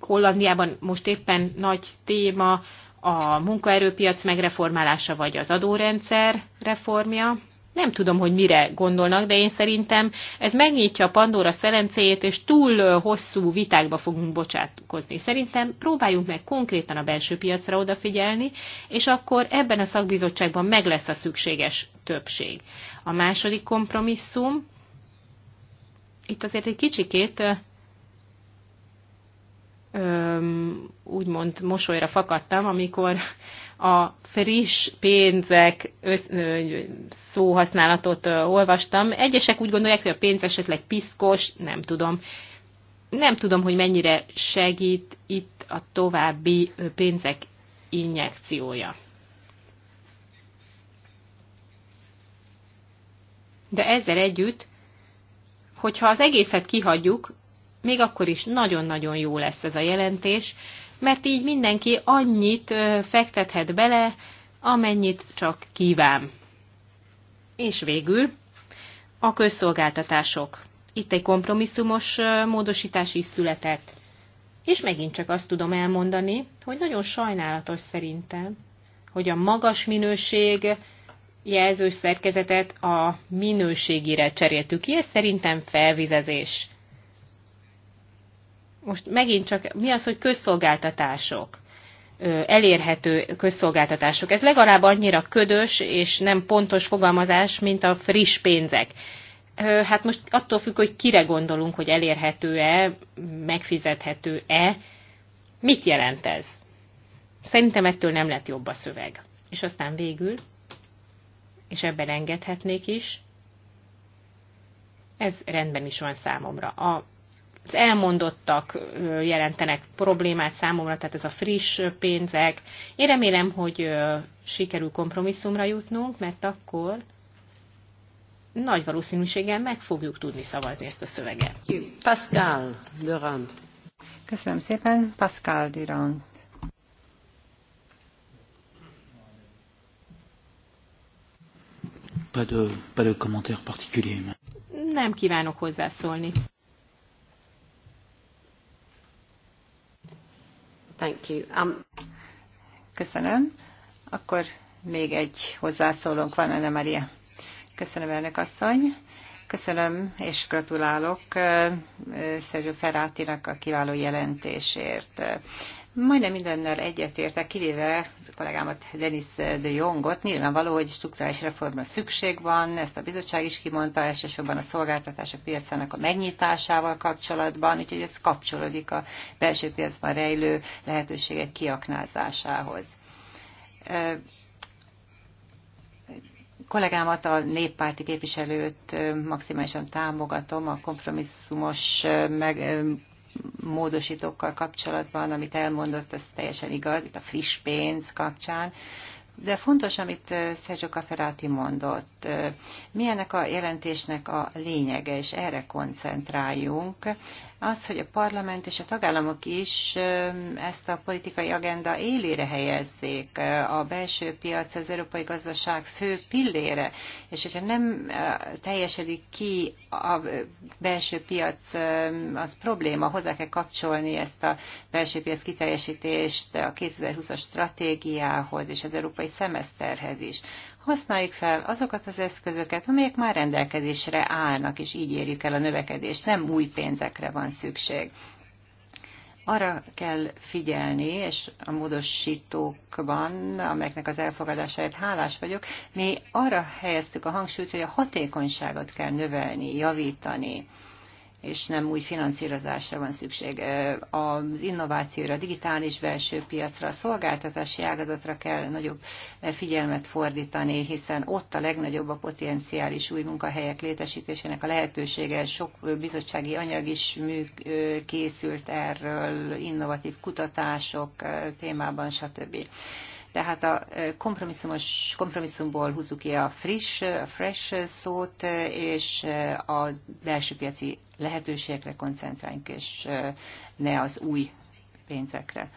Speaker 2: Hollandiában most éppen nagy téma a munkaerőpiac megreformálása, vagy az adórendszer reformja. Nem tudom, hogy mire gondolnak, de én szerintem ez megnyitja a Pandora szerencéjét, és túl hosszú vitákba fogunk bocsátkozni. Szerintem próbáljunk meg konkrétan a belső piacra odafigyelni, és akkor ebben a szakbizottságban meg lesz a szükséges többség. A második kompromisszum, itt azért egy kicsikét öm, úgymond mosolyra fakadtam, amikor a friss pénzek szóhasználatot olvastam. Egyesek úgy gondolják, hogy a pénz esetleg piszkos, nem tudom. Nem tudom, hogy mennyire segít itt a további pénzek injekciója. De ezzel együtt, hogyha az egészet kihagyjuk, még akkor is nagyon-nagyon jó lesz ez a jelentés, mert így mindenki annyit fektethet bele, amennyit csak kíván. És végül a közszolgáltatások. Itt egy kompromisszumos módosítás is született. És megint csak azt tudom elmondani, hogy nagyon sajnálatos szerintem, hogy a magas minőség jelzős szerkezetet a minőségére cseréltük ki, ez szerintem felvizezés most megint csak mi az, hogy közszolgáltatások, elérhető közszolgáltatások. Ez legalább annyira ködös és nem pontos fogalmazás, mint a friss pénzek. Hát most attól függ, hogy kire gondolunk, hogy elérhető-e, megfizethető-e, mit jelent ez? Szerintem ettől nem lett jobb a szöveg. És aztán végül, és ebben engedhetnék is, ez rendben is van számomra. A az elmondottak jelentenek problémát számomra, tehát ez a friss pénzek. Én remélem, hogy sikerül kompromisszumra jutnunk, mert akkor nagy valószínűséggel meg fogjuk tudni szavazni ezt a szöveget. Pascal Durand. Köszönöm
Speaker 3: szépen, Pascal Durand. Pas de, pas de commentaire particulier.
Speaker 2: Nem kívánok hozzászólni.
Speaker 3: Thank you. Um... Köszönöm. Akkor még egy hozzászólónk van, Anna Maria. Köszönöm, elnök asszony. Köszönöm és gratulálok szerző Ferrátinak a kiváló jelentésért. Majdnem mindennel egyetértek, kivéve a kollégámat Denis de Jongot. Nyilvánvaló, hogy struktúrális reformra szükség van, ezt a bizottság is kimondta, elsősorban a szolgáltatások piacának a megnyitásával kapcsolatban, úgyhogy ez kapcsolódik a belső piacban rejlő lehetőségek kiaknázásához kollégámat, a néppárti képviselőt maximálisan támogatom a kompromisszumos meg, módosítókkal kapcsolatban, amit elmondott, az teljesen igaz, itt a friss pénz kapcsán. De fontos, amit Sergio Cafferati mondott között. Mi ennek a jelentésnek a lényege, és erre koncentráljunk, az, hogy a parlament és a tagállamok is ezt a politikai agenda élére helyezzék, a belső piac az európai gazdaság fő pillére, és hogyha nem teljesedik ki a belső piac, az probléma, hozzá kell kapcsolni ezt a belső piac kiteljesítést a 2020-as stratégiához és az európai szemeszterhez is használjuk fel azokat az eszközöket, amelyek már rendelkezésre állnak, és így érjük el a növekedést. Nem új pénzekre van szükség arra kell figyelni, és a módosítókban, amelyeknek az elfogadásáért hálás vagyok, mi arra helyeztük a hangsúlyt, hogy a hatékonyságot kell növelni, javítani és nem új finanszírozásra van szükség. Az innovációra, a digitális belső piacra, a szolgáltatási ágazatra kell nagyobb figyelmet fordítani, hiszen ott a legnagyobb a potenciális új munkahelyek létesítésének a lehetősége. Sok bizottsági anyag is készült erről, innovatív kutatások témában, stb. Tehát a kompromisszumos, kompromisszumból húzzuk ki a friss, a fresh szót, és a belső piaci lehetőségekre koncentráljunk, és ne az új pénzekre.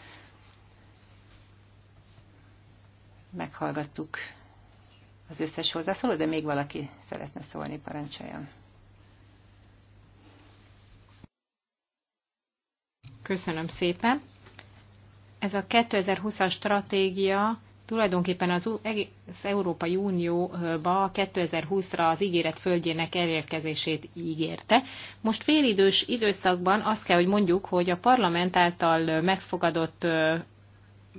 Speaker 3: Meghallgattuk az összes hozzászóló, de még valaki szeretne szólni, parancsoljon.
Speaker 2: Köszönöm szépen. Ez a 2020-as stratégia tulajdonképpen az, az Európai Unióba 2020-ra az ígéret földjének elérkezését ígérte. Most félidős időszakban azt kell, hogy mondjuk, hogy a parlament által megfogadott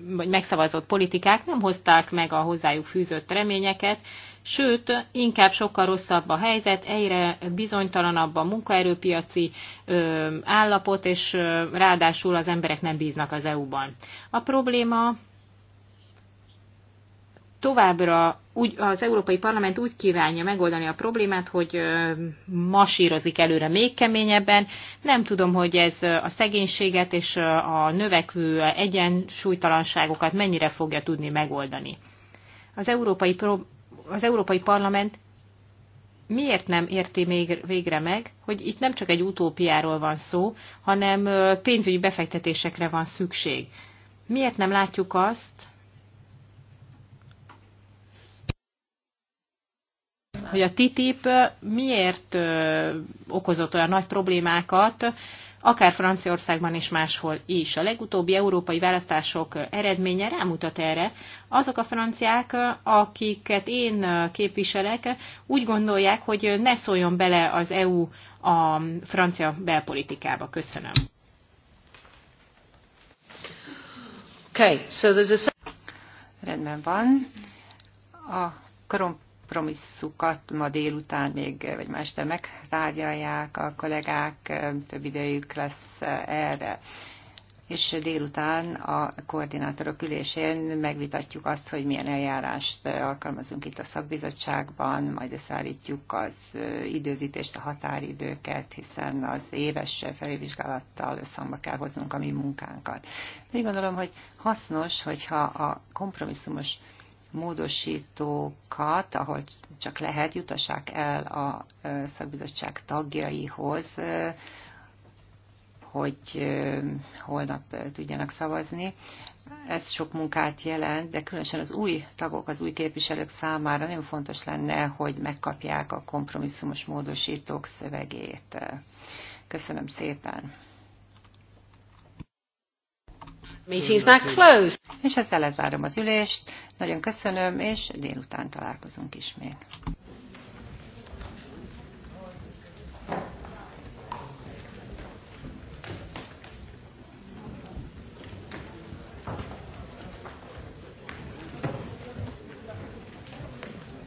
Speaker 2: vagy megszavazott politikák nem hozták meg a hozzájuk fűzött reményeket, sőt, inkább sokkal rosszabb a helyzet, egyre bizonytalanabb a munkaerőpiaci ö, állapot, és ö, ráadásul az emberek nem bíznak az EU-ban. A probléma továbbra úgy, az Európai Parlament úgy kívánja megoldani a problémát, hogy masírozik előre még keményebben. Nem tudom, hogy ez a szegénységet és a növekvő egyensúlytalanságokat mennyire fogja tudni megoldani. Az Európai az Európai Parlament miért nem érti még végre meg, hogy itt nem csak egy utópiáról van szó, hanem pénzügyi befektetésekre van szükség. Miért nem látjuk azt, hogy a TTIP miért okozott olyan nagy problémákat akár Franciaországban és máshol is. A legutóbbi európai választások eredménye rámutat erre. Azok a franciák, akiket én képviselek, úgy gondolják, hogy ne szóljon bele az EU a francia belpolitikába. Köszönöm.
Speaker 3: Okay, so there's a... Rendben van. A korom kompromisszukat ma délután még, vagy ma este megtárgyalják a kollégák, több idejük lesz erre. És délután a koordinátorok ülésén megvitatjuk azt, hogy milyen eljárást alkalmazunk itt a szakbizottságban, majd összeállítjuk az időzítést, a határidőket, hiszen az éves felvizsgálattal összhangba kell hoznunk a mi munkánkat. De úgy gondolom, hogy hasznos, hogyha a kompromisszumos módosítókat, ahol csak lehet, jutassák el a szakbizottság tagjaihoz, hogy holnap tudjanak szavazni. Ez sok munkát jelent, de különösen az új tagok, az új képviselők számára nagyon fontos lenne, hogy megkapják a kompromisszumos módosítók szövegét. Köszönöm szépen. Meeting's now closed és ezzel lezárom az ülést. Nagyon köszönöm, és délután találkozunk ismét.